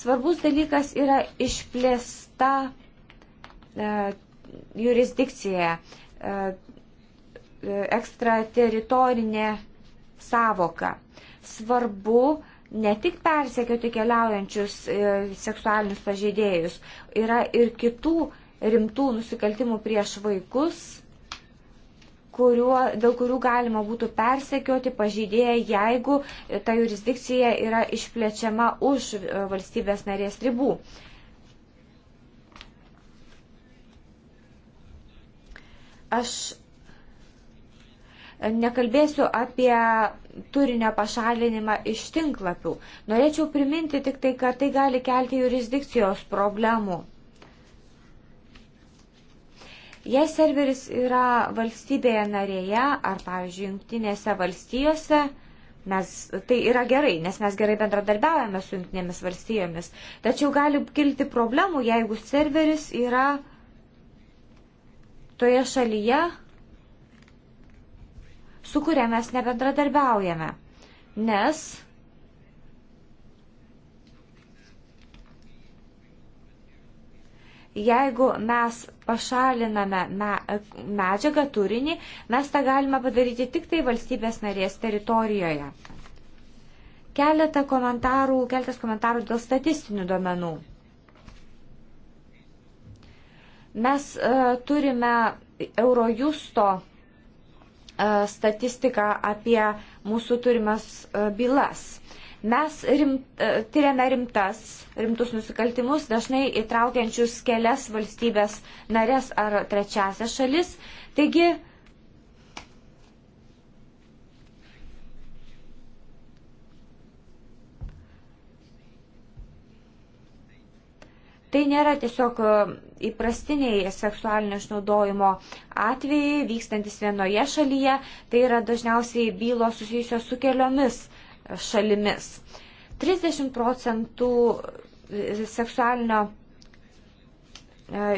Svarbus dalykas yra išplėsta e, jurisdikcija, e, e, ekstrateritorinė savoka. Svarbu ne tik persekioti keliaujančius e, seksualinius pažeidėjus, yra ir kitų rimtų nusikaltimų prieš vaikus, kuriuo, dėl kurių galima būtų persekioti pažeidėją, jeigu ta jurisdikcija yra išplečiama už valstybės narės ribų. Uh, Aš nekalbėsiu apie turinio pašalinimą iš tinklapių. Norėčiau priminti tik tai, kad tai gali kelti jurisdikcijos problemų. Jei serveris yra valstybėje narėje ar, pavyzdžiui, jungtinėse valstijose, mes, tai yra gerai, nes mes gerai bendradarbiavame su jungtinėmis valstijomis. Tačiau gali kilti problemų, jeigu serveris yra toje šalyje, su kuria mes nebendradarbiaujame, nes jeigu mes pašaliname medžiagą turinį, mes tą galime padaryti tik tai valstybės narės teritorijoje. Keletą komentarų, keletas komentarų dėl statistinių duomenų. Mes e, turime Eurojusto e, statistiką apie mūsų turimas e, bylas. Mes rimt, tyriame rimtas, rimtus nusikaltimus, dažnai įtraukiančius kelias valstybės narės ar trečiasias šalis. Taigi Tai nėra tiesiog e, įprastiniai seksualinio išnaudojimo atvejai vykstantis vienoje šalyje, tai yra dažniausiai bylos susijusios su keliomis e, šalimis. 30 procentų e, seksualinio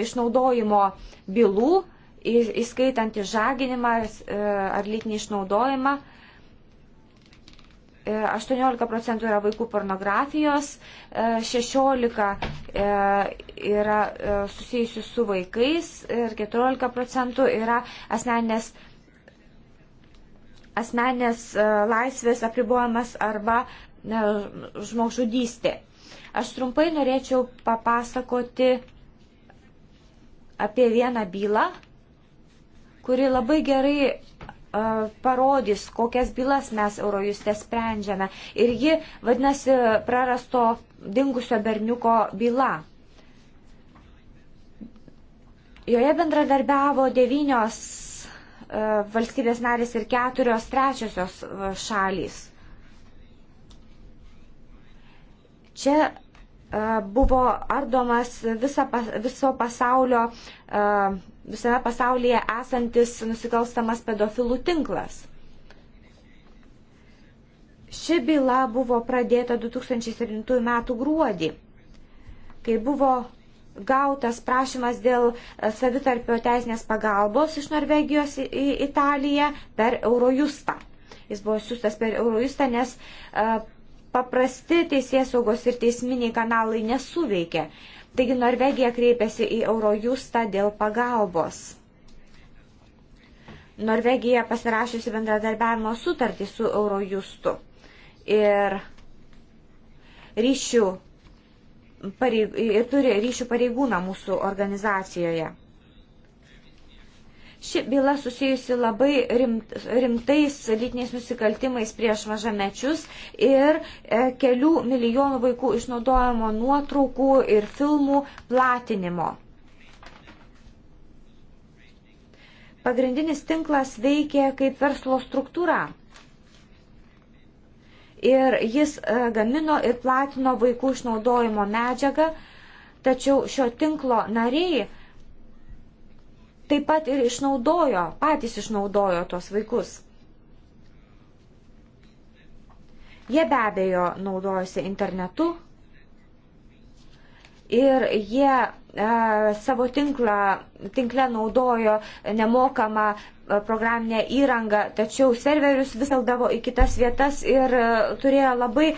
išnaudojimo bylų, įskaitant išžaginimą ar lytinį išnaudojimą, 18 e, procentų yra vaikų pornografijos, 16 e, e, yra susijusių su vaikais ir 14 procentų yra asmeninės, asmeninės laisvės apribojimas arba žmogžudystė. Aš trumpai norėčiau papasakoti apie vieną bylą, kuri labai gerai parodys, kokias bylas mes Eurojuste sprendžiame. Ir ji vadinasi prarasto dingusio berniuko byla. Joje bendradarbiavo devynios valstybės narės ir keturios trečiosios šalys. Čia buvo ardomas viso pasaulio visame pasaulyje esantis nusikalstamas pedofilų tinklas. Ši byla buvo pradėta 2007 m. gruodį, kai buvo gautas prašymas dėl e, savitarpio teisinės pagalbos iš Norvegijos į Italiją per Eurojustą. Jis buvo siūstas per Eurojustą, nes e, paprasti teisės saugos ir teisminiai kanalai nesuveikė. Taigi Norvegija kreipėsi į Eurojustą dėl pagalbos. Norvegija pasirašiusi bendradarbiavimo sutartį su Eurojustu ir, ryšių, pareig, ir turi ryšių pareigūną mūsų organizacijoje. Ši byla susijusi labai rimt, rimtais lytiniais nusikaltimais prieš mažamečius ir e, kelių milijonų vaikų išnaudojimo nuotraukų ir filmų platinimo. Pagrindinis tinklas veikė kaip verslo struktūra. Ir jis e, gamino ir platino vaikų išnaudojimo medžiagą, tačiau šio tinklo nariai taip pat ir išnaudojo, patys išnaudojo tuos vaikus. Jie be abejo naudojosi internetu, ir jie e, savo tinklą, tinkle naudojo nemokamą e, programinę įrangą, tačiau serverius vis keldavo į kitas vietas ir e, turėjo labai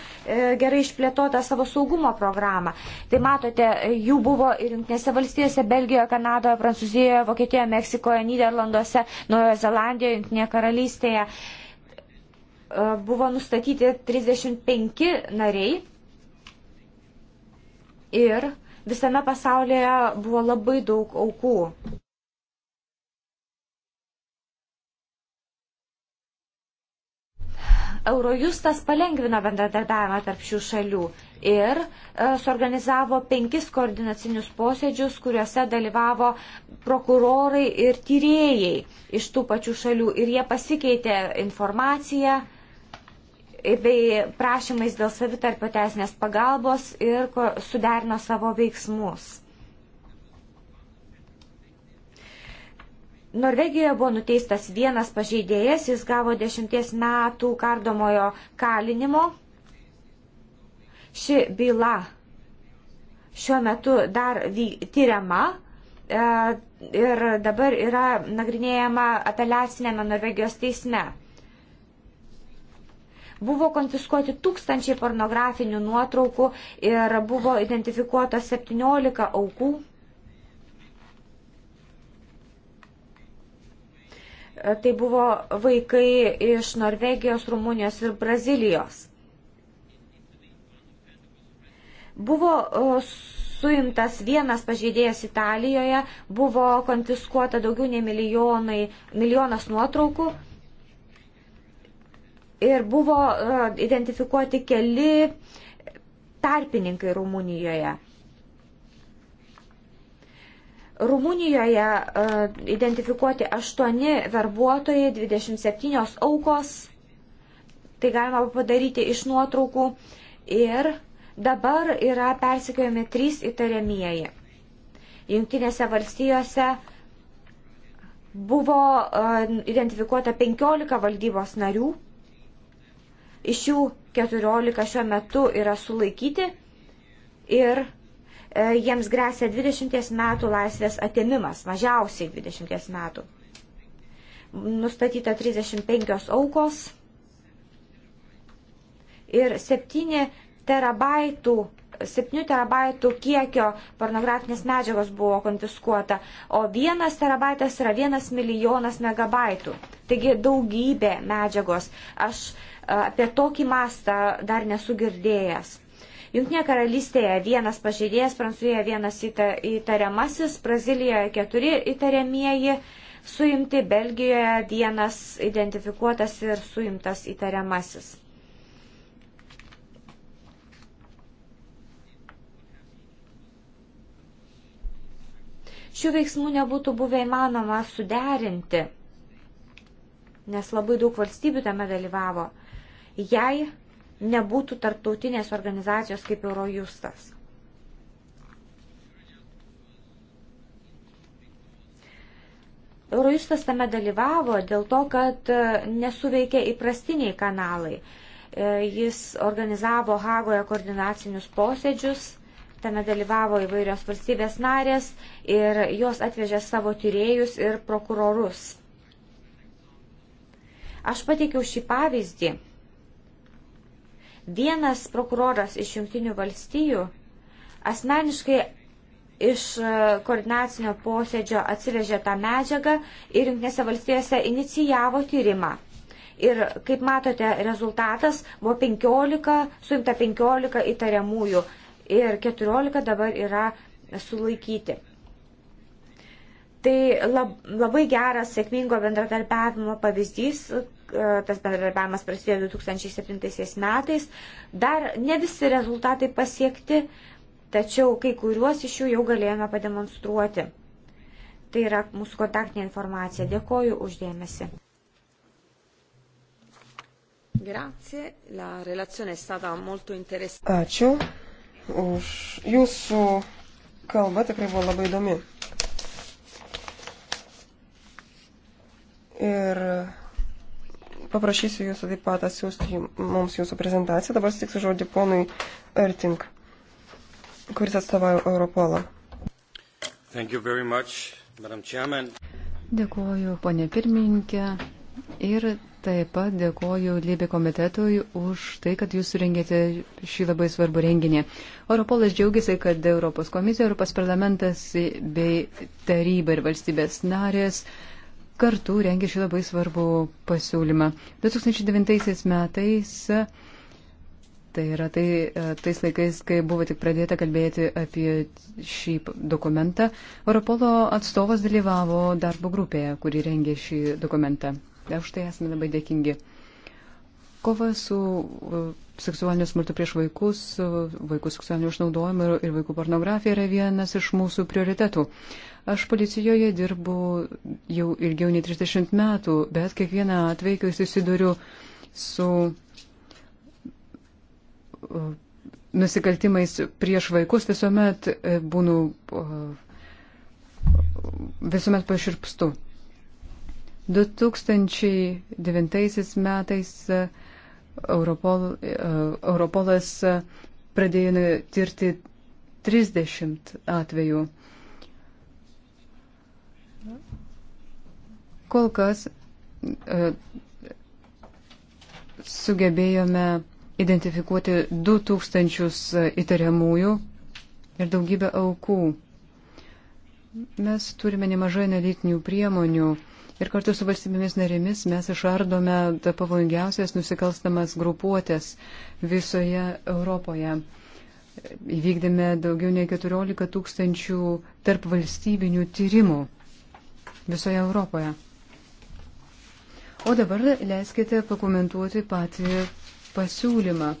gerai išplėtotą savo saugumo programą. Tai matote, jų buvo ir Junktinėse valstijose, Belgijoje, Kanadoje, Prancūzijoje, Vokietijoje, Meksikoje, Niderlanduose, Naujojo Zelandijoje, Junktinėje karalystėje. Buvo nustatyti 35 nariai ir Visame pasaulyje buvo labai daug aukų. Eurojustas palengvino bendradarbiavimą tarp šių šalių ir e, suorganizavo penkis koordinacinius posėdžius, kuriuose dalyvavo prokurorai ir tyrėjai iš tų pačių šalių ir jie pasikeitė informaciją bei prašymais dėl savitarpio teisinės pagalbos ir suderino savo veiksmus. Norvegijoje buvo nuteistas vienas pažeidėjas, jis gavo dešimties metų kardomojo kalinimo. Ši byla šiuo metu dar tyriama e, ir dabar yra nagrinėjama apeliacinėme Norvegijos teisme. Buvo konfiskuoti tūkstančiai pornografinių nuotraukų ir buvo identifikuota 17 aukų. Tai buvo vaikai iš Norvegijos, Rumunijos ir Brazilijos. Buvo suimtas vienas pažeidėjas Italijoje, buvo konfiskuota daugiau nei milijonai, milijonas nuotraukų ir buvo e, identifikuoti keli tarpininkai Rumunijoje. Rumunijoje e, identifikuoti 8 verbuotojai, 27 aukos, tai galima padaryti iš nuotraukų ir dabar yra persikiojami 3 įtariamieji. Junktinėse valstijose buvo e, identifikuota 15 valdybos narių Iš jų 14 šiuo metu yra sulaikyti ir e, jiems grėsia 20 metų laisvės atėmimas, mažiausiai 20 metų. Nustatyta 35 aukos ir 7 terabaitų 7 terabaitų kiekio pornografinės medžiagos buvo konfiskuota, o 1 terabaitas yra 1 milijonas megabaitų. Taigi daugybė medžiagos. Aš Apie tokį mastą dar nesu girdėjęs. Junktinėje karalystėje vienas pažeidėjas, Prancūzijoje vienas įtariamasis, Brazilijoje keturi įtariamieji suimti, Belgijoje vienas identifikuotas ir suimtas įtariamasis. Šių veiksmų nebūtų buvę įmanoma suderinti, nes labai daug valstybių tame dalyvavo jei nebūtų tarptautinės organizacijos kaip Eurojustas. Eurojustas tame dalyvavo dėl to, kad nesuveikė įprastiniai kanalai. E, jis organizavo Hagoje koordinacinius posėdžius, tame dalyvavo įvairios valstybės narės ir jos atvežė savo tyrėjus ir prokurorus. Aš pateikiau šį pavyzdį Vienas prokuroras iš Junktinių valstijų asmeniškai iš e, koordinacinio posėdžio atsivežė tą medžiagą ir Junktinėse valstijose inicijavo tyrimą. Ir kaip matote, rezultatas buvo 15, suimta 15 įtariamųjų ir 14 dabar yra sulaikyti. Tai lab, labai geras sėkmingo bendradarbiavimo pavyzdys, tas bendradarbiavimas prasidėjo 2007 metais. Dar ne visi rezultatai pasiekti, tačiau kai kuriuos iš jų jau galėjome pademonstruoti. Tai yra mūsų kontaktinė informacija. Dėkoju uždėmesi. Grazie, la relazione è stata molto interessante. Ačiū už jūsų kalbą, tikrai buvo labai įdomi. Ir Paprašysiu jūsų taip pat atsiųsti mums jūsų prezentaciją. Dabar sutiksiu žodį ponui Erting, kuris atstovauja Europolą. Dėkuoju, ponė pirmininkė. Ir taip pat dėkoju Lybė komitetui už tai, kad jūs surengėte šį labai svarbų renginį. Europolas džiaugiasi, kad Europos komisija, Europos parlamentas bei taryba ir valstybės narės kartu rengė šį labai svarbų pasiūlymą. 2009 metais, tai yra tai, e, tais laikais, kai buvo tik pradėta kalbėti apie šį dokumentą, Europolo atstovas dalyvavo darbo grupėje, kuri rengė šį dokumentą. Už tai esame labai dėkingi. Kova su seksualinio smurto prieš vaikus, vaikų seksualinio išnaudojimo ir vaikų pornografija yra vienas iš mūsų prioritetų. Aš policijoje dirbu jau ilgiau nei 30 metų, bet kiekvieną atvejį, kai susiduriu su e, nusikaltimais prieš vaikus, visuomet e, būnu, e, visuomet paširpstu. 2009 metais Europol, e, Europolas pradėjo nu, tirti 30 atvejų. Kol kas e, sugebėjome identifikuoti 2000 įtariamųjų ir daugybę aukų. Mes turime nemažai analitinių priemonių, Ir kartu su valstybėmis narėmis mes išardome pavojingiausias nusikalstamas grupuotės visoje Europoje. Įvykdėme daugiau nei 14 tūkstančių tarp valstybinių tyrimų visoje Europoje. O dabar leiskite pakomentuoti patį pasiūlymą.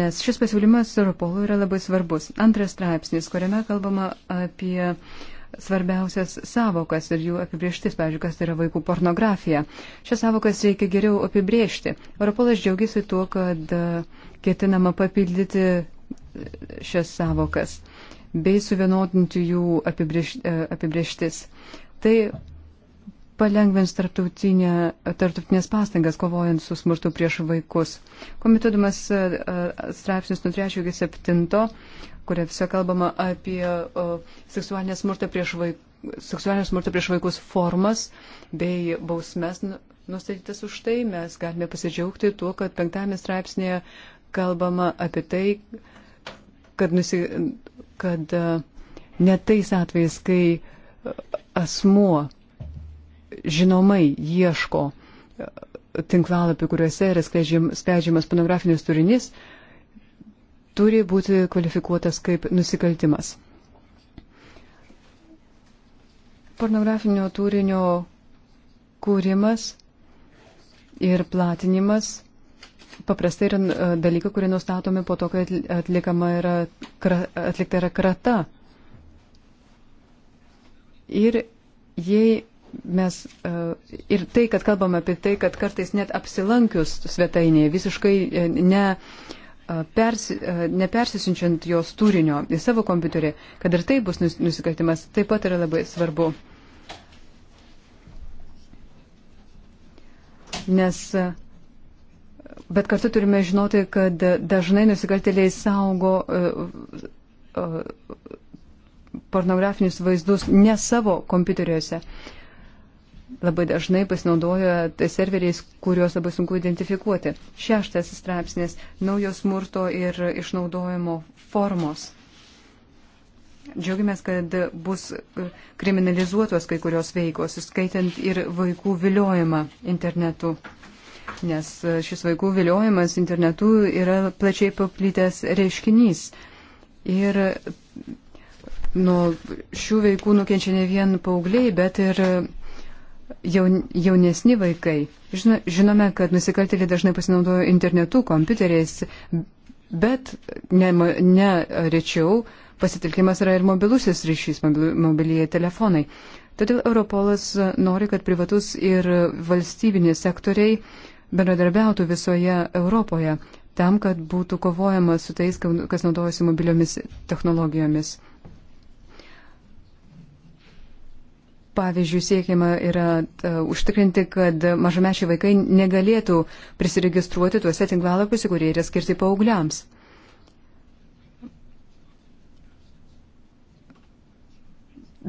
Nes šis pasiūlymas Europolui yra labai svarbus. Antras straipsnis, kuriame kalbama apie uh, svarbiausias savokas ir jų apibrieštis, pavyzdžiui, kas tai yra vaikų pornografija. Šias savokas reikia geriau apibriežti. Europolas džiaugiasi tuo, kad e, ketinama papildyti e, šias savokas bei suvienodinti jų apibrieš, e, apibrieštis. Tai palengvins tarptautinė, tarptautinės pastangas kovojant su smurtu prieš vaikus. Komitetumas e, e, straipsnis nuo 3 iki 7, kuria viso kalbama apie seksualinę smurtą prieš vaikus seksualinio smurto prieš vaikus formas bei bausmes nu, nustatytas už tai. Mes galime pasidžiaugti tuo, kad penktame straipsnėje kalbama apie tai, kad, nusi, kad e, ne tais atvejais, kai asmuo žinomai ieško e, tinklalapių, kuriuose yra skleidžiamas pornografinis turinys, turi būti kvalifikuotas kaip nusikaltimas. Pornografinio turinio kūrimas ir platinimas paprastai yra e, dalykai, kurie nustatomi po to, kai atlikama yra, atlikta yra krata. Ir jei mes e, ir tai, kad kalbam apie tai, kad kartais net apsilankius svetainėje visiškai e, ne. E, persi, nepersisinčiant jos turinio į savo kompiuterį, kad ir tai bus nusikaltimas, taip pat yra labai svarbu. Nes, bet kartu turime žinoti, kad dažnai nusikaltėliai saugo pornografinius vaizdus ne savo kompiuteriuose. Uh, labai dažnai pasinaudoja serveriais, kuriuos labai sunku identifikuoti. Šeštas straipsnis - naujos smurto ir išnaudojimo formos. Džiaugiamės, kad bus kriminalizuotos kai kurios veikos, skaitant ir vaikų viliojimą internetu. Nes šis vaikų viliojimas internetu yra plačiai paplytęs reiškinys. Ir nuo šių veikų nukenčia ne vien paaugliai, bet ir jaun, jaunesni vaikai. Žino, žinome, kad nusikaltėliai dažnai pasinaudoja internetu, kompiuteriais, bet nerečiau ne, ne pasitelkimas yra ir mobilusis ryšys, mobilieji telefonai. Todėl Europolas nori, kad privatus ir valstybiniai sektoriai bendradarbiautų visoje Europoje tam, kad būtų kovojama su tais, kas naudojasi mobiliomis technologijomis. Pavyzdžiui, siekiama yra uh, užtikrinti, kad mažamečiai vaikai negalėtų prisiregistruoti tuose tinklalapiuose, kurie yra skirti paaugliams.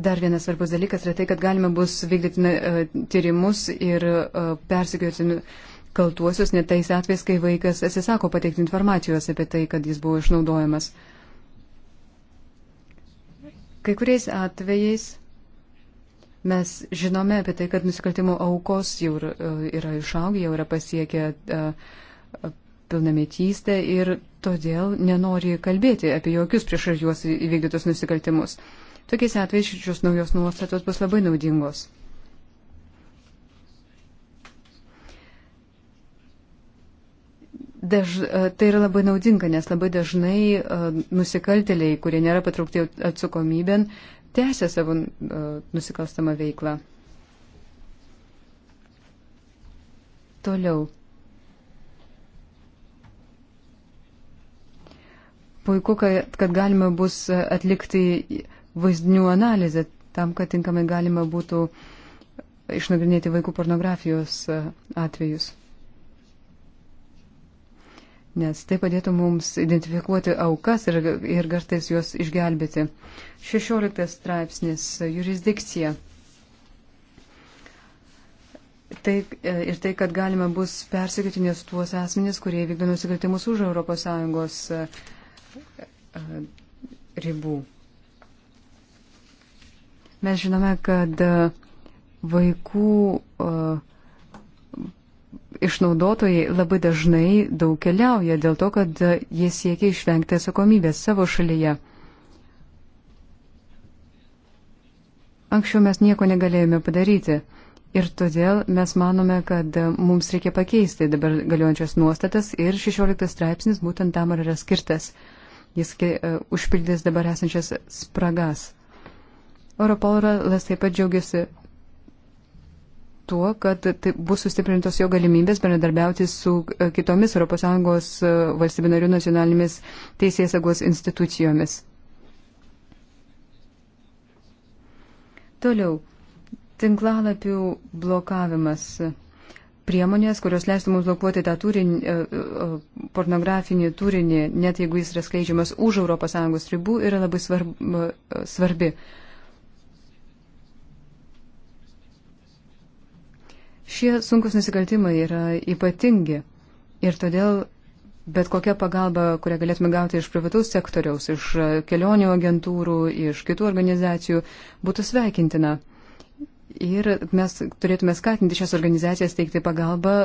Dar vienas svarbus dalykas yra tai, kad galima bus vykdyti uh, tyrimus ir uh, e, persikiuoti kaltuosius net tais atvejais, kai vaikas atsisako pateikti informacijos apie tai, kad jis buvo išnaudojamas. Kai kuriais atvejais Mes žinome apie tai, kad nusikaltimo aukos jau e, yra išaugę, jau yra pasiekę e, pilnametystę ir todėl nenori kalbėti apie jokius prieš juos įvykdytus nusikaltimus. Tokiais atvejais šios naujos nuostatos bus labai naudingos. Daž, e, tai yra labai naudinga, nes labai dažnai nusikaltėliai, kurie nėra patraukti atsakomybėn, tęsia savo e, nusikalstamą veiklą. Toliau. Puiku, kad galima bus atlikti vaizdinių analizę tam, kad tinkamai galima būtų išnagrinėti vaikų pornografijos e, atvejus nes tai padėtų mums identifikuoti aukas ir, ir kartais juos išgelbėti. 16 straipsnis - jurisdikcija. Tai, e, ir tai, kad galima bus persikėti nes tuos asmenys, kurie vykdo nusikaltimus už ES e, e, ribų. Mes žinome, kad vaikų uh, išnaudotojai labai dažnai daug keliauja dėl to, kad jie siekia išvengti atsakomybės savo šalyje. Anksčiau mes nieko negalėjome padaryti ir todėl mes manome, kad mums reikia pakeisti dabar galiojančias nuostatas ir 16 straipsnis būtent tam yra skirtas. Jis e, užpildys dabar esančias spragas. Europoloras taip pat džiaugiasi tuo, kad tai bus sustiprintos jo galimybės bendradarbiauti su e, kitomis ES e, valstybių narių nacionalinėmis teisėsagos institucijomis. Toliau. Tinklalapių blokavimas. Priemonės, kurios leistų mums blokuoti tą turinį, e, pornografinį turinį, net jeigu jis yra skleidžiamas už ES ribų, yra labai svarb, svarbi. svarbi Šie sunkus nusikaltimai yra ypatingi ir todėl bet kokia pagalba, kurią galėtume gauti iš privataus sektoriaus, iš kelionių agentūrų, iš kitų organizacijų, būtų sveikintina. Ir mes turėtume skatinti šias organizacijas teikti pagalbą,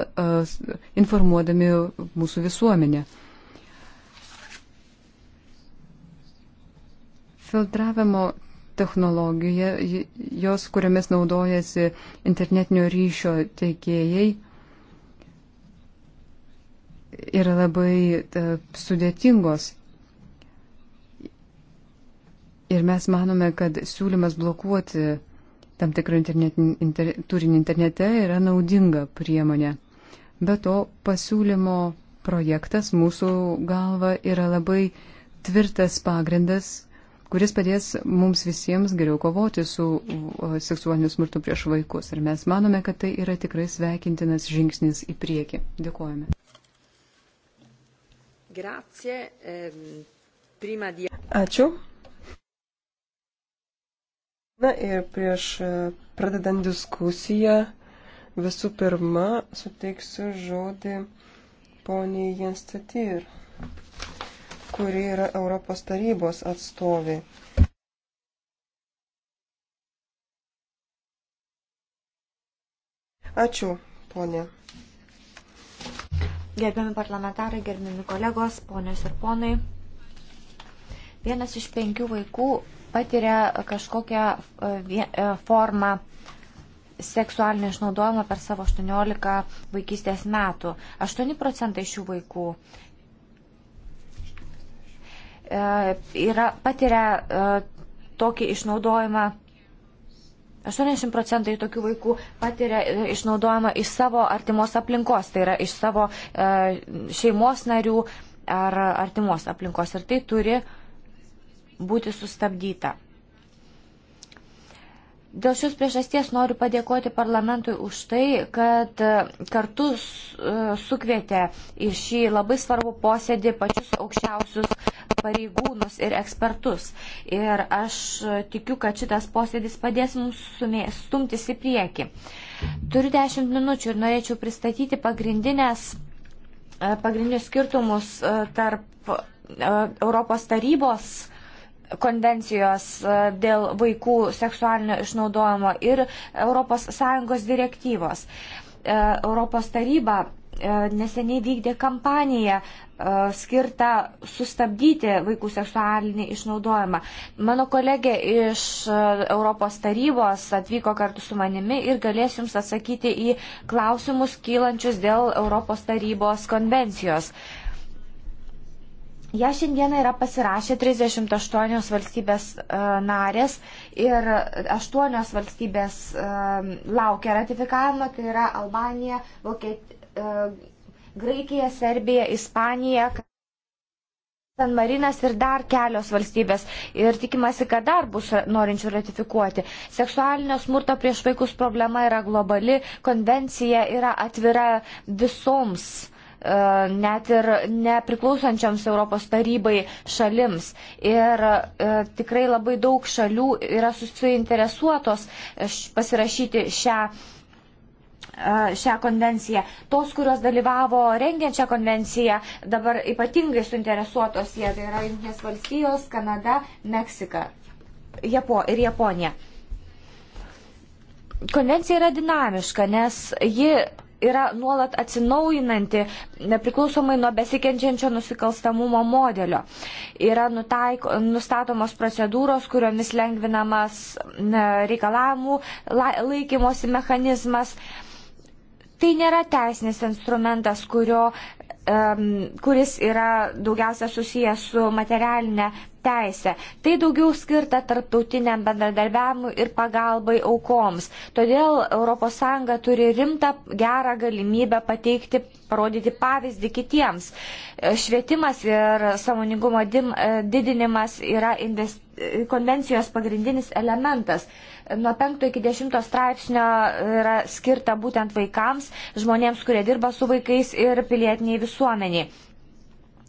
informuodami mūsų visuomenę. Filtravimo technologija, jos, kuriamis naudojasi internetinio ryšio teikėjai, yra labai e, sudėtingos. Ir mes manome, kad siūlymas blokuoti tam tikrą internetin, inter, turinį internete yra naudinga priemonė. Be to, pasiūlymo projektas mūsų galva yra labai tvirtas pagrindas kuris padės mums visiems geriau kovoti su uh, seksualiniu smurtu prieš vaikus. Ir mes manome, kad tai yra tikrai sveikintinas žingsnis į priekį. Dėkojame. Ehm, Ačiū. Na ir prieš e, pradedant diskusiją, visų pirma, suteiksiu žodį poniai Jenstatyr kuri yra Europos tarybos atstovė. Ačiū, ponė. Gerbiami parlamentarai, gerbiami kolegos, ponios ir ponai. Vienas iš penkių vaikų patiria kažkokią e, e, formą seksualinio išnaudojimo per savo 18 vaikystės metų. 8 procentai šių vaikų E, yra, patiria e, tokį išnaudojimą. 80 procentai tokių vaikų patiria e, išnaudojimą iš savo artimos aplinkos, tai yra iš savo šeimos narių ar artimos aplinkos. Ir tai turi būti sustabdyta. Dėl šios priežasties noriu padėkoti parlamentui už tai, kad e, kartu e, sukvietė į šį labai svarbų posėdį pačius aukščiausius pareigūnus ir ekspertus. Ir aš e, tikiu, kad šitas posėdis padės mums stumtis į priekį. Turiu dešimt minučių ir norėčiau pristatyti pagrindinės, pagrindinius skirtumus tarp Europos tarybos konvencijos e, dėl vaikų seksualinio išnaudojimo ir ES direktyvos. E, Europos taryba e, neseniai vykdė kampaniją skirtą sustabdyti vaikų seksualinį išnaudojimą. Mano kolegė iš Europos tarybos atvyko kartu su manimi ir galės jums atsakyti į klausimus kylančius dėl Europos tarybos konvencijos. Uh, Ja šiandieną yra pasirašę 38 valstybės e, narės ir 8 valstybės e, laukia ratifikavimo, tai yra Albanija, Vokiet... E, Graikija, Serbija, Ispanija. San Marinas ir dar kelios valstybės ir tikimasi, kad dar bus norinčių ratifikuoti. Seksualinio smurto prieš vaikus problema yra globali, konvencija yra atvira visoms E, net ir nepriklausančioms Europos tarybai šalims. Ir e, tikrai labai daug šalių yra suinteresuotos e, pasirašyti šią šią konvenciją. Tos, kurios dalyvavo rengiant šią konvenciją, dabar ypatingai suinteresuotos jie, tai yra Junktinės valstijos, Kanada, Meksika Japo, ir Japonija. Konvencija yra dinamiška, nes ji yra nuolat atsinaujinanti, nepriklausomai nuo besikenčiančio nusikalstamumo modelio. Yra nutaik, nustatomos procedūros, kuriomis lengvinamas reikalavimų laikymosi mechanizmas. Tai nėra teisinis instrumentas, kurio, um, kuris yra daugiausia susijęs su materialinė teisę. Tai daugiau skirta tarptautiniam bendradarbiavimui ir pagalbai aukoms. Todėl ES turi rimtą gerą galimybę pateikti parodyti pavyzdį kitiems. Švietimas ir samoningumo e, didinimas yra invest... E, konvencijos pagrindinis elementas. Nuo 5 iki 10 straipsnio yra skirta būtent vaikams, žmonėms, kurie dirba su vaikais ir pilietiniai visuomeniai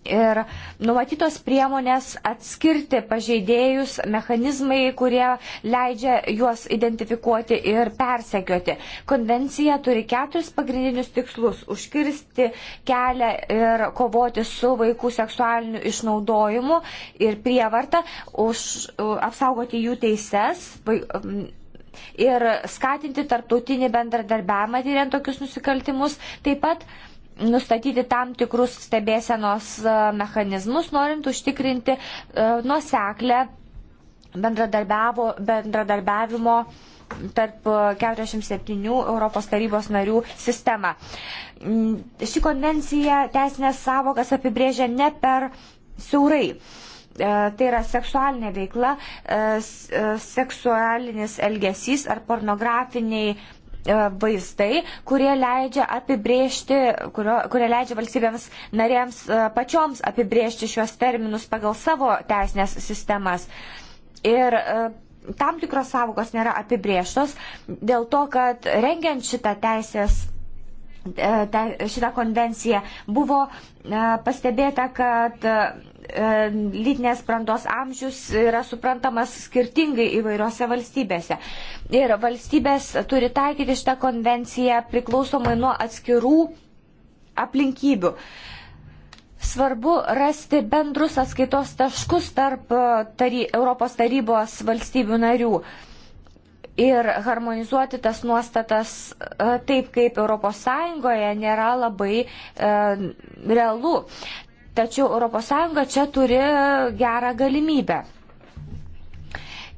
ir numatytos priemonės atskirti pažeidėjus, mechanizmai, kurie leidžia juos identifikuoti ir persekioti. Konvencija turi keturis pagrindinius tikslus - užkirsti kelią ir kovoti su vaikų seksualiniu išnaudojimu ir prievarta, už, apsaugoti jų teises. Vai, Ir skatinti tarptautinį bendradarbiavimą tyriant tokius nusikaltimus, taip pat nustatyti tam tikrus stebėsenos e, mechanizmus, norint užtikrinti e, nuseklę bendradarbiavimo tarp 47 Europos tarybos narių sistemą. Mm, ši konvencija teisinės savokas apibrėžia ne per siaurai. E, tai yra seksualinė veikla, seksualinis elgesys ar pornografiniai E, vaistai, kurie leidžia apibriežti, kurio, kurie leidžia valstybėms narėms e, pačioms apibriežti šios terminus pagal savo teisinės sistemas. Ir e, tam tikros savokos nėra apibriežtos dėl to, kad rengiant šitą teisės šitą konvenciją, buvo pastebėta, kad E, lytinės brandos amžius yra suprantamas skirtingai įvairiose valstybėse. Ir valstybės turi taikyti šitą konvenciją priklausomai nuo atskirų aplinkybių. Svarbu rasti bendrus atskaitos taškus tarp e, tary, Europos tarybos valstybių narių ir harmonizuoti tas nuostatas e, taip, kaip ES nėra labai e, realu. Tačiau ES čia turi gerą galimybę.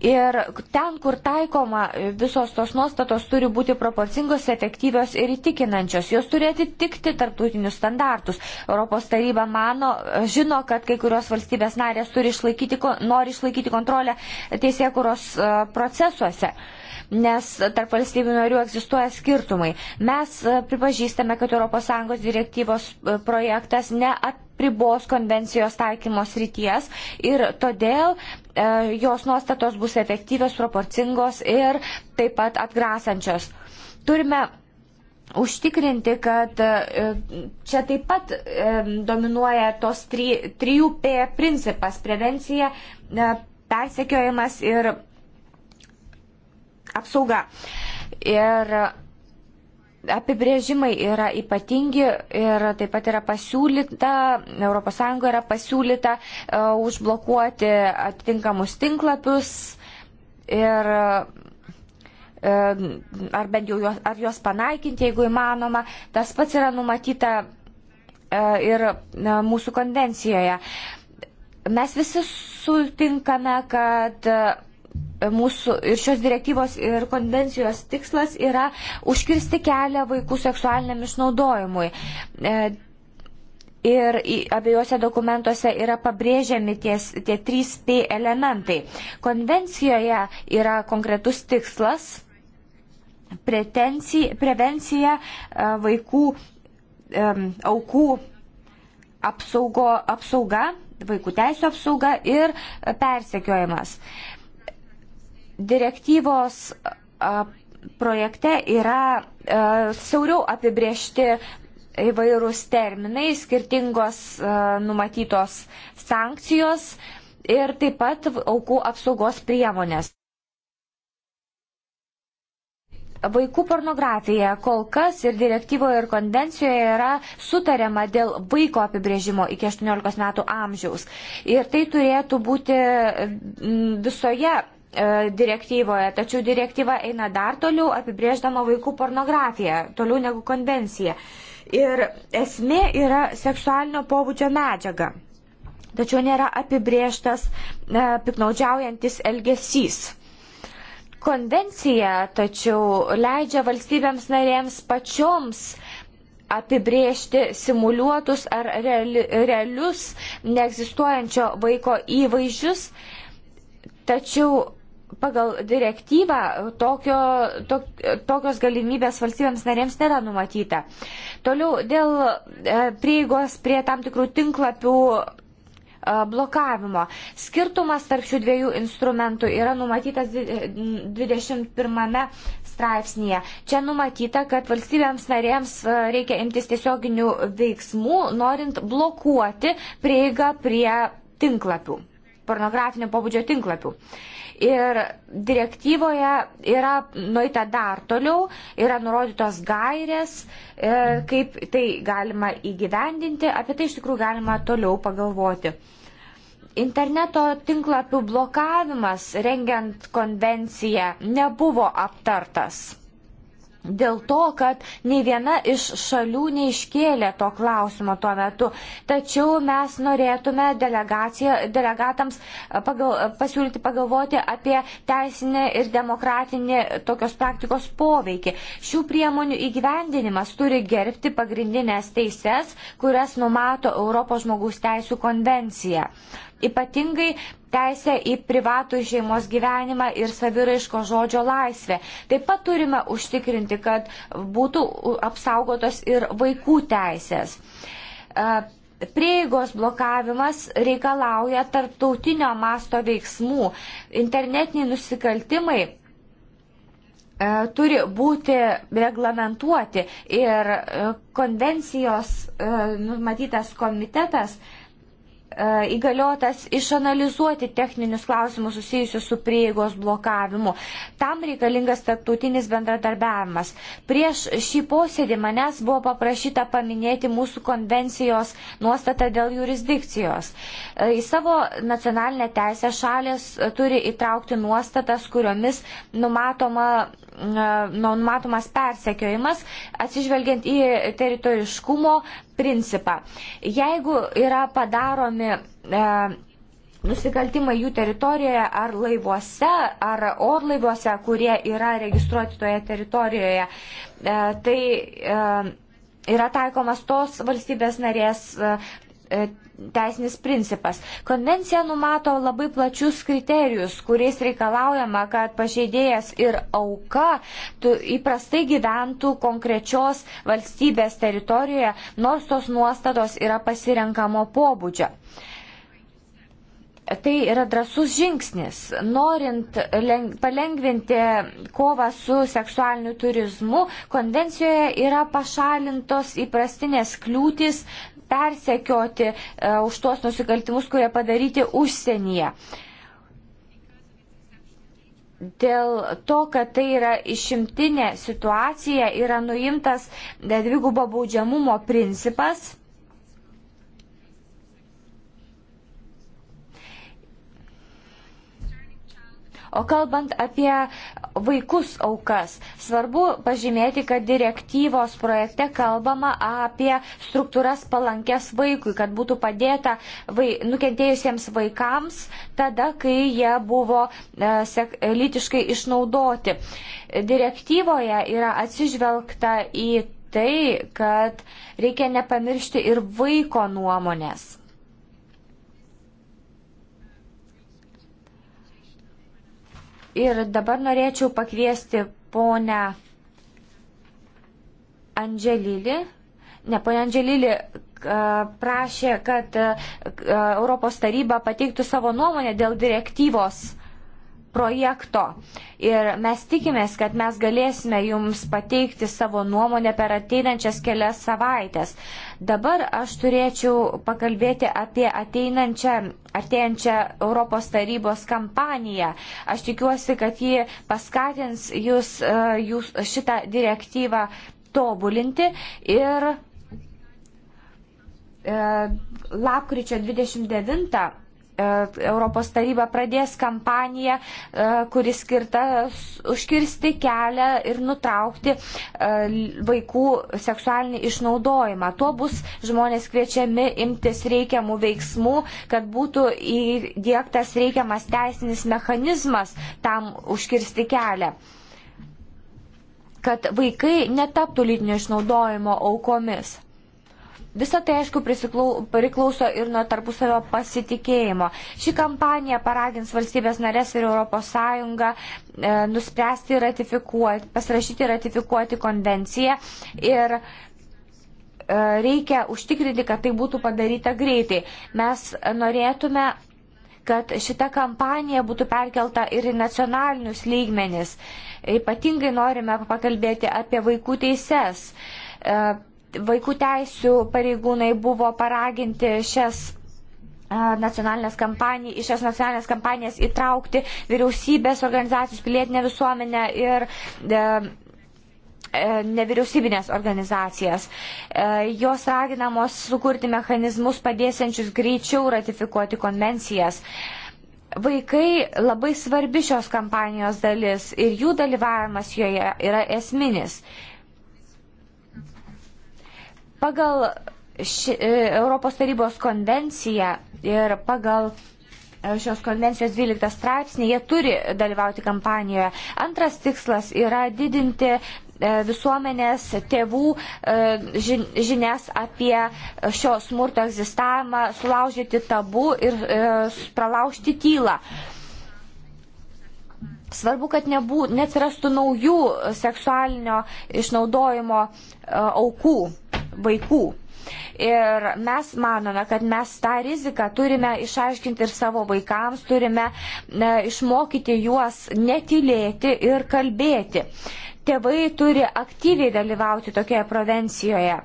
Ir ten, kur taikoma, visos tos nuostatos turi būti proporcingos, efektyvios ir įtikinančios. Jos turi atitikti tarptautinius standartus. Europos taryba mano, žino, kad kai kurios valstybės narės išlaikyti, nori išlaikyti kontrolę teisėkuros e, procesuose. Uh, nes tarp valstybių narių egzistuoja skirtumai. Mes e, pripažįstame, kad ES direktyvos e, projektas neapribos konvencijos taikymos ryties ir todėl e, jos nuostatos bus efektyvios, proporcingos ir taip pat atgrasančios. Turime užtikrinti, kad e, čia taip pat dominuoja tos 3P principas - prevencija, persekiojimas ir apsauga. Ir apibrėžimai yra ypatingi ir taip pat yra pasiūlyta, ES yra pasiūlyta uh, užblokuoti atitinkamus tinklapius ir uh, ar bent jau juos, ar juos panaikinti, jeigu įmanoma. Tas pats yra numatyta uh, ir mūsų konvencijoje. Mes visi sutinkame, kad mūsų ir šios direktyvos ir konvencijos tikslas yra užkirsti kelią vaikų seksualiniam išnaudojimui. E, ir abiejose dokumentuose yra pabrėžiami ties, tie 3P elementai. Konvencijoje yra konkretus tikslas prevencija e, vaikų e, aukų apsaugo, apsauga, vaikų teisų apsauga ir persekiojimas. E, Direktyvos projekte yra siauriau apibriešti įvairūs terminai, skirtingos numatytos sankcijos ir taip pat aukų apsaugos priemonės. Vaikų pornografija kol kas ir direktyvoje ir konvencijoje yra sutariama dėl vaiko apibrėžimo iki 18 metų amžiaus. Ir tai turėtų būti visoje E, direktyvoje, tačiau direktyva eina dar toliau, apibrėždama vaikų pornografiją, toliau negu konvencija. Ir esmė yra seksualinio pobūdžio medžiaga. Tačiau nėra apibrėžtas e, piknaudžiaujantis elgesys. Konvencija tačiau leidžia valstybėms narėms pačioms apibriežti simuliuotus ar reali, realius neegzistuojančio vaiko įvaizdžius, tačiau pagal direktyvą tokio, tok, tokios galimybės valstybėms narėms nėra numatyta. Toliau dėl e, prieigos prie tam tikrų tinklapių e, blokavimo. Skirtumas tarp šių dviejų instrumentų yra numatytas 21 straipsnėje. Čia numatyta, kad valstybėms narėms e, reikia imtis tiesioginių veiksmų, norint blokuoti prieigą prie tinklapių pornografinio pobūdžio tinklapių. Ir direktyvoje yra nueita dar toliau, yra nurodytos gairės, e, kaip tai galima įgyvendinti, apie tai iš tikrųjų galima toliau pagalvoti interneto tinklapių blokavimas rengiant konvenciją nebuvo aptartas dėl to, kad nei viena iš šalių neiškėlė to klausimo tuo metu. Tačiau mes norėtume delegatams e, pagal, e, pasiūlyti pagalvoti apie teisinę ir demokratinį tokios praktikos poveikį. Šių priemonių įgyvendinimas turi gerbti pagrindinės teises, kurias numato Europos žmogaus teisų konvencija. Uh, ypatingai teisę į privatų šeimos gyvenimą ir saviraiško žodžio laisvę. Taip pat turime užtikrinti, kad būtų apsaugotos ir vaikų teisės. E, prieigos blokavimas reikalauja tarptautinio masto veiksmų. Internetiniai nusikaltimai e, turi būti reglamentuoti ir e, konvencijos numatytas komitetas uh, E, įgaliotas išanalizuoti techninius klausimus susijusius su prieigos blokavimu. Tam reikalingas tarptautinis bendradarbiavimas. Prieš šį posėdį manęs buvo paprašyta paminėti mūsų konvencijos nuostatą dėl jurisdikcijos. E, į savo nacionalinę teisę šalės turi įtraukti nuostatas, kuriomis numatoma, e, nu, numatomas persekiojimas, atsižvelgiant į teritoriškumo, principą. Jeigu yra padaromi e, nusikaltimai jų teritorijoje ar laivuose, ar orlaiviuose, kurie yra registruoti toje teritorijoje, e, tai e, yra taikomas tos valstybės narės. E, teisinis principas. Konvencija numato labai plačius kriterijus, kuriais reikalaujama, kad pažeidėjas ir auka įprastai gyventų konkrečios valstybės teritorijoje, nors tos nuostatos yra pasirenkamo pobūdžio tai yra drasus žingsnis. Norint palengvinti kovą su seksualiniu turizmu, konvencijoje yra pašalintos įprastinės kliūtis persekioti e, už tuos nusikaltimus, kurie padaryti užsienyje dėl to, kad tai yra išimtinė situacija, yra nuimtas dvigubo baudžiamumo principas. O kalbant apie vaikus aukas, svarbu pažymėti, kad direktyvos projekte kalbama apie struktūras palankės vaikui, kad būtų padėta vai, nukentėjusiems vaikams tada, kai jie buvo e, sek, lytiškai išnaudoti. Direktyvoje yra atsižvelgta į tai, kad reikia nepamiršti ir vaiko nuomonės. Ir dabar norėčiau pakviesti ponę Andželilį. Ne, ponė Andželilį prašė, kad Europos taryba pateiktų savo nuomonę dėl direktyvos projekto. Ir mes tikimės, kad mes galėsime jums pateikti savo nuomonę per ateinančias kelias savaitės. Dabar aš turėčiau pakalbėti apie ateinančią, artėjančią Europos tarybos kampaniją. Aš tikiuosi, kad ji paskatins jūs, e, jūs šitą direktyvą tobulinti ir e, lapkričio 29 E, Europos taryba pradės kampaniją, e, kuri skirta užkirsti kelią ir nutraukti e, vaikų seksualinį išnaudojimą. Tuo bus žmonės kviečiami imtis reikiamų veiksmų, kad būtų įdėktas reikiamas teisinis mechanizmas tam užkirsti kelią kad vaikai netaptų lytinio išnaudojimo aukomis. Visą tai, aišku, priklauso ir nuo tarpusavio pasitikėjimo. Ši kampanija paragins valstybės narės ir ES e, nuspręsti ratifikuoti, pasirašyti ir ratifikuoti konvenciją ir e, reikia užtikrinti, kad tai būtų padaryta greitai. Mes norėtume kad šita kampanija būtų perkelta ir į nacionalinius lygmenis. Ypatingai norime pakalbėti apie vaikų teises. E, Vaikų teisų pareigūnai buvo paraginti šias nacionalinės kampanijas, į šias nacionalinės kampanijas įtraukti vyriausybės organizacijos, pilietinę visuomenę ir e, e nevyriausybinės organizacijas. E, jos raginamos sukurti mechanizmus padėsiančius greičiau ratifikuoti konvencijas. Vaikai labai svarbi šios kampanijos dalis ir jų dalyvavimas joje yra esminis. Pagal ši, e, Europos tarybos konvenciją ir pagal e, šios konvencijos 12 straipsnį jie turi dalyvauti kampanijoje. Antras tikslas yra didinti e, visuomenės tėvų žinias apie šio smurto egzistavimą, sulaužyti tabu ir pralaužti tylą. Svarbu, kad nebū, neatsirastų naujų seksualinio išnaudojimo aukų vaikų. Ir mes manome, kad mes tą riziką turime išaiškinti ir savo vaikams, turime ne, išmokyti juos netilėti ir kalbėti. Tėvai turi aktyviai dalyvauti tokioje prevencijoje.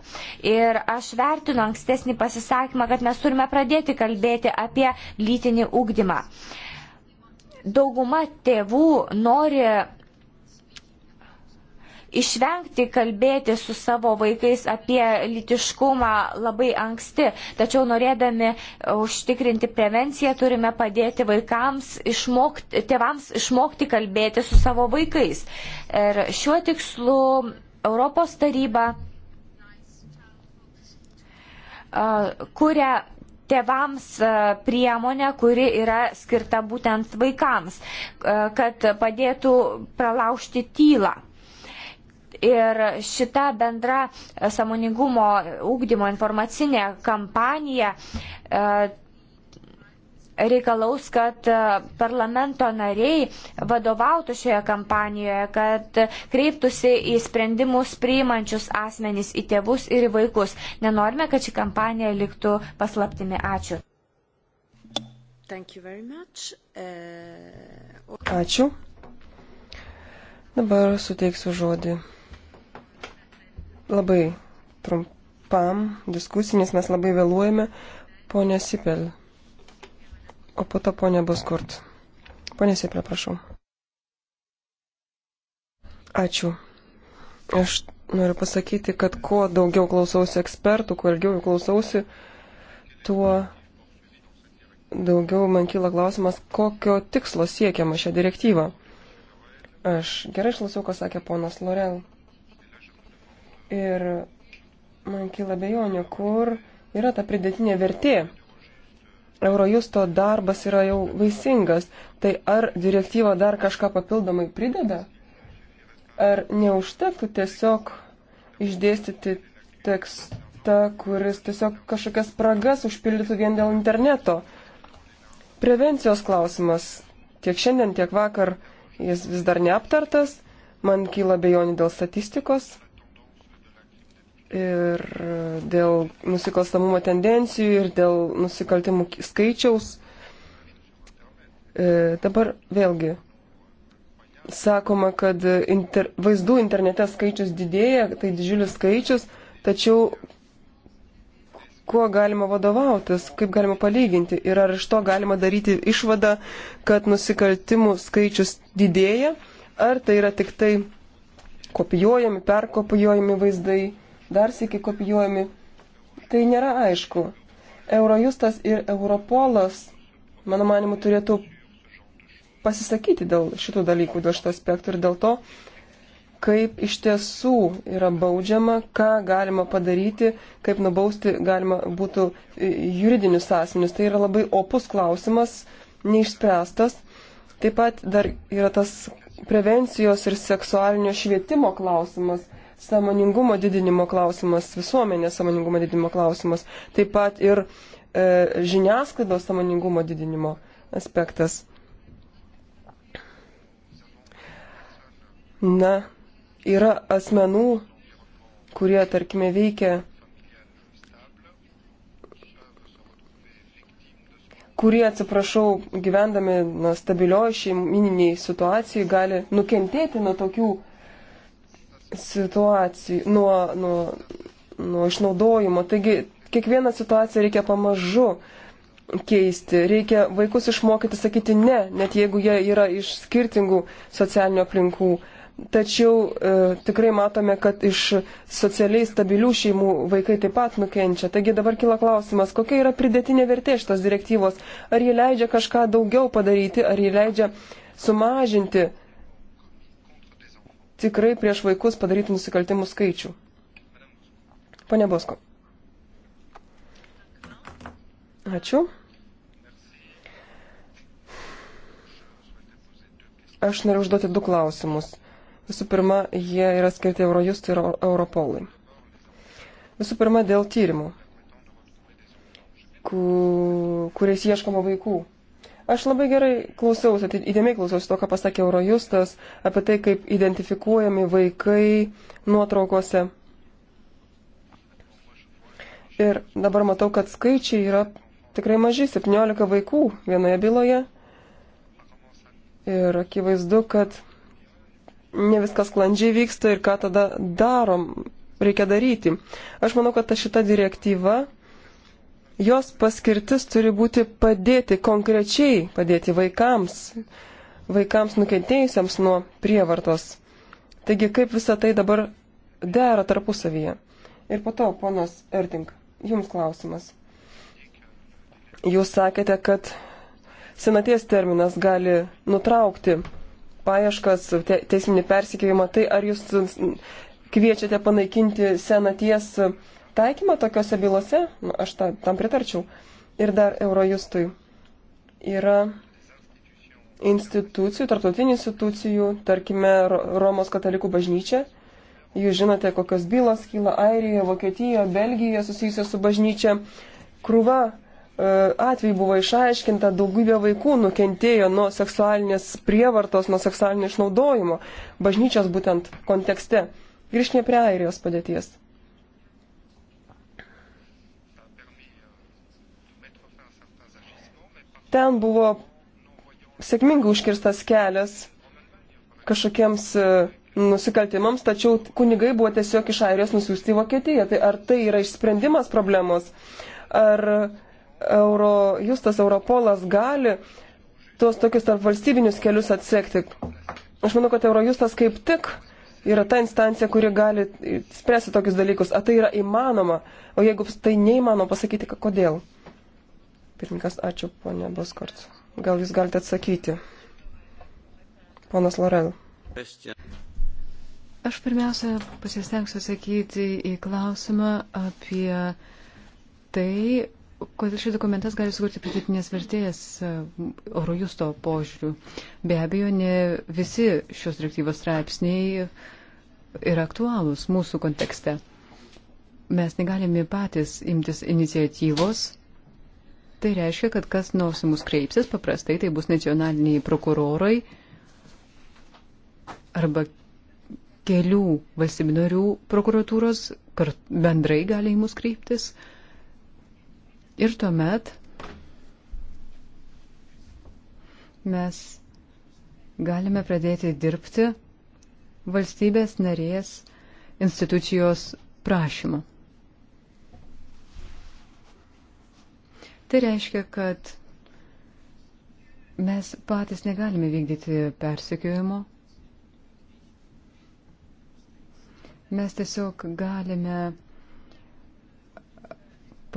Ir aš vertinu ankstesnį pasisakymą, kad mes turime pradėti kalbėti apie lytinį ugdymą. Dauguma tėvų nori išvengti kalbėti su savo vaikais apie litiškumą labai anksti, tačiau norėdami užtikrinti prevenciją turime padėti vaikams, išmokti, tėvams išmokti kalbėti su savo vaikais. Ir šiuo tikslu Europos taryba kuria tėvams priemonę, kuri yra skirta būtent vaikams, kad padėtų pralaužti tylą. Ir šita bendra e, samoningumo ūkdymo informacinė kampanija e, reikalaus, kad e, parlamento nariai vadovautų šioje kampanijoje, kad kreiptųsi į sprendimus priimančius asmenys, į tėvus ir į vaikus. Nenorime, kad ši kampanija liktų paslaptimi. Ačiū. Uh, Ačiū. Dabar suteiksiu žodį labai trumpam diskusinis, mes labai vėluojame. Pone Sipel, o po to ponė Boskurt. Pone Sipel, prašau. Ačiū. Aš noriu pasakyti, kad kuo daugiau klausausi ekspertų, kuo ilgiau jų klausausi, tuo daugiau man kyla klausimas, kokio tikslo siekiama šią direktyvą. Aš gerai išklausiau, ką sakė ponas Lorel. Ir man kyla bejonė, kur yra ta pridėtinė vertė. Eurojusto darbas yra jau vaisingas, tai ar direktyva dar kažką papildomai prideda? Ar neužtektų tiesiog išdėstyti tekstą, kuris tiesiog kažkokias spragas užpildytų vien dėl interneto? Prevencijos klausimas tiek šiandien, tiek vakar jis vis dar neaptartas, man kyla bejonių dėl statistikos ir dėl nusikalstamumo tendencijų, ir dėl nusikaltimų skaičiaus. E, dabar vėlgi sakoma, kad inter, vaizdų internete skaičius didėja, tai didžiulis skaičius, tačiau kuo galima vadovautis, kaip galima palyginti ir ar iš to galima daryti išvadą, kad nusikaltimų skaičius didėja, ar tai yra tik tai kopijuojami, perkopijuojami vaizdai dar sėki kopijuojami. Tai nėra aišku. Eurojustas ir Europolas, mano manimu, turėtų pasisakyti dėl šitų dalykų, dėl šito aspektų ir dėl to, kaip iš tiesų yra baudžiama, ką galima padaryti, kaip nubausti galima būtų juridinius asmenius. Tai yra labai opus klausimas, neišspręstas. Taip pat dar yra tas prevencijos ir seksualinio švietimo klausimas, samoningumo didinimo klausimas, visuomenės samoningumo didinimo klausimas, taip pat ir e, žiniasklaidos samoningumo didinimo aspektas. Na, yra asmenų, kurie, tarkime, veikia, kurie, atsiprašau, gyvendami na, stabilioj šeimininiai situacijai gali nukentėti nuo tokių situacijų, nuo, nuo, nuo išnaudojimo. Taigi kiekvieną situaciją reikia pamažu keisti. Reikia vaikus išmokyti sakyti ne, net jeigu jie yra iš skirtingų socialinių aplinkų. Tačiau e, tikrai matome, kad iš socialiai stabilių šeimų vaikai taip pat nukenčia. Taigi dabar kila klausimas, kokia yra pridėtinė vertė šitos direktyvos. Ar jie leidžia kažką daugiau padaryti, ar jie leidžia sumažinti tikrai prieš vaikus padarytų nusikaltimų skaičių. Pone Bosko. Ačiū. Aš noriu užduoti du klausimus. Visų pirma, jie yra skirti Eurojustui ir Europolui. Visų pirma, dėl tyrimų, ku, kuriais ieškoma vaikų. Aš labai gerai klausiausi, tai įdėmiai klausiausi to, ką pasakė Eurojustas apie tai, kaip identifikuojami vaikai nuotraukose. Ir dabar matau, kad skaičiai yra tikrai maži - 17 vaikų vienoje byloje. Ir akivaizdu, kad ne viskas klandžiai vyksta ir ką tada darom, reikia daryti. Aš manau, kad šita direktyva jos paskirtis turi būti padėti konkrečiai, padėti vaikams, vaikams nukentėjusiems nuo prievartos. Taigi, kaip visa tai dabar dera tarpusavyje. Ir po to, ponas Erdink, jums klausimas. Jūs sakėte, kad senaties terminas gali nutraukti paieškas, te, teisminį persikėjimą. Tai ar jūs kviečiate panaikinti senaties taikymą tokiuose bylose, aš ta, tam pritarčiau, ir dar Eurojustui yra institucijų, tarptautinių institucijų, tarkime, Romos katalikų bažnyčia. Jūs žinote, kokios bylos kyla Airijoje, Vokietijoje, Belgijoje susijusios su bažnyčia. Krūva e, atvejai buvo išaiškinta, daugybė vaikų nukentėjo nuo seksualinės prievartos, nuo seksualinio išnaudojimo bažnyčios būtent kontekste. Grįžkime prie Airijos padėties. Ten buvo sėkmingai užkirstas kelias kažkokiems e, nusikaltimams, tačiau kunigai buvo tiesiog iš Airijos nusiųsti į Vokietiją. Tai ar tai yra išsprendimas problemos? Ar Euro, Justas Europolas gali tuos tokius tarp valstybinius kelius atsekti? Aš manau, kad Eurojustas kaip tik yra ta instancija, kuri gali spręsti tokius dalykus. Ar tai yra įmanoma? O jeigu tai neįmanoma, pasakyti, kodėl? Pirmininkas, ačiū, ponė Boskort. Gal jūs galite atsakyti? Ponas Lorel. Aš pirmiausia pasistengsiu atsakyti į klausimą apie tai, kodėl šis dokumentas gali sukurti pridėtinės vertės oro e, justo požiūrių. Be abejo, ne visi šios direktyvos straipsniai yra aktualūs mūsų kontekste. Mes negalime patys imtis iniciatyvos Tai reiškia, kad kas nors į mus kreipsis, paprastai tai bus nacionaliniai prokurorai arba kelių valstybinarių prokuratūros bendrai gali į mus kreiptis. Ir tuomet mes galime pradėti dirbti valstybės narės institucijos prašymu. Tai reiškia, kad mes patys negalime vykdyti persekiojimo. Mes tiesiog galime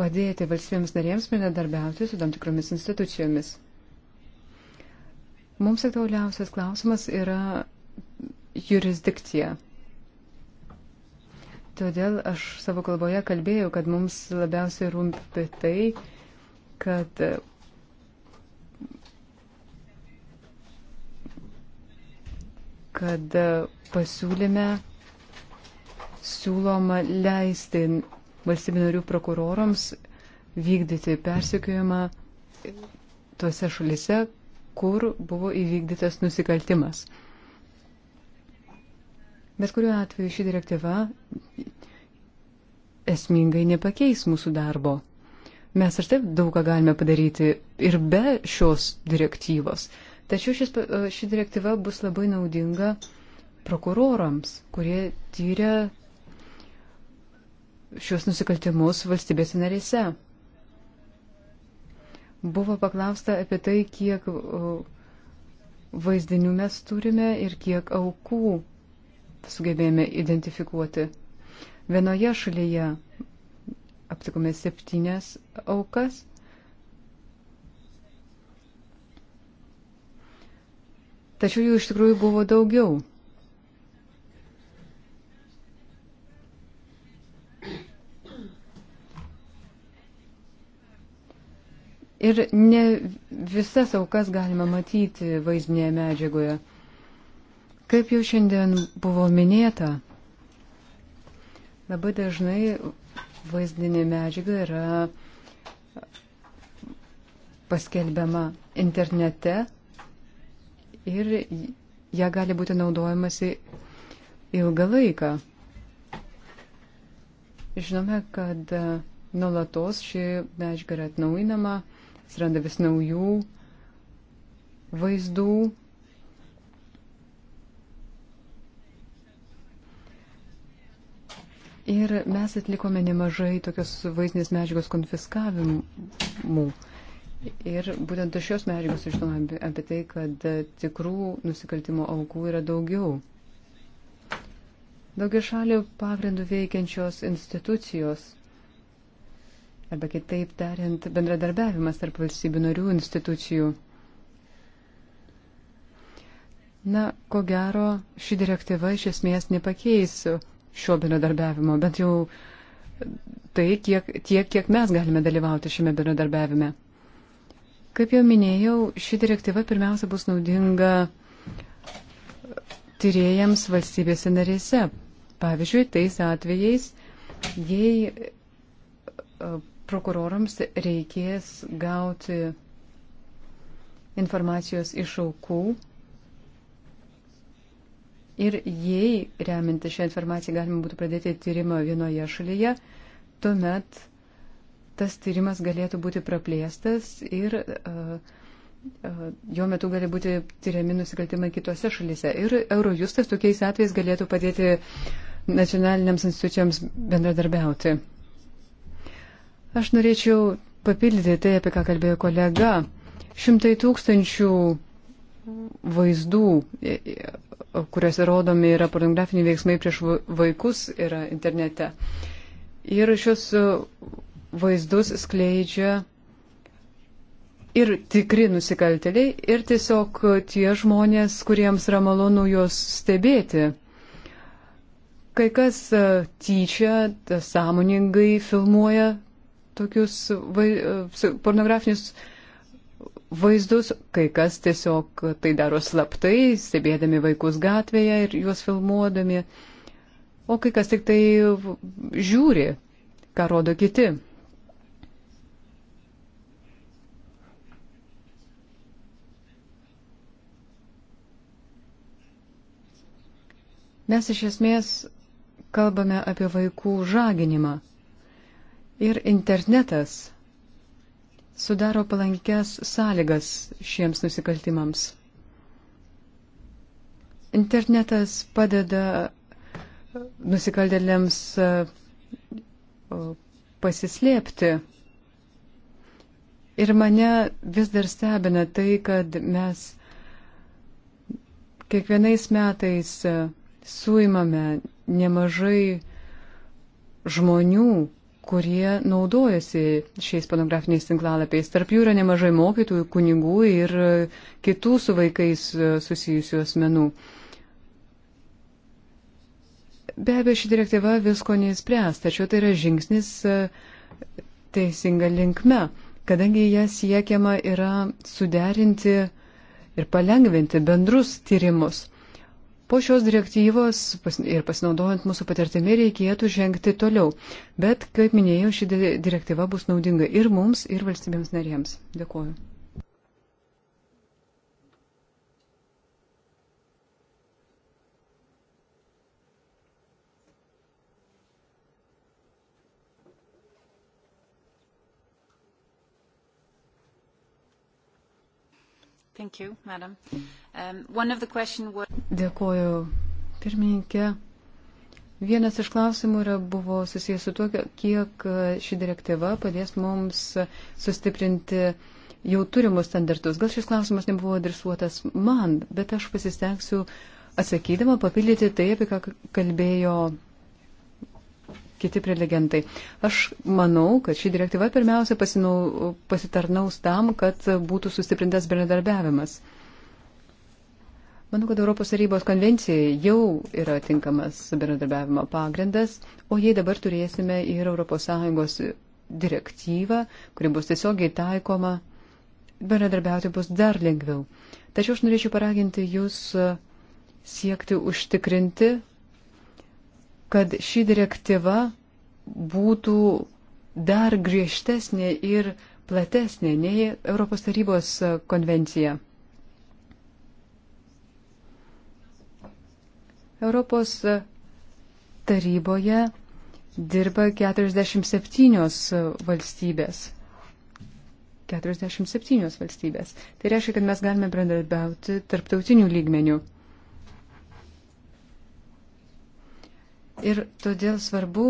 padėti valstybėms narėms bendradarbiauti su tam tikromis institucijomis. Mums aktualiausias klausimas yra jurisdikcija. Todėl aš savo kalboje kalbėjau, kad mums labiausiai rūpi tai, kad e, kad e, pasiūlyme siūloma leisti valstybių narių prokurorams vykdyti persikiojimą tuose šalise, kur buvo įvykdytas nusikaltimas. Bet kuriuo atveju ši direktyva esmingai nepakeis mūsų darbo. Mes ir taip daug ką galime padaryti ir be šios direktyvos. Tačiau šis, e, ši direktyva bus labai naudinga prokurorams, kurie tyria šios nusikaltimus valstybės narėse. Buvo paklausta apie tai, kiek e, vaizdinių mes turime ir kiek aukų sugebėjome identifikuoti. Vienoje šalyje aptikome septynias aukas. Tačiau jų iš tikrųjų buvo daugiau. Ir ne visas aukas galima matyti vaizdinėje medžiagoje. Kaip jau šiandien buvo minėta, labai dažnai vaizdinė medžiaga yra paskelbiama internete ir ją gali būti naudojamasi ilgą laiką. Žinome, kad nulatos ši medžiaga yra atnaujinama, atsiranda vis naujų vaizdų Ir mes atlikome nemažai tokios vaizdinės medžiagos konfiskavimų. Ir būtent iš šios medžiagos išinome apie, apie tai, kad tikrų nusikaltimo aukų yra daugiau. Daugia šalių pagrindų veikiančios institucijos, arba kitaip tariant, bendradarbiavimas tarp valstybių narių institucijų. Na, ko gero, ši direktyva iš esmės nepakeis šio bendradarbiavimo, bent jau tai, kiek, tiek, kiek mes galime dalyvauti šiame bendradarbiavime. Kaip jau minėjau, ši direktyva pirmiausia bus naudinga tyrėjams valstybėse narėse. Pavyzdžiui, tais atvejais, jei e, prokurorams reikės gauti informacijos iš aukų Ir jei reminti šią informaciją galima būtų pradėti tyrimą vienoje šalyje, tuomet tas tyrimas galėtų būti praplėstas ir uh, uh, jo metu gali būti tyriami nusikaltimai kitose šalyse. Ir Eurojustas tokiais atvejais galėtų padėti nacionaliniams institucijoms bendradarbiauti. Aš norėčiau papildyti tai, apie ką kalbėjo kolega. Šimtai tūkstančių vaizdų e, kuriuose rodomi yra pornografiniai veiksmai prieš vaikus, yra internete. Ir šios e, vaizdus skleidžia ir tikri nusikalteliai, ir tiesiog tie žmonės, kuriems yra malonu juos stebėti. Kai kas e, tyčia, e, sąmoningai filmuoja tokius vai, pornografinius vaizdus vaizdus, kai kas tiesiog tai daro slaptai, stebėdami vaikus gatvėje ir juos filmuodami, o kai kas tik tai žiūri, ką rodo kiti. Mes iš esmės kalbame apie vaikų žaginimą. Ir internetas sudaro palankias sąlygas šiems nusikaltimams. Internetas padeda nusikaltėliams e, pasislėpti. Ir mane vis dar stebina tai, kad mes kiekvienais metais e, suimame nemažai žmonių, kurie naudojasi šiais pornografiniais tinklalapiais. Tarp jų yra nemažai mokytojų, kunigų ir kitų su vaikais e, susijusių asmenų. Be abejo, ši direktyva visko neįspręs, tačiau tai yra žingsnis e, teisinga linkme, kadangi ją siekiama yra suderinti ir palengventi bendrus tyrimus. Po šios direktyvos ir pasinaudojant mūsų patirtimi reikėtų žengti toliau. Bet, kaip minėjau, ši direktyva bus naudinga ir mums, ir valstybėms narėms. Dėkuoju. Thank you, madam. Um, one of the question was... Dėkuoju, pirmininkė. Vienas iš klausimų yra, buvo susijęs su tuo, kiek uh, ši direktyva padės mums sustiprinti jau turimus standartus. Gal šis klausimas nebuvo adresuotas man, bet aš pasistengsiu atsakydama papildyti tai, apie ką kalbėjo kiti prelegentai. Aš manau, kad ši direktyva pirmiausia pasinau, pasitarnaus tam, kad būtų sustiprintas bendradarbiavimas. Manau, kad Europos tarybos konvencija jau yra tinkamas bendradarbiavimo pagrindas, o jei dabar turėsime ir ES direktyvą, kuri bus tiesiogiai taikoma, bendradarbiauti bus dar lengviau. Tačiau aš norėčiau paraginti jūs siekti užtikrinti kad ši direktyva būtų dar griežtesnė ir platesnė nei Europos tarybos konvencija. Europos taryboje dirba 47 valstybės. 47 valstybės. Tai reiškia, kad mes galime bendradarbiauti tarptautinių lygmenių. Ir todėl svarbu,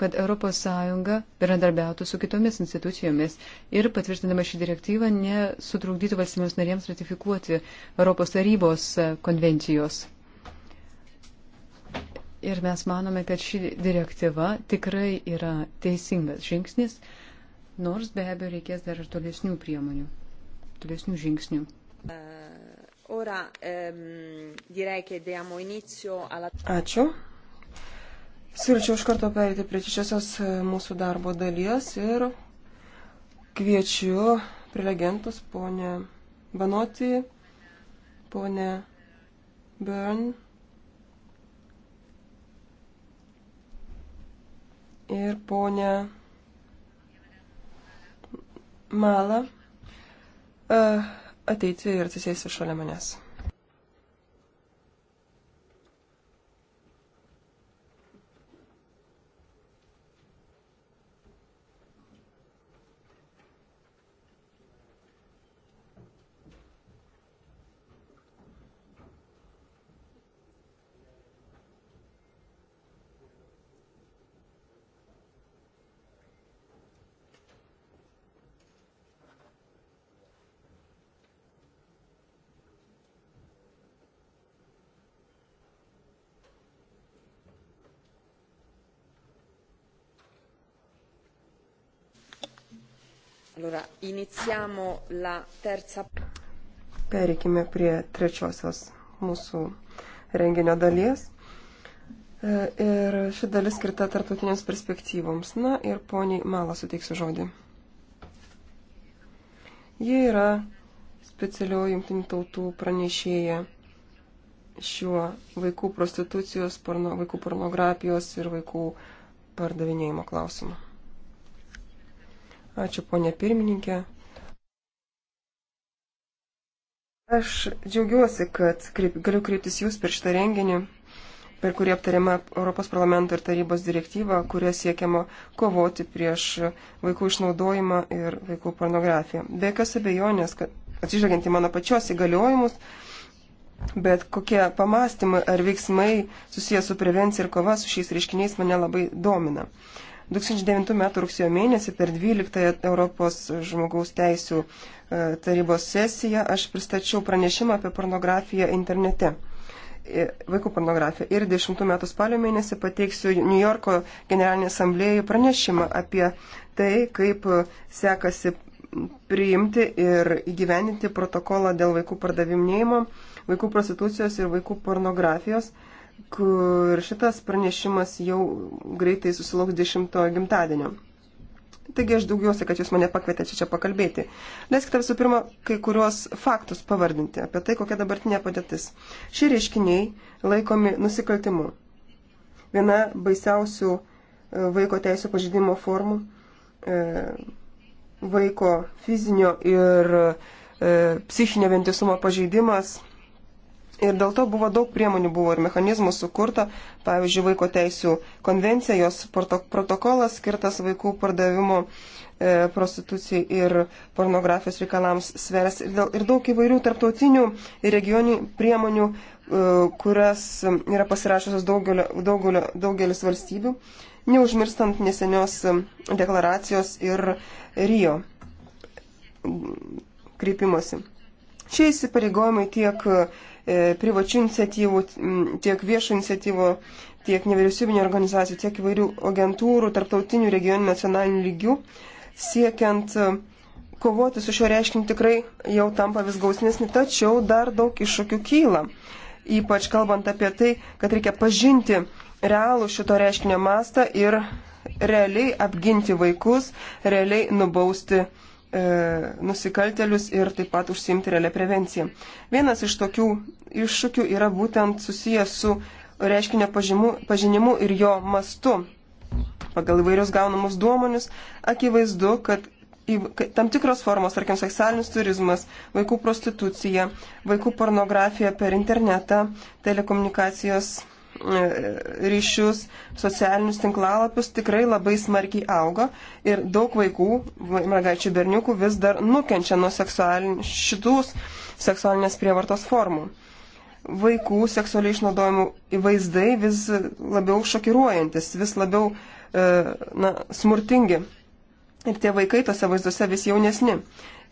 kad ES bendradarbiautų su kitomis institucijomis ir patvirtinama šį direktyvą nesutrukdytų valstybėms narėms ratifikuoti Europos tarybos konvencijos. Ir mes manome, kad ši direktyva tikrai yra teisingas žingsnis, nors be abejo reikės dar ir tolesnių priemonių, tolesnių žingsnių. Eh, ehm, Ačiū. Siūlyčiau iš karto perėti prie trečiosios e, mūsų darbo dalies ir kviečiu prelegentus ponę Banoti, ponę Byrne ir ponę Malą e, ateiti ir atsisėsti šalia manęs. Allora, iniciamo la terza. Pereikime prie trečiosios mūsų renginio dalies. E, ir ši dalis skirta tartutinėms perspektyvoms. Na ir poniai Malą suteiksiu žodį. Ji yra specialioji jungtinių tautų pranešėja šiuo vaikų prostitucijos, porno, vaikų pornografijos ir vaikų pardavinėjimo klausimu. Ačiū, ponė pirmininkė. Aš džiaugiuosi, kad kreip, galiu kreiptis jūs per šitą renginį, per kurį aptariama Europos parlamento ir tarybos direktyva, kuria siekiama kovoti prieš vaikų išnaudojimą ir vaikų pornografiją. Be jokios abejonės, kad atsižvelgiant į mano pačios įgaliojimus, bet kokie pamastymai ar veiksmai susijęs su prevencija ir kova su šiais reiškiniais mane labai domina. Uh, 2009 m. rugsėjo mėnesį per 12 Europos žmogaus teisų e, tarybos sesiją aš pristačiau pranešimą apie pornografiją internete. E, vaikų pornografija. Ir 10 metų spalio mėnesį pateiksiu New Yorko generalinė asamblėjai pranešimą apie tai, kaip sekasi priimti ir įgyveninti protokolą dėl vaikų pardavinėjimo, vaikų prostitucijos ir vaikų pornografijos. Uh, kur šitas pranešimas jau greitai susilauks dešimtojo gimtadienio. Taigi aš daugiausia, kad jūs mane pakvietėte čia pakalbėti. Leiskite visų pirma kai kuriuos faktus pavardinti apie tai, kokia dabartinė padėtis. Šie reiškiniai laikomi nusikaltimu. Viena baisiausių e, vaiko teisų pažydimo formų e, - vaiko fizinio ir e, psichinio vientisumo pažeidimas Ir dėl to buvo daug priemonių, buvo ir mechanizmų sukurta, pavyzdžiui, vaiko teisų konvencija, jos protokolas skirtas vaikų pardavimo e, prostitucijai ir pornografijos reikalams sveras ir, dėl, ir daug įvairių tarptautinių ir regionių priemonių, e, kurias yra pasirašusios daugelio, daugelio, daugelis valstybių, neužmirstant nesenios deklaracijos ir Rio kreipimosi. Šie įsipareigojimai tiek E, privačių iniciatyvų, tiek viešų iniciatyvų, tiek nevyriausybinio organizacijų, tiek įvairių agentūrų, tarptautinių, regioninių, nacionalinių lygių, siekiant e, kovoti su šio reiškiniu tikrai jau tampa vis gausnesnė, tačiau dar daug iššūkių kyla. Ypač kalbant apie tai, kad reikia pažinti realų šito reiškinio mastą ir realiai apginti vaikus, realiai nubausti E, nusikaltelius ir taip pat užsimti realią prevenciją. Vienas iš tokių iššūkių yra būtent susijęs su reiškinio pažymu, pažinimu ir jo mastu. Pagal įvairius gaunamus duomenius akivaizdu, kad į, tam tikros formos, tarkim, seksualinis turizmas, vaikų prostitucija, vaikų pornografija per internetą, telekomunikacijos ryšius, socialinius tinklalapius tikrai labai smarkiai auga ir daug vaikų, mergaičių berniukų vis dar nukenčia nuo seksualin, šitus seksualinės prievartos formų. Vaikų seksualiai išnaudojimų vaizdai vis labiau šokiruojantis, vis labiau e, na, smurtingi. Ir tie vaikai tose vaizduose vis jaunesni.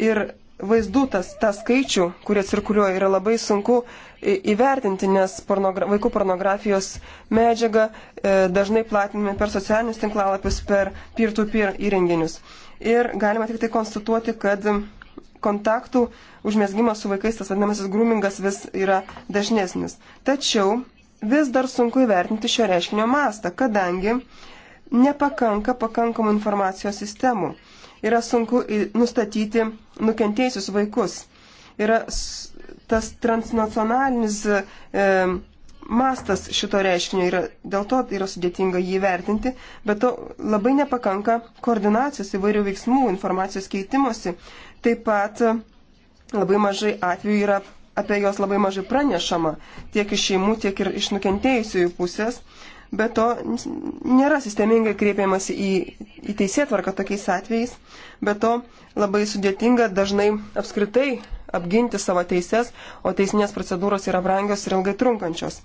Ir vaizdų, tas, tą skaičių, kurie cirkuliuoja, yra labai sunku įvertinti, nes pornogra vaikų pornografijos medžiaga e, dažnai platinami per socialinius tinklalapius, per peer-to-peer -peer įrenginius. Ir galima tik tai konstatuoti, kad kontaktų užmėsgymas su vaikais, tas vadinamasis grūmingas, vis yra dažnesnis. Tačiau vis dar sunku įvertinti šio reiškinio mastą, kadangi nepakanka pakankamų informacijos sistemų. Yra sunku nustatyti nukentėjusius vaikus. Yra tas transnacionalinis e, mastas šito reiškinio yra, dėl to yra sudėtinga jį vertinti, bet to labai nepakanka koordinacijos įvairių veiksmų, informacijos keitimosi. Taip pat e, labai mažai atvejų yra apie jos labai mažai pranešama tiek iš šeimų, tiek ir iš nukentėjusiųjų pusės. Be to, nėra sistemingai kreipiamasi į, į teisėtvarką tokiais atvejais. Be to, labai sudėtinga dažnai apskritai apginti savo teises, o teisinės procedūros yra brangios ir ilgai trunkančios.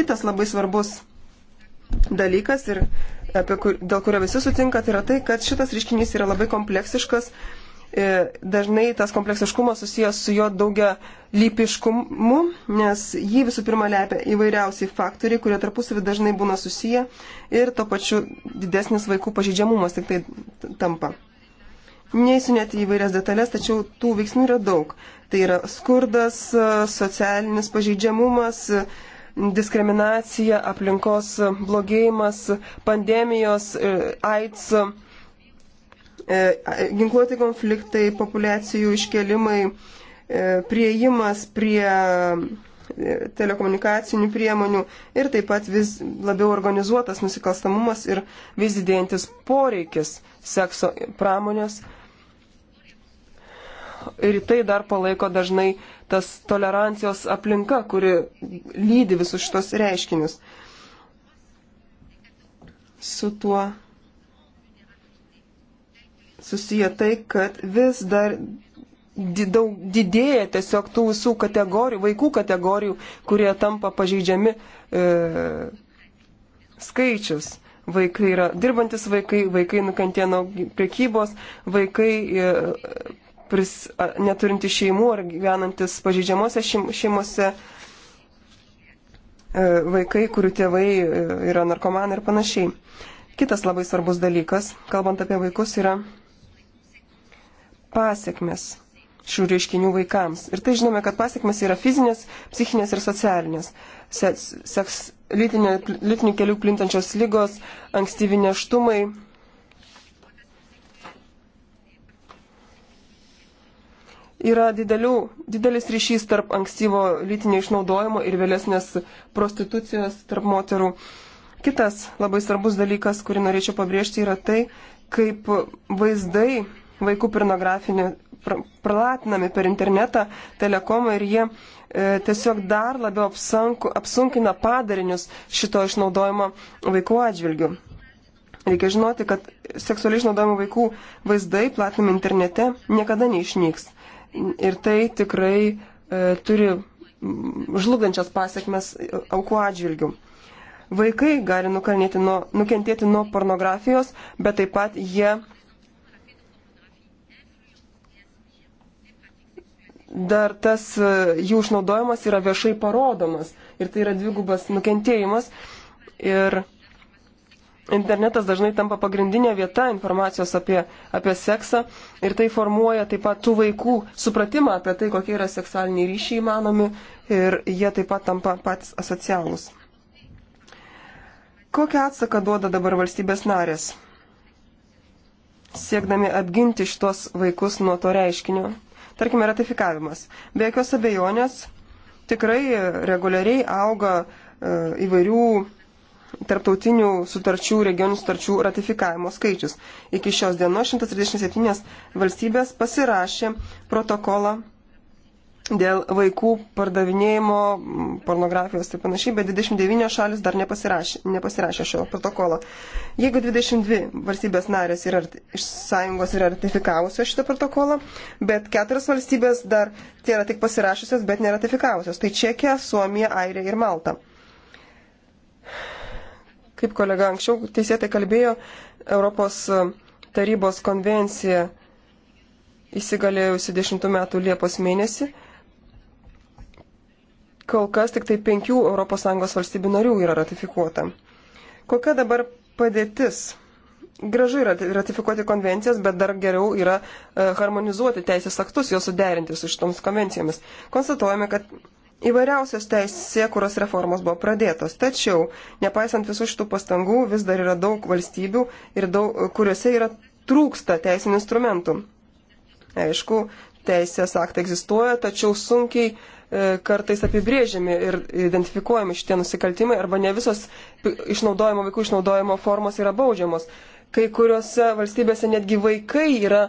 Kitas labai svarbus dalykas, ir kur, dėl kurio visi sutinka, tai yra tai, kad šitas reiškinys yra labai kompleksiškas E, dažnai tas kompleksiškumas susijęs su jo daugia lypiškumu, nes jį visų pirma lepia įvairiausiai faktoriai, kurie tarpusavį dažnai būna susiję ir to pačiu didesnis vaikų pažydžiamumas tik tai tampa. Neįsiu net į įvairias detalės, tačiau tų veiksnių yra daug. Tai yra skurdas, socialinis pažydžiamumas, diskriminacija, aplinkos blogėjimas, pandemijos, e, AIDS E, ginkluoti konfliktai, populiacijų iškelimai, e, prieimas prie e, telekomunikacinių priemonių ir taip pat vis labiau organizuotas nusikalstamumas ir vis didėjantis poreikis sekso pramonės. Ir tai dar palaiko dažnai tas tolerancijos aplinka, kuri lydi visus šitos reiškinius. Su tuo susiję tai, kad vis dar daug, didėja tiesiog tų visų kategorijų, vaikų kategorijų, kurie tampa pažeidžiami e, skaičius. Vaikai yra dirbantis vaikai, vaikai nukentė nuo priekybos, vaikai e, pris, a, neturinti šeimų ar gyvenantis pažeidžiamose šeimose, e, vaikai, kurių tėvai e, yra narkomanai ir panašiai. Kitas labai svarbus dalykas, kalbant apie vaikus, yra pasiekmes šių reiškinių vaikams. Ir tai žinome, kad pasiekmes yra fizinės, psichinės ir socialinės. Seks, seks lytinė, lytinių kelių plintančios lygos, ankstyvi neštumai. Yra didelių, didelis ryšys tarp ankstyvo lytinio išnaudojimo ir vėlesnės prostitucijos tarp moterų. Kitas labai svarbus dalykas, kurį norėčiau pabrėžti, yra tai, kaip vaizdai vaikų pornografinių pralatinami per internetą, telekomą ir jie e, tiesiog dar labiau apsanku, apsunkina padarinius šito išnaudojimo vaikų atžvilgių. Reikia žinoti, kad seksualiai išnaudojimo vaikų vaizdai platinami internete niekada neišnyks. Ir tai tikrai e, turi žlugdančias pasiekmes aukų atžvilgių. Vaikai gali nuo, nukentėti nuo pornografijos, bet taip pat jie dar tas e, jų išnaudojimas yra viešai parodomas. Ir tai yra dvigubas nukentėjimas. Ir internetas dažnai tampa pagrindinė vieta informacijos apie, apie seksą ir tai formuoja taip pat tų vaikų supratimą apie tai, kokie yra seksualiniai ryšiai įmanomi ir jie taip pat tampa patys asocialūs. Kokią atsaką duoda dabar valstybės narės, siekdami apginti šitos vaikus nuo to reiškinio, tarkime, ratifikavimas. Be jokios abejonės tikrai reguliariai auga e, įvairių tarptautinių sutarčių, regionų sutarčių ratifikavimo skaičius. Iki šios dienos 137 valstybės pasirašė protokolą dėl vaikų pardavinėjimo, pornografijos ir panašiai, bet 29 šalis dar nepasirašė, nepasirašė šio protokolo. Jeigu 22 valstybės narės yra, iš sąjungos yra ratifikavusios šitą protokolą, bet keturios valstybės dar tai yra tik pasirašusios, bet neratifikavusios. Tai Čekija, Suomija, Airija ir Malta. Kaip kolega anksčiau teisėtai kalbėjo, Europos e, tarybos konvencija įsigalėjusi 10 metų Liepos mėnesį kol kas tik tai penkių ES valstybių narių yra ratifikuota. Kokia dabar padėtis? Gražu yra ratifikuoti konvencijas, bet dar geriau yra e, harmonizuoti teisės aktus, juos suderinti su šitoms konvencijomis. Konstatuojame, kad įvairiausios teisėkuros reformos buvo pradėtos, tačiau, nepaisant visų šitų pastangų, vis dar yra daug valstybių, daug, kuriuose yra trūksta teisinių instrumentų. Aišku, teisės aktai egzistuoja, tačiau sunkiai E, kartais apibrėžiami ir identifikuojami šitie nusikaltimai arba ne visos išnaudojimo, vaikų išnaudojimo formos yra baudžiamos. Kai kuriuose valstybėse netgi vaikai yra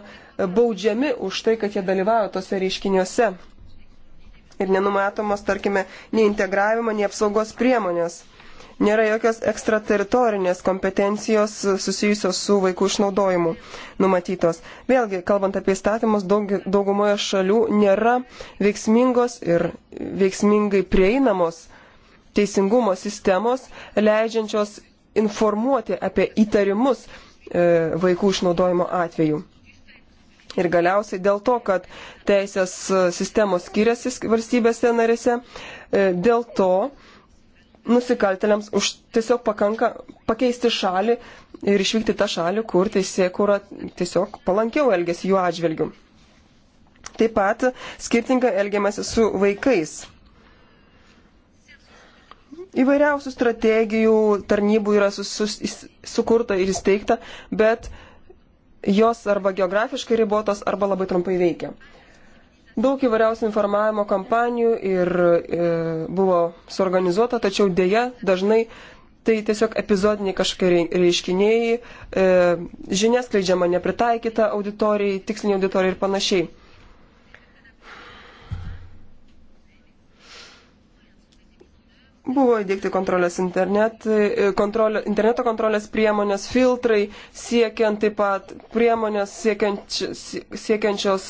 baudžiami už tai, kad jie dalyvauja tose reiškiniuose. Ir nenumatomos, tarkime, nei integravimo, nei apsaugos priemonės nėra jokios ekstrateritorinės kompetencijos susijusios su vaikų išnaudojimu numatytos. Vėlgi, kalbant apie įstatymus, daug, daugumoje šalių nėra veiksmingos ir veiksmingai prieinamos teisingumo sistemos, leidžiančios informuoti apie įtarimus e, vaikų išnaudojimo atveju. Ir galiausiai dėl to, kad teisės e, sistemos skiriasi valstybėse narėse, e, dėl to, nusikaltėliams už tiesiog pakanka pakeisti šalį ir išvykti tą šalį, kur teisėkūra tiesiog palankiau elgesi jų atžvilgių. Taip pat skirtingai elgiamasi su vaikais. Įvairiausių strategijų tarnybų yra sus, sus, sukurta ir įsteigta, bet jos arba geografiškai ribotos, arba labai trumpai veikia. Daug įvairiausių informavimo kampanijų ir e, buvo suorganizuota, tačiau dėja dažnai tai tiesiog epizodiniai kažkokie reiškiniai, e, žinias skleidžiama nepritaikyta auditorijai, tikslinė auditorija ir panašiai. Buvo įdėkti kontrolės internet, kontrolė, interneto kontrolės priemonės, filtrai, siekiant taip pat priemonės siekianč, siekiančios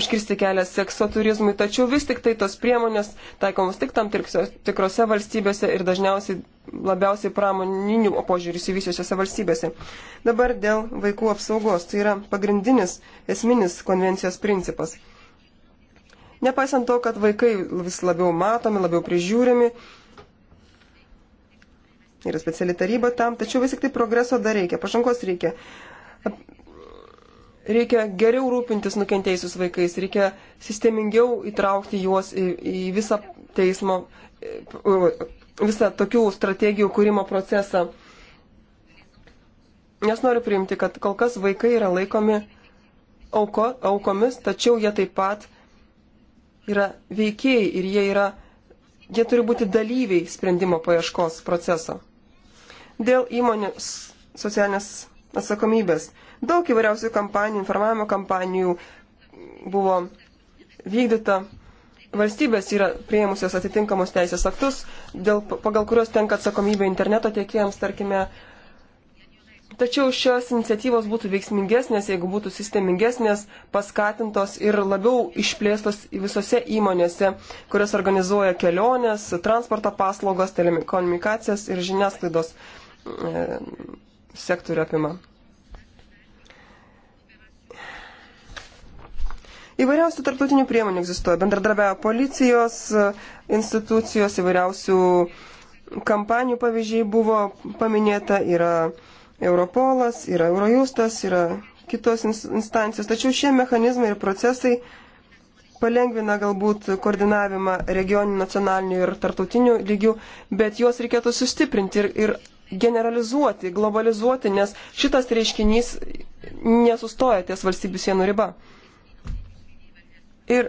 užkirsti kelią sekso turizmui, tačiau vis tik tai tos priemonės taikomos tik tam tikrose valstybėse ir dažniausiai labiausiai pramoninių požiūrį įsivysiuose valstybėse. Dabar dėl vaikų apsaugos, tai yra pagrindinis esminis konvencijos principas. Nepaisant to, kad vaikai vis labiau matomi, labiau prižiūrimi, yra speciali taryba tam, tačiau vis tik tai progreso dar reikia, pažangos reikia. Reikia geriau rūpintis nukentėjusius vaikais, reikia sistemingiau įtraukti juos į, į visą teismo, e, visą tokių strategijų kūrimo procesą. Nes noriu priimti, kad kol kas vaikai yra laikomi auko, aukomis, tačiau jie taip pat yra veikėjai ir jie, yra, jie turi būti dalyviai sprendimo paieškos proceso. Dėl įmonių socialinės atsakomybės. Daug įvairiausių kampanijų, informavimo kampanijų buvo vykdyta. Valstybės yra prieimusios atitinkamos teisės aktus, dėl, pagal kuriuos tenka atsakomybė interneto tiekėjams, tarkime, Tačiau šios iniciatyvos būtų veiksmingesnės, jeigu būtų sistemingesnės, paskatintos ir labiau išplėstos visose įmonėse, kurios organizuoja keliones, transporto paslaugas, telekomunikacijas ir žiniasklaidos E, sektorių apima. Įvairiausių tarptautinių priemonių egzistuoja. Bendradarbiavo policijos institucijos, įvairiausių kampanijų pavyzdžiai buvo paminėta, yra Europolas, yra Eurojustas, yra kitos instancijos. Tačiau šie mechanizmai ir procesai palengvina galbūt koordinavimą regioninių, nacionalinių ir tartautinių lygių, bet juos reikėtų sustiprinti ir, ir generalizuoti, globalizuoti, nes šitas reiškinys nesustoja ties valstybių sienų riba. Ir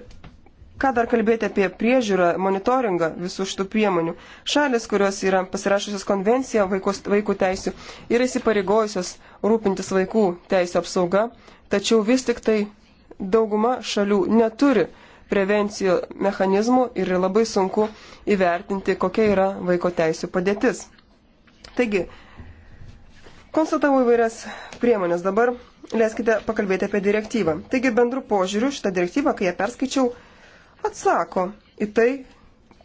ką dar kalbėti apie priežiūrą, monitoringą visų šitų priemonių. Šalis, kurios yra pasirašusios konvenciją vaikos, vaikų teisių, yra įsipareigojusios rūpintis vaikų teisų apsauga, tačiau vis tik tai dauguma šalių neturi prevencijų mechanizmų ir labai sunku įvertinti, kokia yra vaiko teisų padėtis. Taigi, konstatavau įvairias priemonės, dabar leiskite pakalbėti apie direktyvą. Taigi, bendrų požiūrių šitą direktyvą, kai ją perskaičiau, atsako į tai,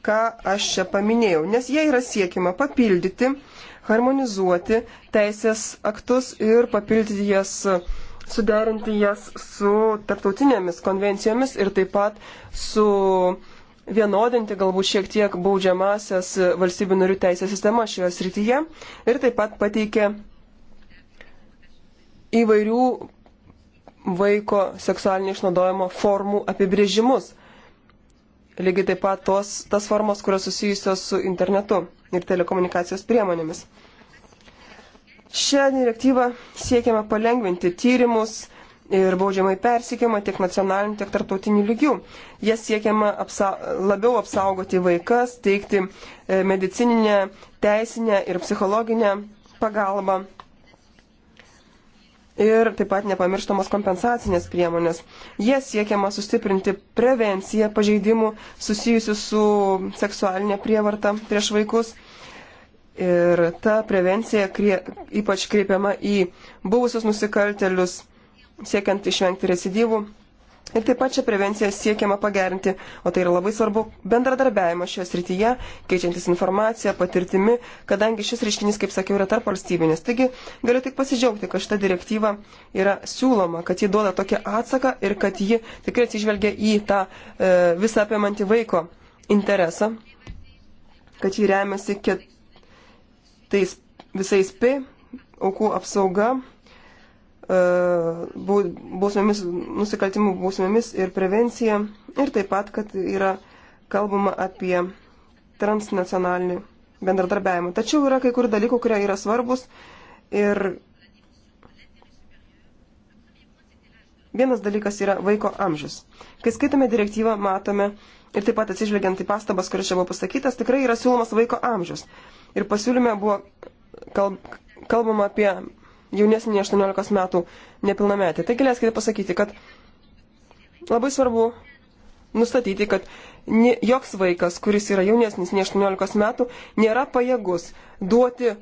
ką aš čia paminėjau, nes jie yra siekima papildyti, harmonizuoti teisės aktus ir papildyti jas suderinti jas su tarptautinėmis konvencijomis ir taip pat su uh, vienodinti galbūt šiek tiek baudžiamasias valstybių narių teisės sistemas šioje srityje ir taip pat pateikė įvairių vaiko seksualinio išnaudojimo formų apibrėžimus. Lygiai taip pat tos, tas formos, kurios susijusios su internetu ir telekomunikacijos priemonėmis. Šią direktyvą siekiama palengventi tyrimus, ir baudžiamai persikiama tiek nacionaliniu, tiek tarptautiniu lygiu. Jas siekiama apsa labiau apsaugoti vaikas, teikti e, medicininę, teisinę ir psichologinę pagalbą. Ir taip pat nepamirštamos kompensacinės priemonės. Jie siekiama sustiprinti prevenciją pažeidimų susijusių su seksualinė prievarta prieš vaikus. Ir ta prevencija krie, ypač kreipiama į buvusius nusikaltelius siekiant išvengti recidyvų. Ir taip pat čia prevenciją siekiama pagerinti, o tai yra labai svarbu bendradarbiavimo šioje srityje, keičiantis informaciją, patirtimi, kadangi šis reiškinys, kaip sakiau, yra tarp valstybinis. Taigi galiu tik pasidžiaugti, kad šita direktyva yra siūloma, kad ji duoda tokią atsaką ir kad ji tikrai atsižvelgia į tą e, visą apimantį vaiko interesą, kad ji remiasi kitais visais P, aukų apsauga E, būsmėmis, nusikaltimų būsmėmis ir prevencija. Ir taip pat, kad yra kalbama apie transnacionalinį bendradarbiavimą. Tačiau yra kai kur dalykų, kurie yra svarbus. Ir vienas dalykas yra vaiko amžius. Kai skaitome direktyvą, matome ir taip pat atsižvelgiant į pastabas, kuris čia buvo pasakytas, tikrai yra siūlomas vaiko amžius. Ir pasiūlyme buvo kalb, kalbama apie jaunesnį nei 18 metų nepilnametį. Taigi leiskite pasakyti, kad labai svarbu nustatyti, kad joks vaikas, kuris yra jaunesnis nei 18 metų, nėra pajėgus duoti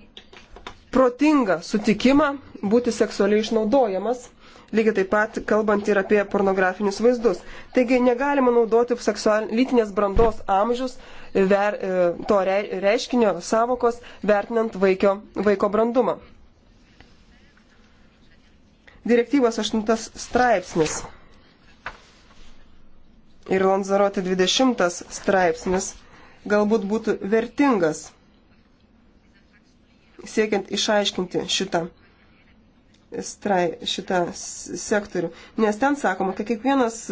protingą sutikimą būti seksualiai išnaudojamas lygiai taip pat kalbant ir apie pornografinius vaizdus. Taigi negalima naudoti seksual... lytinės brandos amžius ver... E, to reiškinio savokos vertinant vaikio, vaiko brandumą direktyvos 8 straipsnis ir Lanzaroti 20 straipsnis galbūt būtų vertingas siekiant išaiškinti šitą, strai, šitą sektorių. Nes ten sakoma, kad kiekvienas,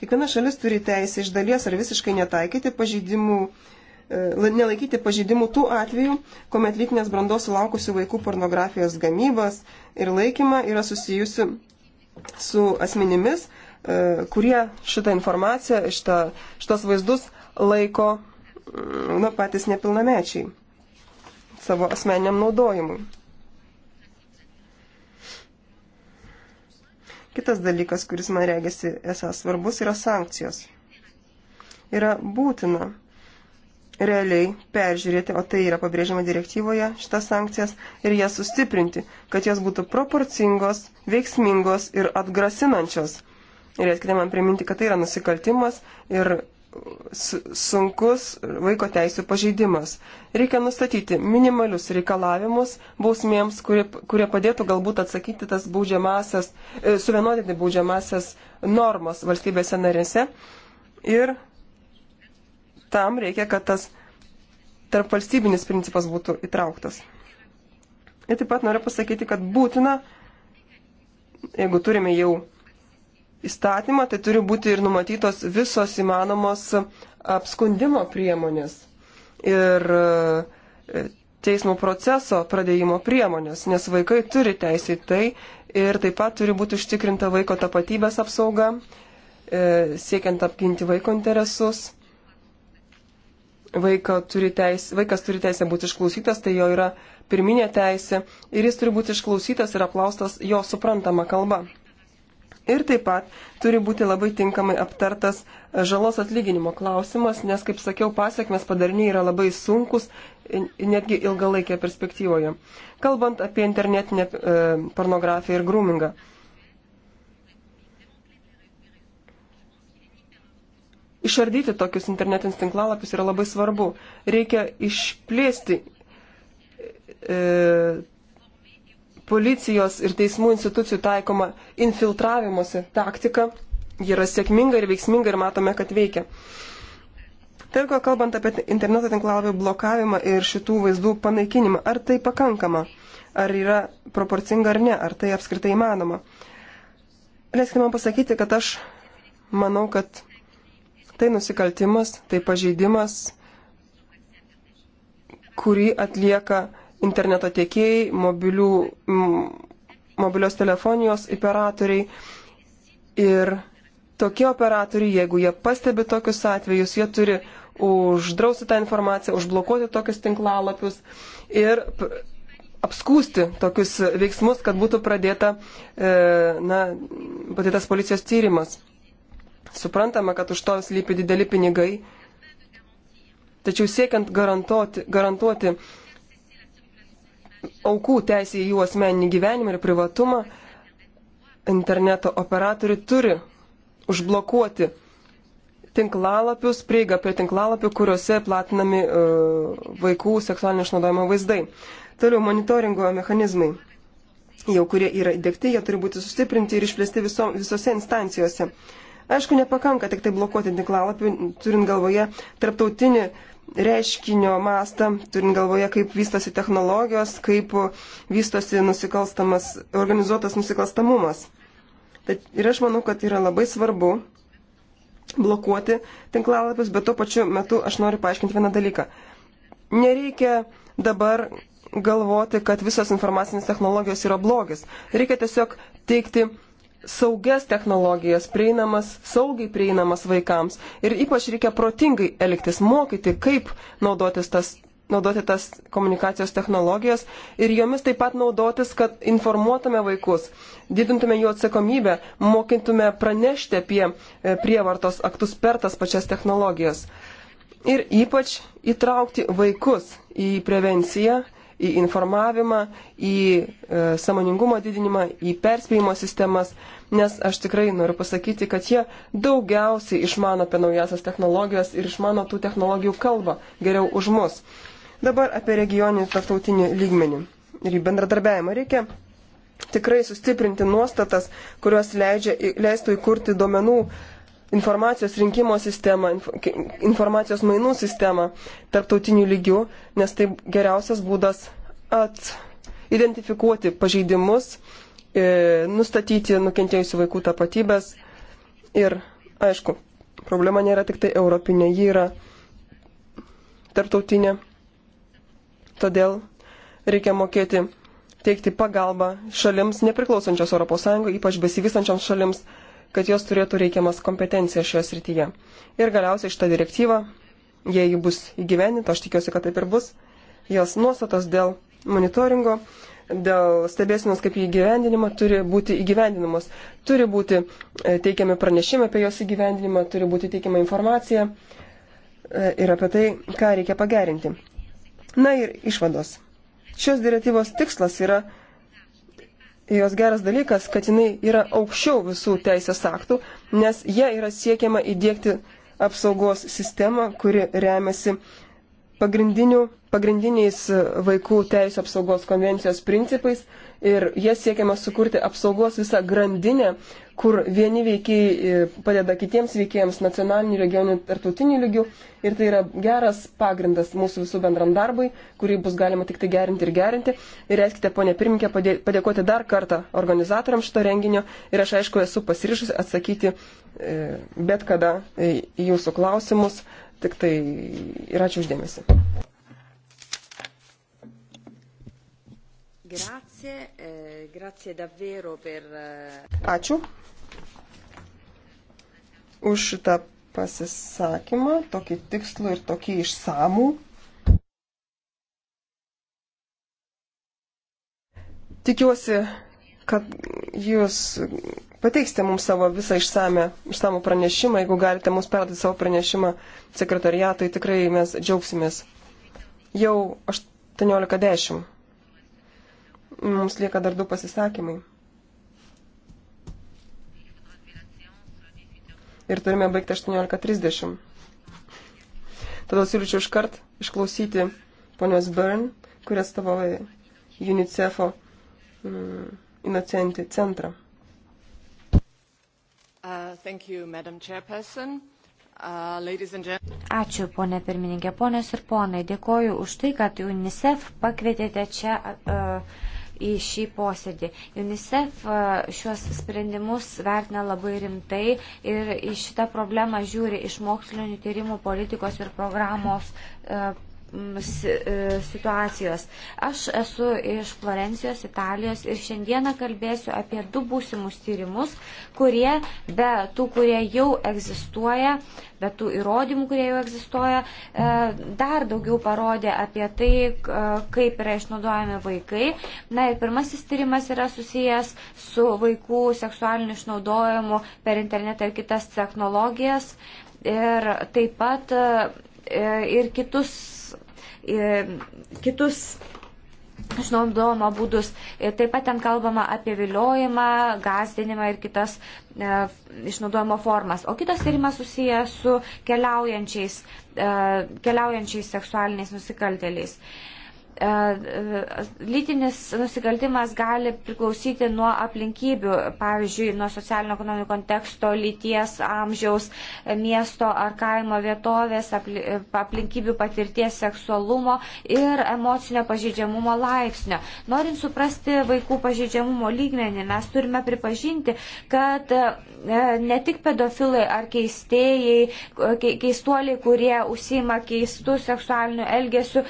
kiekviena šalis turi teisę iš dalies ar visiškai netaikyti pažeidimų E, nelaikyti pažydimų tų atvejų, kuomet lytinės brandos sulaukusių vaikų pornografijos gamybos ir laikyma yra susijusi su asmenimis, e, kurie šitą informaciją, šitą, šitos vaizdus laiko mm, na, patys nepilnamečiai savo asmeniam naudojimui. Kitas dalykas, kuris man regisi esas svarbus, yra sankcijos. Yra būtina realiai peržiūrėti, o tai yra pabrėžiama direktyvoje, šitas sankcijas, ir jas sustiprinti, kad jos būtų proporcingos, veiksmingos ir atgrasinančios. Leiskite man priminti, kad tai yra nusikaltimas ir sunkus vaiko teisų pažeidimas. Reikia nustatyti minimalius reikalavimus bausmėms, kurie, kurie padėtų galbūt atsakyti tas baudžiamasias, e, suvienodinti baudžiamasias normas valstybėse narėse ir tam reikia, kad tas tarp valstybinis principas būtų įtrauktas. Ir taip pat noriu pasakyti, kad būtina, jeigu turime jau įstatymą, tai turi būti ir numatytos visos įmanomos apskundimo priemonės ir e, teismo proceso pradėjimo priemonės, nes vaikai turi teisę į tai ir taip pat turi būti užtikrinta vaiko tapatybės apsauga, e, siekiant apginti vaiko interesus turi teis, vaikas turi teisę būti išklausytas, tai jo yra pirminė teisė ir jis turi būti išklausytas ir aplaustas jo suprantama kalba. Ir taip pat turi būti labai tinkamai aptartas e, žalos atlyginimo klausimas, nes, kaip sakiau, pasiekmes padariniai yra labai sunkus, netgi ilgalaikėje perspektyvoje. Kalbant apie internetinę e, pornografiją ir groomingą. Išardyti tokius internetinius tinklalapius yra labai svarbu. Reikia išplėsti e, policijos ir teismų institucijų taikoma infiltravimuose taktika. Ji yra sėkminga ir veiksminga ir matome, kad veikia. Taip, kalbant apie interneto tinklalapių blokavimą ir šitų vaizdų panaikinimą, ar tai pakankama? Ar yra proporcinga ar ne? Ar tai apskritai įmanoma? Leiskime man pasakyti, kad aš manau, kad Tai nusikaltimas, tai pažeidimas, kurį atlieka interneto tiekėjai, mobilių, m, mobilios telefonijos operatoriai. Ir tokie operatoriai, jeigu jie pastebi tokius atvejus, jie turi uždrausti tą informaciją, užblokuoti tokius tinklalapius ir apskūsti tokius veiksmus, kad būtų pradėta, e, na, pradėtas policijos tyrimas. Suprantama, kad už to slypi dideli pinigai. Tačiau siekiant garantuoti, garantuoti aukų teisę į jų asmeninį gyvenimą ir privatumą, interneto operatoriai turi užblokuoti tinklalapius, prieiga prie tinklalapių, kuriuose platinami uh, vaikų seksualinio išnaudojimo vaizdai. Toliau monitoringo mechanizmai, jau kurie yra įdėkti, jie turi būti sustiprinti ir išplėsti viso, visose instancijose. Uh, Aišku, nepakanka tik tai blokuoti tinklalapį, turint galvoje tarptautinį reiškinio mastą, turint galvoje, kaip vystosi technologijos, kaip vystosi nusikalstamas, organizuotas nusikalstamumas. Tad ir aš manau, kad yra labai svarbu blokuoti tinklalapius, bet tuo pačiu metu aš noriu paaiškinti vieną dalyką. Nereikia dabar galvoti, kad visos informacinės technologijos yra blogis. Reikia tiesiog teikti saugias technologijas prieinamas, saugiai prieinamas vaikams. Ir ypač reikia protingai elgtis, mokyti, kaip naudotis tas naudoti tas komunikacijos technologijas ir jomis taip pat naudotis, kad informuotume vaikus, didintume jų atsakomybę, mokintume pranešti apie e, prievartos aktus per tas pačias technologijas. Ir ypač įtraukti vaikus į prevenciją į informavimą, į e, samoningumo didinimą, į perspėjimo sistemas, nes aš tikrai noriu pasakyti, kad jie daugiausiai išmano apie naujasias technologijas ir išmano tų technologijų kalbą geriau už mus. Dabar apie regioninį tarptautinį lygmenį ir bendradarbiavimą reikia tikrai sustiprinti nuostatas, kurios leidžia, leistų įkurti duomenų informacijos rinkimo sistemą, informacijos mainų sistemą tarptautinių lygių, nes tai geriausias būdas at, identifikuoti pažeidimus, e, nustatyti nukentėjusių vaikų tapatybės ir, aišku, problema nėra tik tai europinė, ji yra tarptautinė. Todėl reikia mokėti teikti pagalbą šalims nepriklausančios ES, ypač besivystančioms šalims, kad jos turėtų reikiamas kompetencijas šioje srityje. Ir galiausiai šitą direktyvą, jei ji bus įgyveninta, aš tikiuosi, kad taip ir bus, jos nuostatos dėl monitoringo, dėl stebėsinos kaip įgyvendinimą turi būti įgyvendinamos. Turi būti e, teikiami pranešimai apie jos įgyvendinimą, turi būti teikiama informacija e, ir apie tai, ką reikia pagerinti. Na ir išvados. Šios direktyvos tikslas yra jos geras dalykas, kad jinai yra aukščiau visų teisės aktų, nes jie yra siekiama įdėkti apsaugos sistemą, kuri remiasi pagrindiniais vaikų teisų apsaugos konvencijos principais ir jas siekiama sukurti apsaugos visą grandinę, kur vieni veikiai e, padeda kitiems veikėjams nacionalinių, regioninių ir tautinių lygių. Ir tai yra geras pagrindas mūsų visų bendram darbui, kurį bus galima tik tai gerinti ir gerinti. Ir leiskite, ponė pirmininkė, padėkoti dar kartą organizatoriams šito renginio. Ir aš aišku esu pasiryžusi atsakyti e, bet kada e, į jūsų klausimus. Tik tai ir ačiū uždėmesi. Grazie grazie, eh, grazie davvero per. Eh, Ačiū už šitą pasisakymą, tokį tikslų ir tokį išsamų. Tikiuosi, kad jūs pateiksite mums savo visą išsame, išsamų pranešimą. Jeigu galite mums perduoti savo pranešimą sekretariatui, tikrai mes džiaugsimės. Jau 18.10. Mums lieka dar du pasisakymai. Ir turime baigti 18.30. Todėl siūlyčiau iškart išklausyti ponios Byrne, kurie atstovauja UNICEF'o mm, Inocenti centrą. Uh, you, uh, Ačiū, ponė pirmininkė, ponės ir ponai. Dėkoju už tai, kad UNICEF pakvietėte čia. Uh, į šį posėdį. UNICEF e, šiuos sprendimus vertina labai rimtai ir į šitą problemą žiūri iš mokslinių tyrimų politikos ir programos e, E, situacijos. Aš esu iš Florencijos, Italijos ir šiandieną kalbėsiu apie du būsimus tyrimus, kurie be tų, kurie jau egzistuoja, be tų įrodymų, kurie jau egzistuoja, e, dar daugiau parodė apie tai, e, kaip yra išnaudojami vaikai. Na ir pirmasis tyrimas yra susijęs su vaikų seksualiniu išnaudojimu per internetą ir kitas technologijas. Ir taip pat ir kitus E, kitus išnaudojimo būdus. E, taip pat ten kalbama apie viliojimą, gazdinimą ir kitas e, išnaudojimo formas. O kitas tyrimas susijęs su keliaujančiais, e, keliaujančiais seksualiniais nusikalteliais. E, E, e, lytinis nusikaltimas gali priklausyti nuo aplinkybių, pavyzdžiui, nuo socialinio-ekonominio konteksto, lyties, amžiaus, miesto ar kaimo vietovės, aplinkybių patirties, seksualumo ir emocinio pažydžiamumo laipsnio. Norint suprasti vaikų pažydžiamumo lygmenį, mes turime pripažinti, kad e, ne tik pedofilai ar keistėjai, keistuoliai, kurie užsima keistų seksualinių elgesių,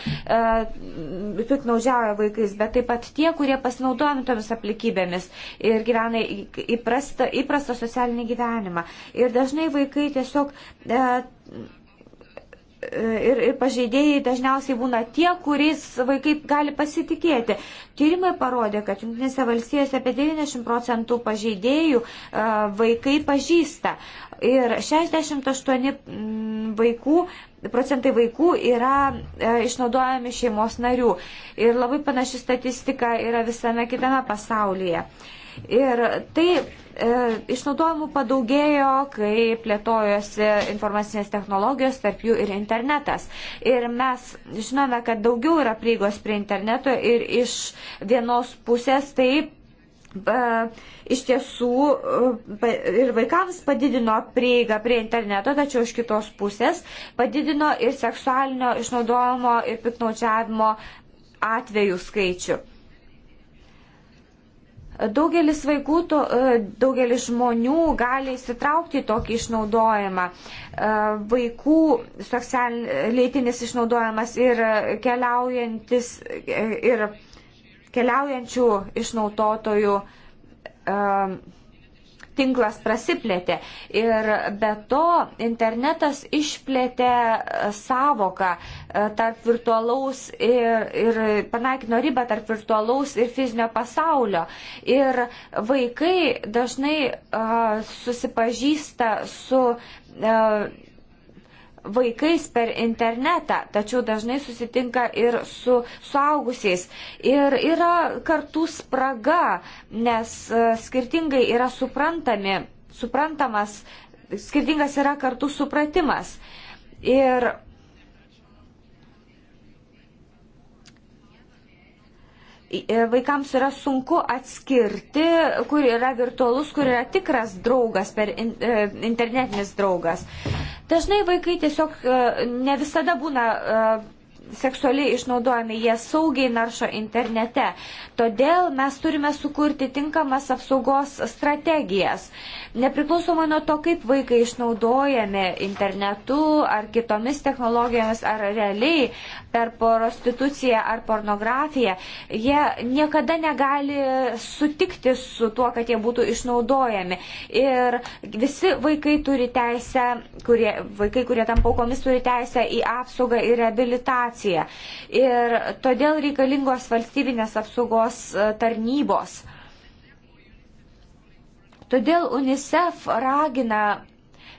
piknaužiauja vaikais, bet taip pat tie, kurie pasinaudojami tomis aplikybėmis ir gyvena įprastą, įprastą socialinį gyvenimą. Ir dažnai vaikai tiesiog. E, e, Ir, ir pažeidėjai dažniausiai būna tie, kuriais vaikai gali pasitikėti. Tyrimai parodė, kad Junktinėse valstijose apie 90 procentų pažeidėjų e, vaikai pažįsta. Ir 68 vaikų procentai vaikų yra e, išnaudojami šeimos narių. Ir labai panaši statistika yra visame kitame pasaulyje. Ir tai e, išnaudojimų padaugėjo, kai plėtojosi informacinės technologijos, tarp jų ir internetas. Ir mes žinome, kad daugiau yra prieigos prie interneto ir iš vienos pusės taip iš tiesų ir vaikams padidino prieigą prie interneto, tačiau iš kitos pusės padidino ir seksualinio išnaudojimo ir piknaudžiavimo atvejų skaičių. Daugelis vaikų, to, daugelis žmonių gali įsitraukti į tokį išnaudojimą. Vaikų lėtinis išnaudojimas ir keliaujantis ir keliaujančių išnaudotojų tinklas prasiplėtė. Ir be to internetas išplėtė e, savoką e, tarp virtualaus ir, ir panaikino ribą tarp virtualaus ir fizinio pasaulio. Ir vaikai dažnai uh, susipažįsta su uh, vaikais per internetą, tačiau dažnai susitinka ir su suaugusiais. Ir yra kartų spraga, nes e, skirtingai yra suprantami, suprantamas, skirtingas yra kartų supratimas. Ir E, vaikams yra sunku atskirti, kur yra virtualus, kur yra tikras draugas, per in, e, internetinis draugas. Dažnai vaikai tiesiog e, ne visada būna seksualiai išnaudojami, jie saugiai naršo internete. Todėl mes turime sukurti tinkamas apsaugos strategijas. Nepriklausomai nuo to, kaip vaikai išnaudojami internetu ar kitomis technologijomis ar realiai, per prostituciją ar pornografiją, jie niekada negali sutikti su tuo, kad jie būtų išnaudojami. Ir visi vaikai turi teisę, kurie, vaikai, kurie tam paukomis turi teisę į apsaugą ir rehabilitaciją. Ir todėl reikalingos valstybinės apsaugos e, tarnybos. Todėl UNICEF ragina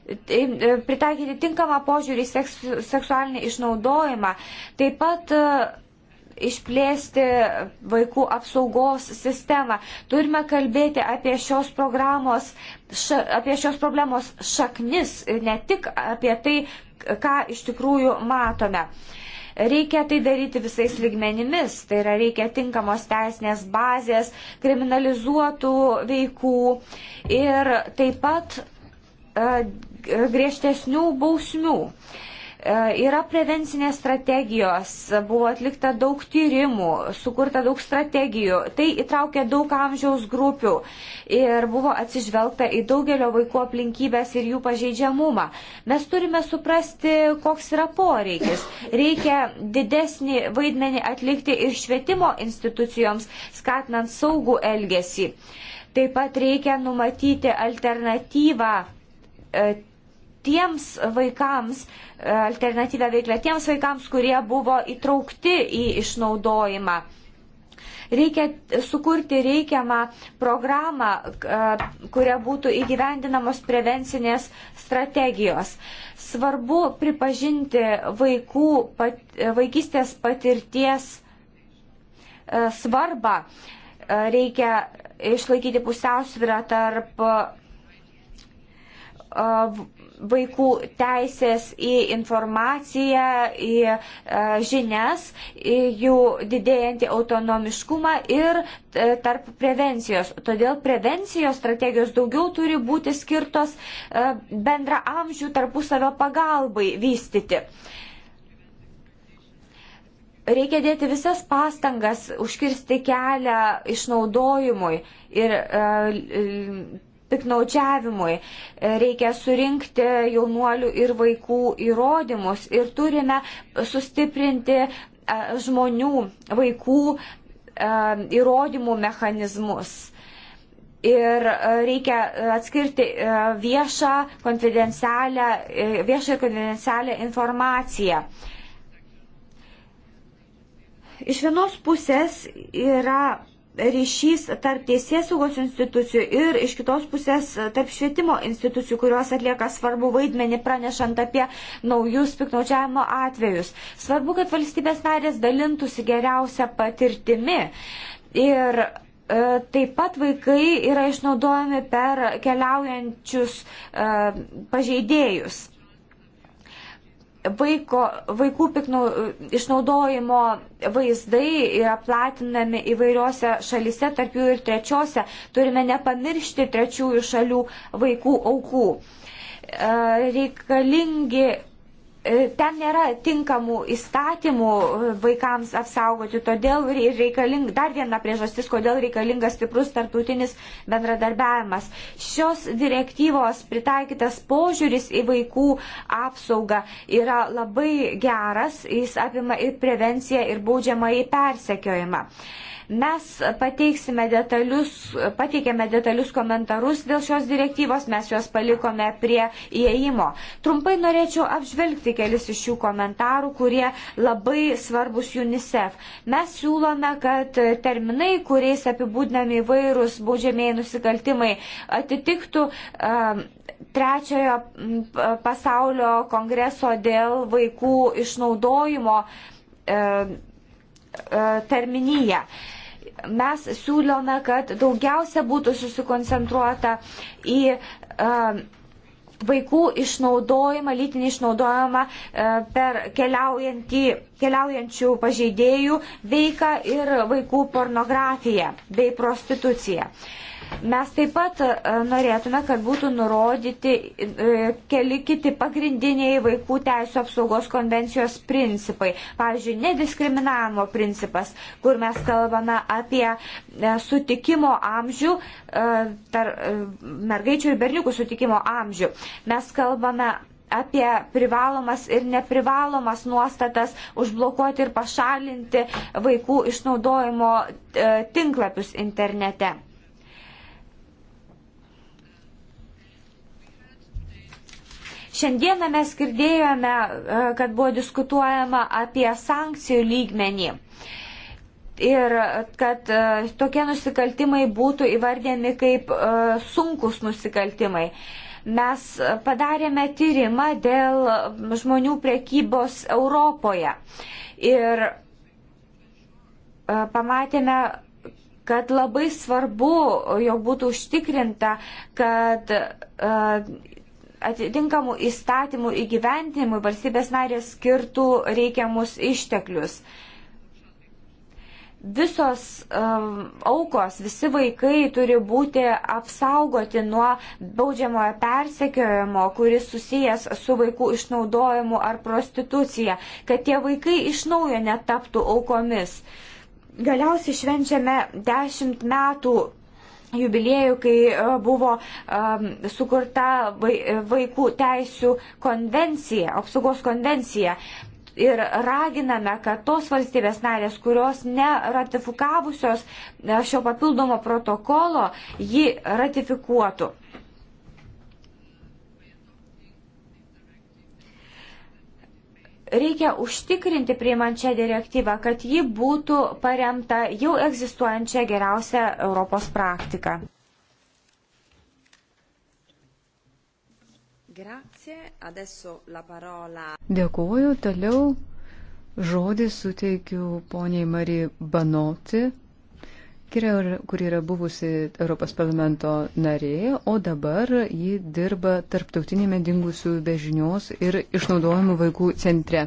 Tai, e, pritaikyti tinkamą požiūrį į seksu, seksualinį išnaudojimą, taip pat e, išplėsti vaikų apsaugos sistemą. Turime kalbėti apie šios, ša, apie šios problemos šaknis, ne tik apie tai, ką iš tikrųjų matome. Reikia tai daryti visais ligmenimis, tai yra reikia tinkamos teisinės bazės, kriminalizuotų veikų ir taip pat e, E, griežtesnių bausmių. E, yra prevencinės strategijos, buvo atlikta daug tyrimų, sukurta daug strategijų, tai įtraukė daug amžiaus grupių ir buvo atsižvelgta į daugelio vaikų aplinkybės ir jų pažeidžiamumą. Mes turime suprasti, koks yra poreikis. Reikia didesnį vaidmenį atlikti ir švietimo institucijoms, skatinant saugų elgesį. Taip pat reikia numatyti alternatyvą e, tiems vaikams, e, alternatyvę veiklą tiems vaikams, kurie buvo įtraukti į išnaudojimą. Reikia sukurti reikiamą programą, e, kuria būtų įgyvendinamos prevencinės strategijos. Svarbu pripažinti vaikų, pat, e, vaikystės patirties svarbą. Reikia išlaikyti pusiausvyrą tarp vaikų teisės į informaciją, į e, žinias, į jų didėjantį autonomiškumą ir e, tarp prevencijos. Todėl prevencijos strategijos daugiau turi būti skirtos e, bendra amžių tarpusavio pagalbai vystyti. Reikia dėti visas pastangas užkirsti kelią išnaudojimui ir piknaudžiavimui. Reikia surinkti jaunuolių ir vaikų įrodymus ir turime sustiprinti e, žmonių, vaikų e, įrodymų mechanizmus. Ir e, reikia atskirti viešą, konfidencialią, viešą ir konfidencialią informaciją. Iš vienos pusės yra ryšys tarp teisėsaugos institucijų ir iš kitos pusės tarp švietimo institucijų, kurios atlieka svarbu vaidmenį pranešant apie naujus piknaudžiavimo atvejus. Svarbu, kad valstybės narės dalintųsi geriausią patirtimi. Ir e, Taip pat vaikai yra išnaudojami per keliaujančius e, pažeidėjus. Vaiko, vaikų piknau, išnaudojimo vaizdai yra platinami įvairiose šalise, tarp jų ir trečiose. Turime nepamiršti trečiųjų šalių vaikų aukų. E, reikalingi E, ten nėra tinkamų įstatymų e, vaikams apsaugoti, todėl reikaling, dar viena priežastis, kodėl reikalingas stiprus tarptautinis bendradarbiavimas. Šios direktyvos pritaikytas požiūris į vaikų apsaugą yra labai geras, jis apima ir prevenciją, ir baudžiamą į persekiojimą. Uh, Mes pateiksime detalius, pateikėme detalius komentarus dėl šios direktyvos, mes juos palikome prie įėjimo. Trumpai norėčiau apžvelgti kelis iš šių komentarų, kurie labai svarbus UNICEF. Mes siūlome, kad terminai, kuriais apibūdinami įvairūs baudžiamieji nusikaltimai, atitiktų um, trečiojo pasaulio kongreso dėl vaikų išnaudojimo um, e, e, terminiją. E, mes siūlome, kad daugiausia būtų susikoncentruota į e, vaikų išnaudojimą, lytinį išnaudojimą e, per keliaujančių pažeidėjų veiką ir vaikų pornografiją bei prostituciją. Mes taip pat e, norėtume, kad būtų nurodyti e, keli kiti pagrindiniai vaikų teisų apsaugos konvencijos principai. Pavyzdžiui, nediskriminavimo principas, kur mes kalbame apie e, sutikimo amžių, tar, mergaičių ir berniukų sutikimo amžių. Mes kalbame apie privalomas ir neprivalomas nuostatas užblokuoti ir pašalinti vaikų išnaudojimo tinklapius internete. Šiandieną mes girdėjome, e, kad buvo diskutuojama apie sankcijų lygmenį. Ir kad e, tokie nusikaltimai būtų įvardėmi kaip e, sunkus nusikaltimai. Mes padarėme tyrimą dėl žmonių prekybos Europoje. Ir pamatėme, kad labai svarbu, jog būtų užtikrinta, kad atitinkamų įstatymų įgyventinimui valstybės narės skirtų reikiamus išteklius. Visos um, aukos, visi vaikai turi būti apsaugoti nuo baudžiamojo persekiojimo, kuris susijęs su vaikų išnaudojimu ar prostitucija, kad tie vaikai iš naujo netaptų aukomis. Galiausiai švenčiame dešimt metų jubiliejų, kai e, buvo um, sukurta e, vaikų teisų konvencija, apsaugos konvencija. Ir raginame, kad tos valstybės narės, kurios neratifikavusios šio papildomo protokolo, jį ratifikuotų. reikia užtikrinti priimant šią direktyvą, kad ji būtų paremta jau egzistuojančią geriausią Europos praktiką. Dėkuoju, toliau žodį suteikiu poniai Marijai Banoti, Kiria, kuri yra buvusi Europos parlamento narė, o dabar ji dirba tarptautinėme dingusių bežinios ir išnaudojimų vaikų centre.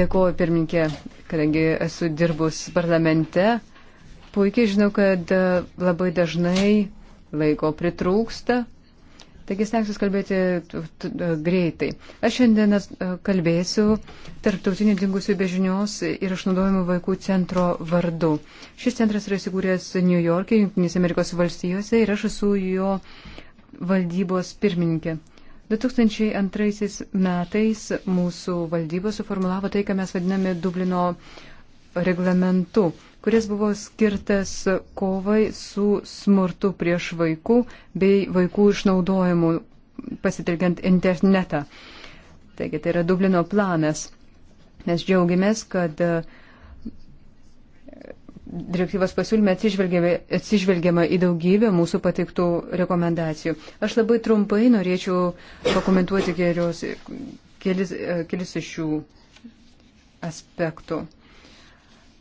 Dėkuoju, pirmininkė, kadangi esu dirbus parlamente. Puikiai žinau, kad labai dažnai laiko pritrūksta Taigi stengsiuosi kalbėti greitai. Aš šiandien e, kalbėsiu tarptautinį dingusių bežinios ir išnaudojimų vaikų centro vardu. Šis centras yra įsikūręs New York'e, Junktinėse Amerikos valstijose ir aš esu jo valdybos pirmininkė. 2002 metais mūsų valdyba suformulavo tai, ką mes vadiname Dublino reglamentu kuris buvo skirtas kovai su smurtu prieš vaikų bei vaikų išnaudojimu pasitelkiant internetą. Taigi tai yra Dublino planas. Mes džiaugiamės, kad e, direktyvos pasiūlyme atsižvelgiama į daugybę mūsų pateiktų rekomendacijų. Aš labai trumpai norėčiau pakomentuoti kelius, kelis, e, kelis iš šių aspektų.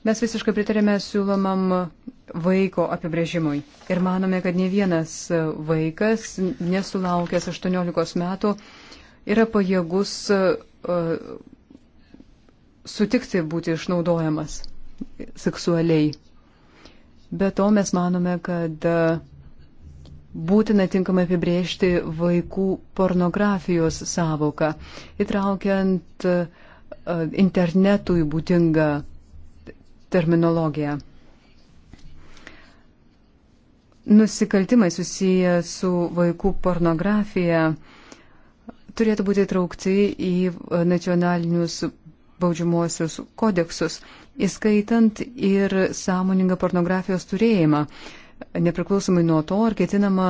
Mes visiškai pritarėme siūlomam vaiko apibrėžimui ir manome, kad ne vienas vaikas, nesulaukęs 18 metų, yra pajėgus uh, sutikti būti išnaudojamas seksualiai. Be to mes manome, kad uh, būtina tinkamai apibrėžti vaikų pornografijos savoką, įtraukiant uh, internetui būdingą terminologiją. Nusikaltimai susiję su vaikų pornografija turėtų būti traukti į e, nacionalinius baudžiamuosius kodeksus, įskaitant ir sąmoningą pornografijos turėjimą nepriklausomai nuo to, ar ketinama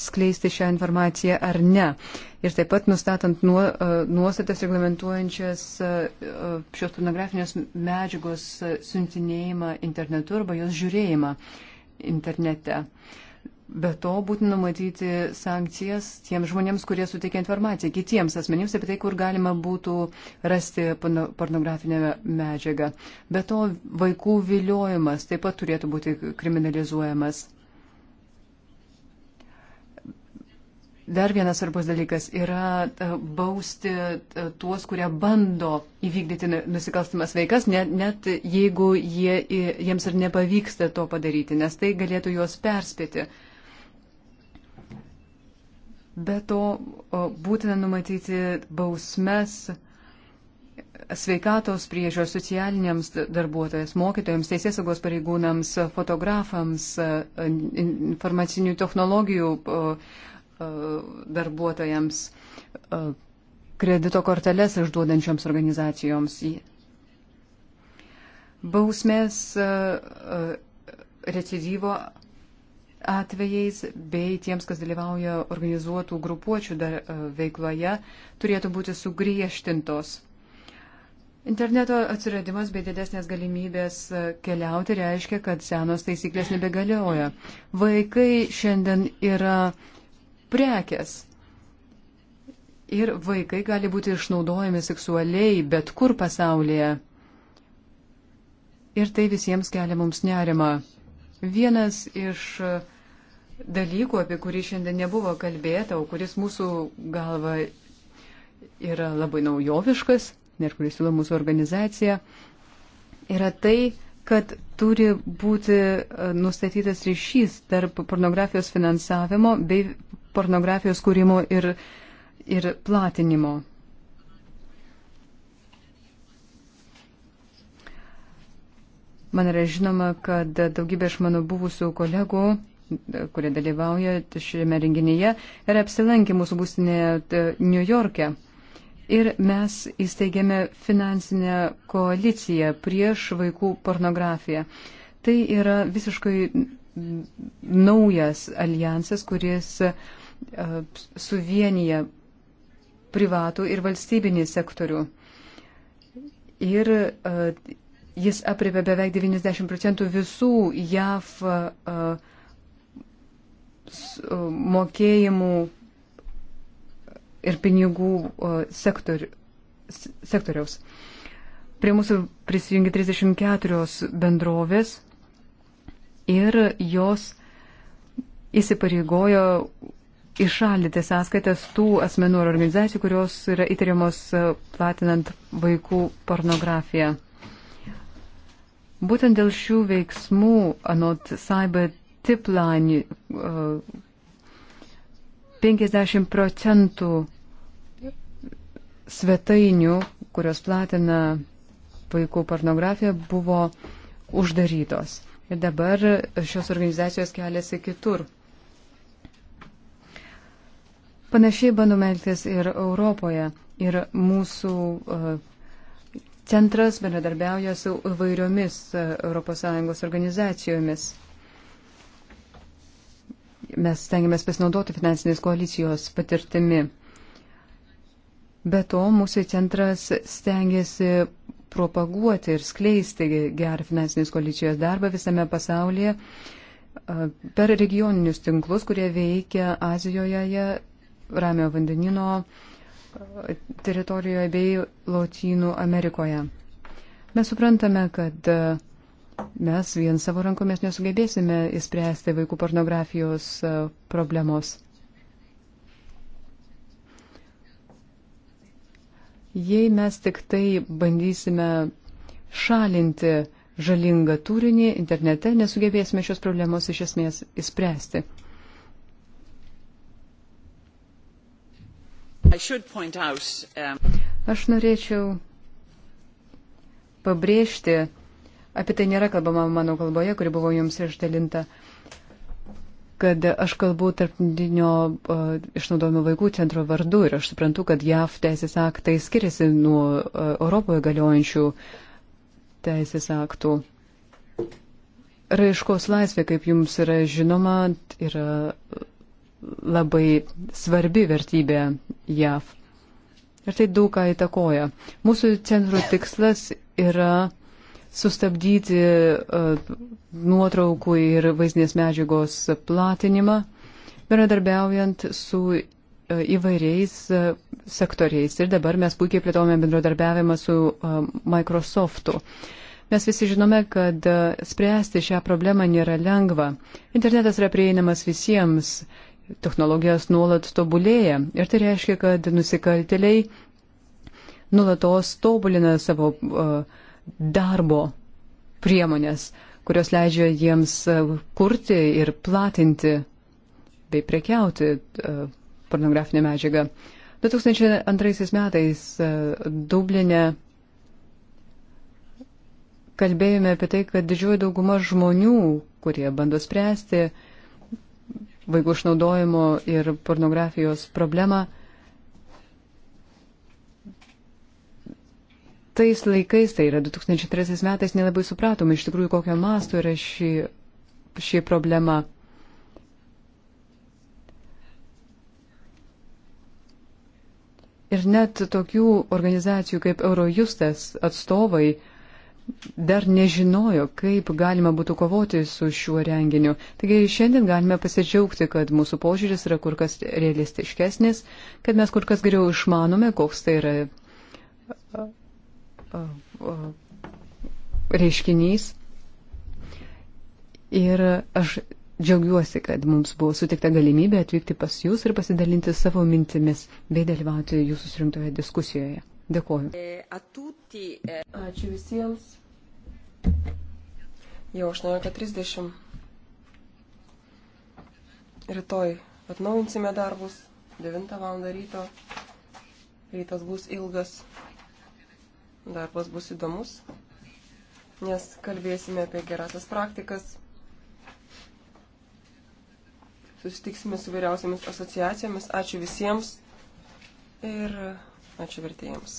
skleisti šią informaciją ar ne. Ir taip pat nustatant nuo, nuostatas reglamentuojančias šios pornografinės medžiagos siuntinėjimą internetu arba jos žiūrėjimą internete. Uh, Be to būtina numatyti sankcijas tiems žmonėms, kurie suteikia informaciją kitiems asmenims apie tai, kur galima būtų rasti pornografinę medžiagą. Be to vaikų viliojimas taip pat turėtų būti kriminalizuojamas. Dar vienas svarbus dalykas yra e, bausti e, tuos, kurie bando įvykdyti nu-, nusikalstamas veikas, net, net jeigu jie, jiems ir nepavyksta to padaryti, nes tai galėtų juos perspėti. Be to būtina numatyti bausmes sveikatos priežiūros socialiniams darbuotojams, mokytojams, teisėsaugos pareigūnams, fotografams, e, informacinių technologijų e, darbuotojams, e, kredito korteles išduodančioms organizacijoms. Bausmės recidyvo atvejais bei tiems, kas dalyvauja organizuotų grupuočių dar, e, veikloje, turėtų būti sugriežtintos. Interneto atsiradimas bei didesnės galimybės e, keliauti reiškia, kad senos taisyklės nebegalioja. Vaikai šiandien yra prekes. Ir vaikai gali būti išnaudojami seksualiai bet kur pasaulyje. Ir tai visiems kelia mums nerima. Vienas iš uh, dalykų, apie kurį šiandien nebuvo kalbėta, o kuris mūsų galva yra labai naujoviškas, ir kurį siūlo mūsų organizacija, yra tai, kad turi būti e, nustatytas ryšys tarp pornografijos finansavimo bei pornografijos kūrimo ir, ir platinimo. Man yra žinoma, kad daugybė iš mano buvusių kolegų kurie dalyvauja šiame renginyje, yra apsilankę mūsų būstinėje New York'e. Ir mes įsteigėme finansinę koaliciją prieš vaikų pornografiją. Tai yra visiškai naujas alijansas, kuris e, suvienyje privatų ir valstybinį sektorių. Ir e, jis apriepia beveik 90 procentų visų JAV uh, e, mokėjimų ir pinigų sektori, sektoriaus. Prie mūsų prisijungi 34 bendrovės ir jos įsipareigojo išaldyti sąskaitas tų asmenų ar organizacijų, kurios yra įtariamos e, platinant vaikų pornografiją. Būtent dėl šių veiksmų, anot Cyber Tiplan 50 procentų svetainių, kurios platina vaikų pornografiją, buvo uždarytos. Ir dabar šios organizacijos keliasi kitur. Panašiai bandome elgtis ir Europoje. Ir mūsų centras bendradarbiauja su įvairiomis ES organizacijomis. Mes stengiamės pasinaudoti finansinės koalicijos patirtimi. Be to, mūsų centras stengiasi propaguoti ir skleisti gerą finansinės koalicijos darbą visame pasaulyje per regioninius tinklus, kurie veikia Azijoje, Ramio vandenino teritorijoje bei Lotynų Amerikoje. Mes suprantame, kad Mes vien savo rankomis nesugebėsime įspręsti vaikų pornografijos e, problemos. Jei mes tik tai bandysime šalinti žalingą turinį internete, nesugebėsime šios problemos iš esmės įspręsti. Um, Aš norėčiau pabrėžti, Apie tai nėra kalbama mano kalboje, kuri buvo jums išdalinta kad aš kalbu tarptautinio uh, išnaudojimo vaikų centro vardu ir aš suprantu, kad JAV teisės aktai skiriasi nuo uh, Europoje galiojančių teisės aktų. Raiškos laisvė, kaip jums yra žinoma, yra labai svarbi vertybė JAV. Ir tai daug ką įtakoja. Mūsų centro tikslas yra uh, sustabdyti e, nuotraukų ir vaizdinės medžiagos platinimą, bendradarbiaujant su e, įvairiais e, sektoriais. Ir dabar mes puikiai plėtojame bendradarbiavimą su Microsoftu. Mes visi žinome, kad spręsti šią problemą nėra lengva. Internetas yra prieinamas visiems, technologijos nuolat tobulėja ir tai reiškia, kad nusikaltėliai nuolatos tobulina savo uh, darbo priemonės, kurios leidžia jiems e, kurti ir platinti bei prekiauti e, pornografinę medžiagą. 2002 metais e, Dublinė kalbėjome apie tai, kad didžioji dauguma žmonių, kurie bando spręsti vaikų išnaudojimo ir pornografijos problemą, tais laikais, tai yra 2003 metais, nelabai supratome iš tikrųjų, kokio masto yra ši, ši problema. Ir net tokių organizacijų kaip Eurojustas atstovai dar nežinojo, kaip galima būtų kovoti su šiuo renginiu. Taigi šiandien galime pasidžiaugti, kad mūsų požiūris yra kur kas realistiškesnis, kad mes kur kas geriau išmanome, koks tai yra reiškinys. Ir aš džiaugiuosi, kad mums buvo sutikta galimybė atvykti pas Jūs ir pasidalinti savo mintimis bei dalyvauti Jūsų surinktoje diskusijoje. Dėkuoju. E, e, Ačiū visiems. Jau 18.30. Rytoj atnaujinsime darbus 9 val. ryto. Rytas bus ilgas. Darbas bus įdomus, nes kalbėsime apie gerasias praktikas. Susitiksime su vyriausiamis asociacijomis. Ačiū visiems ir ačiū vertėjams.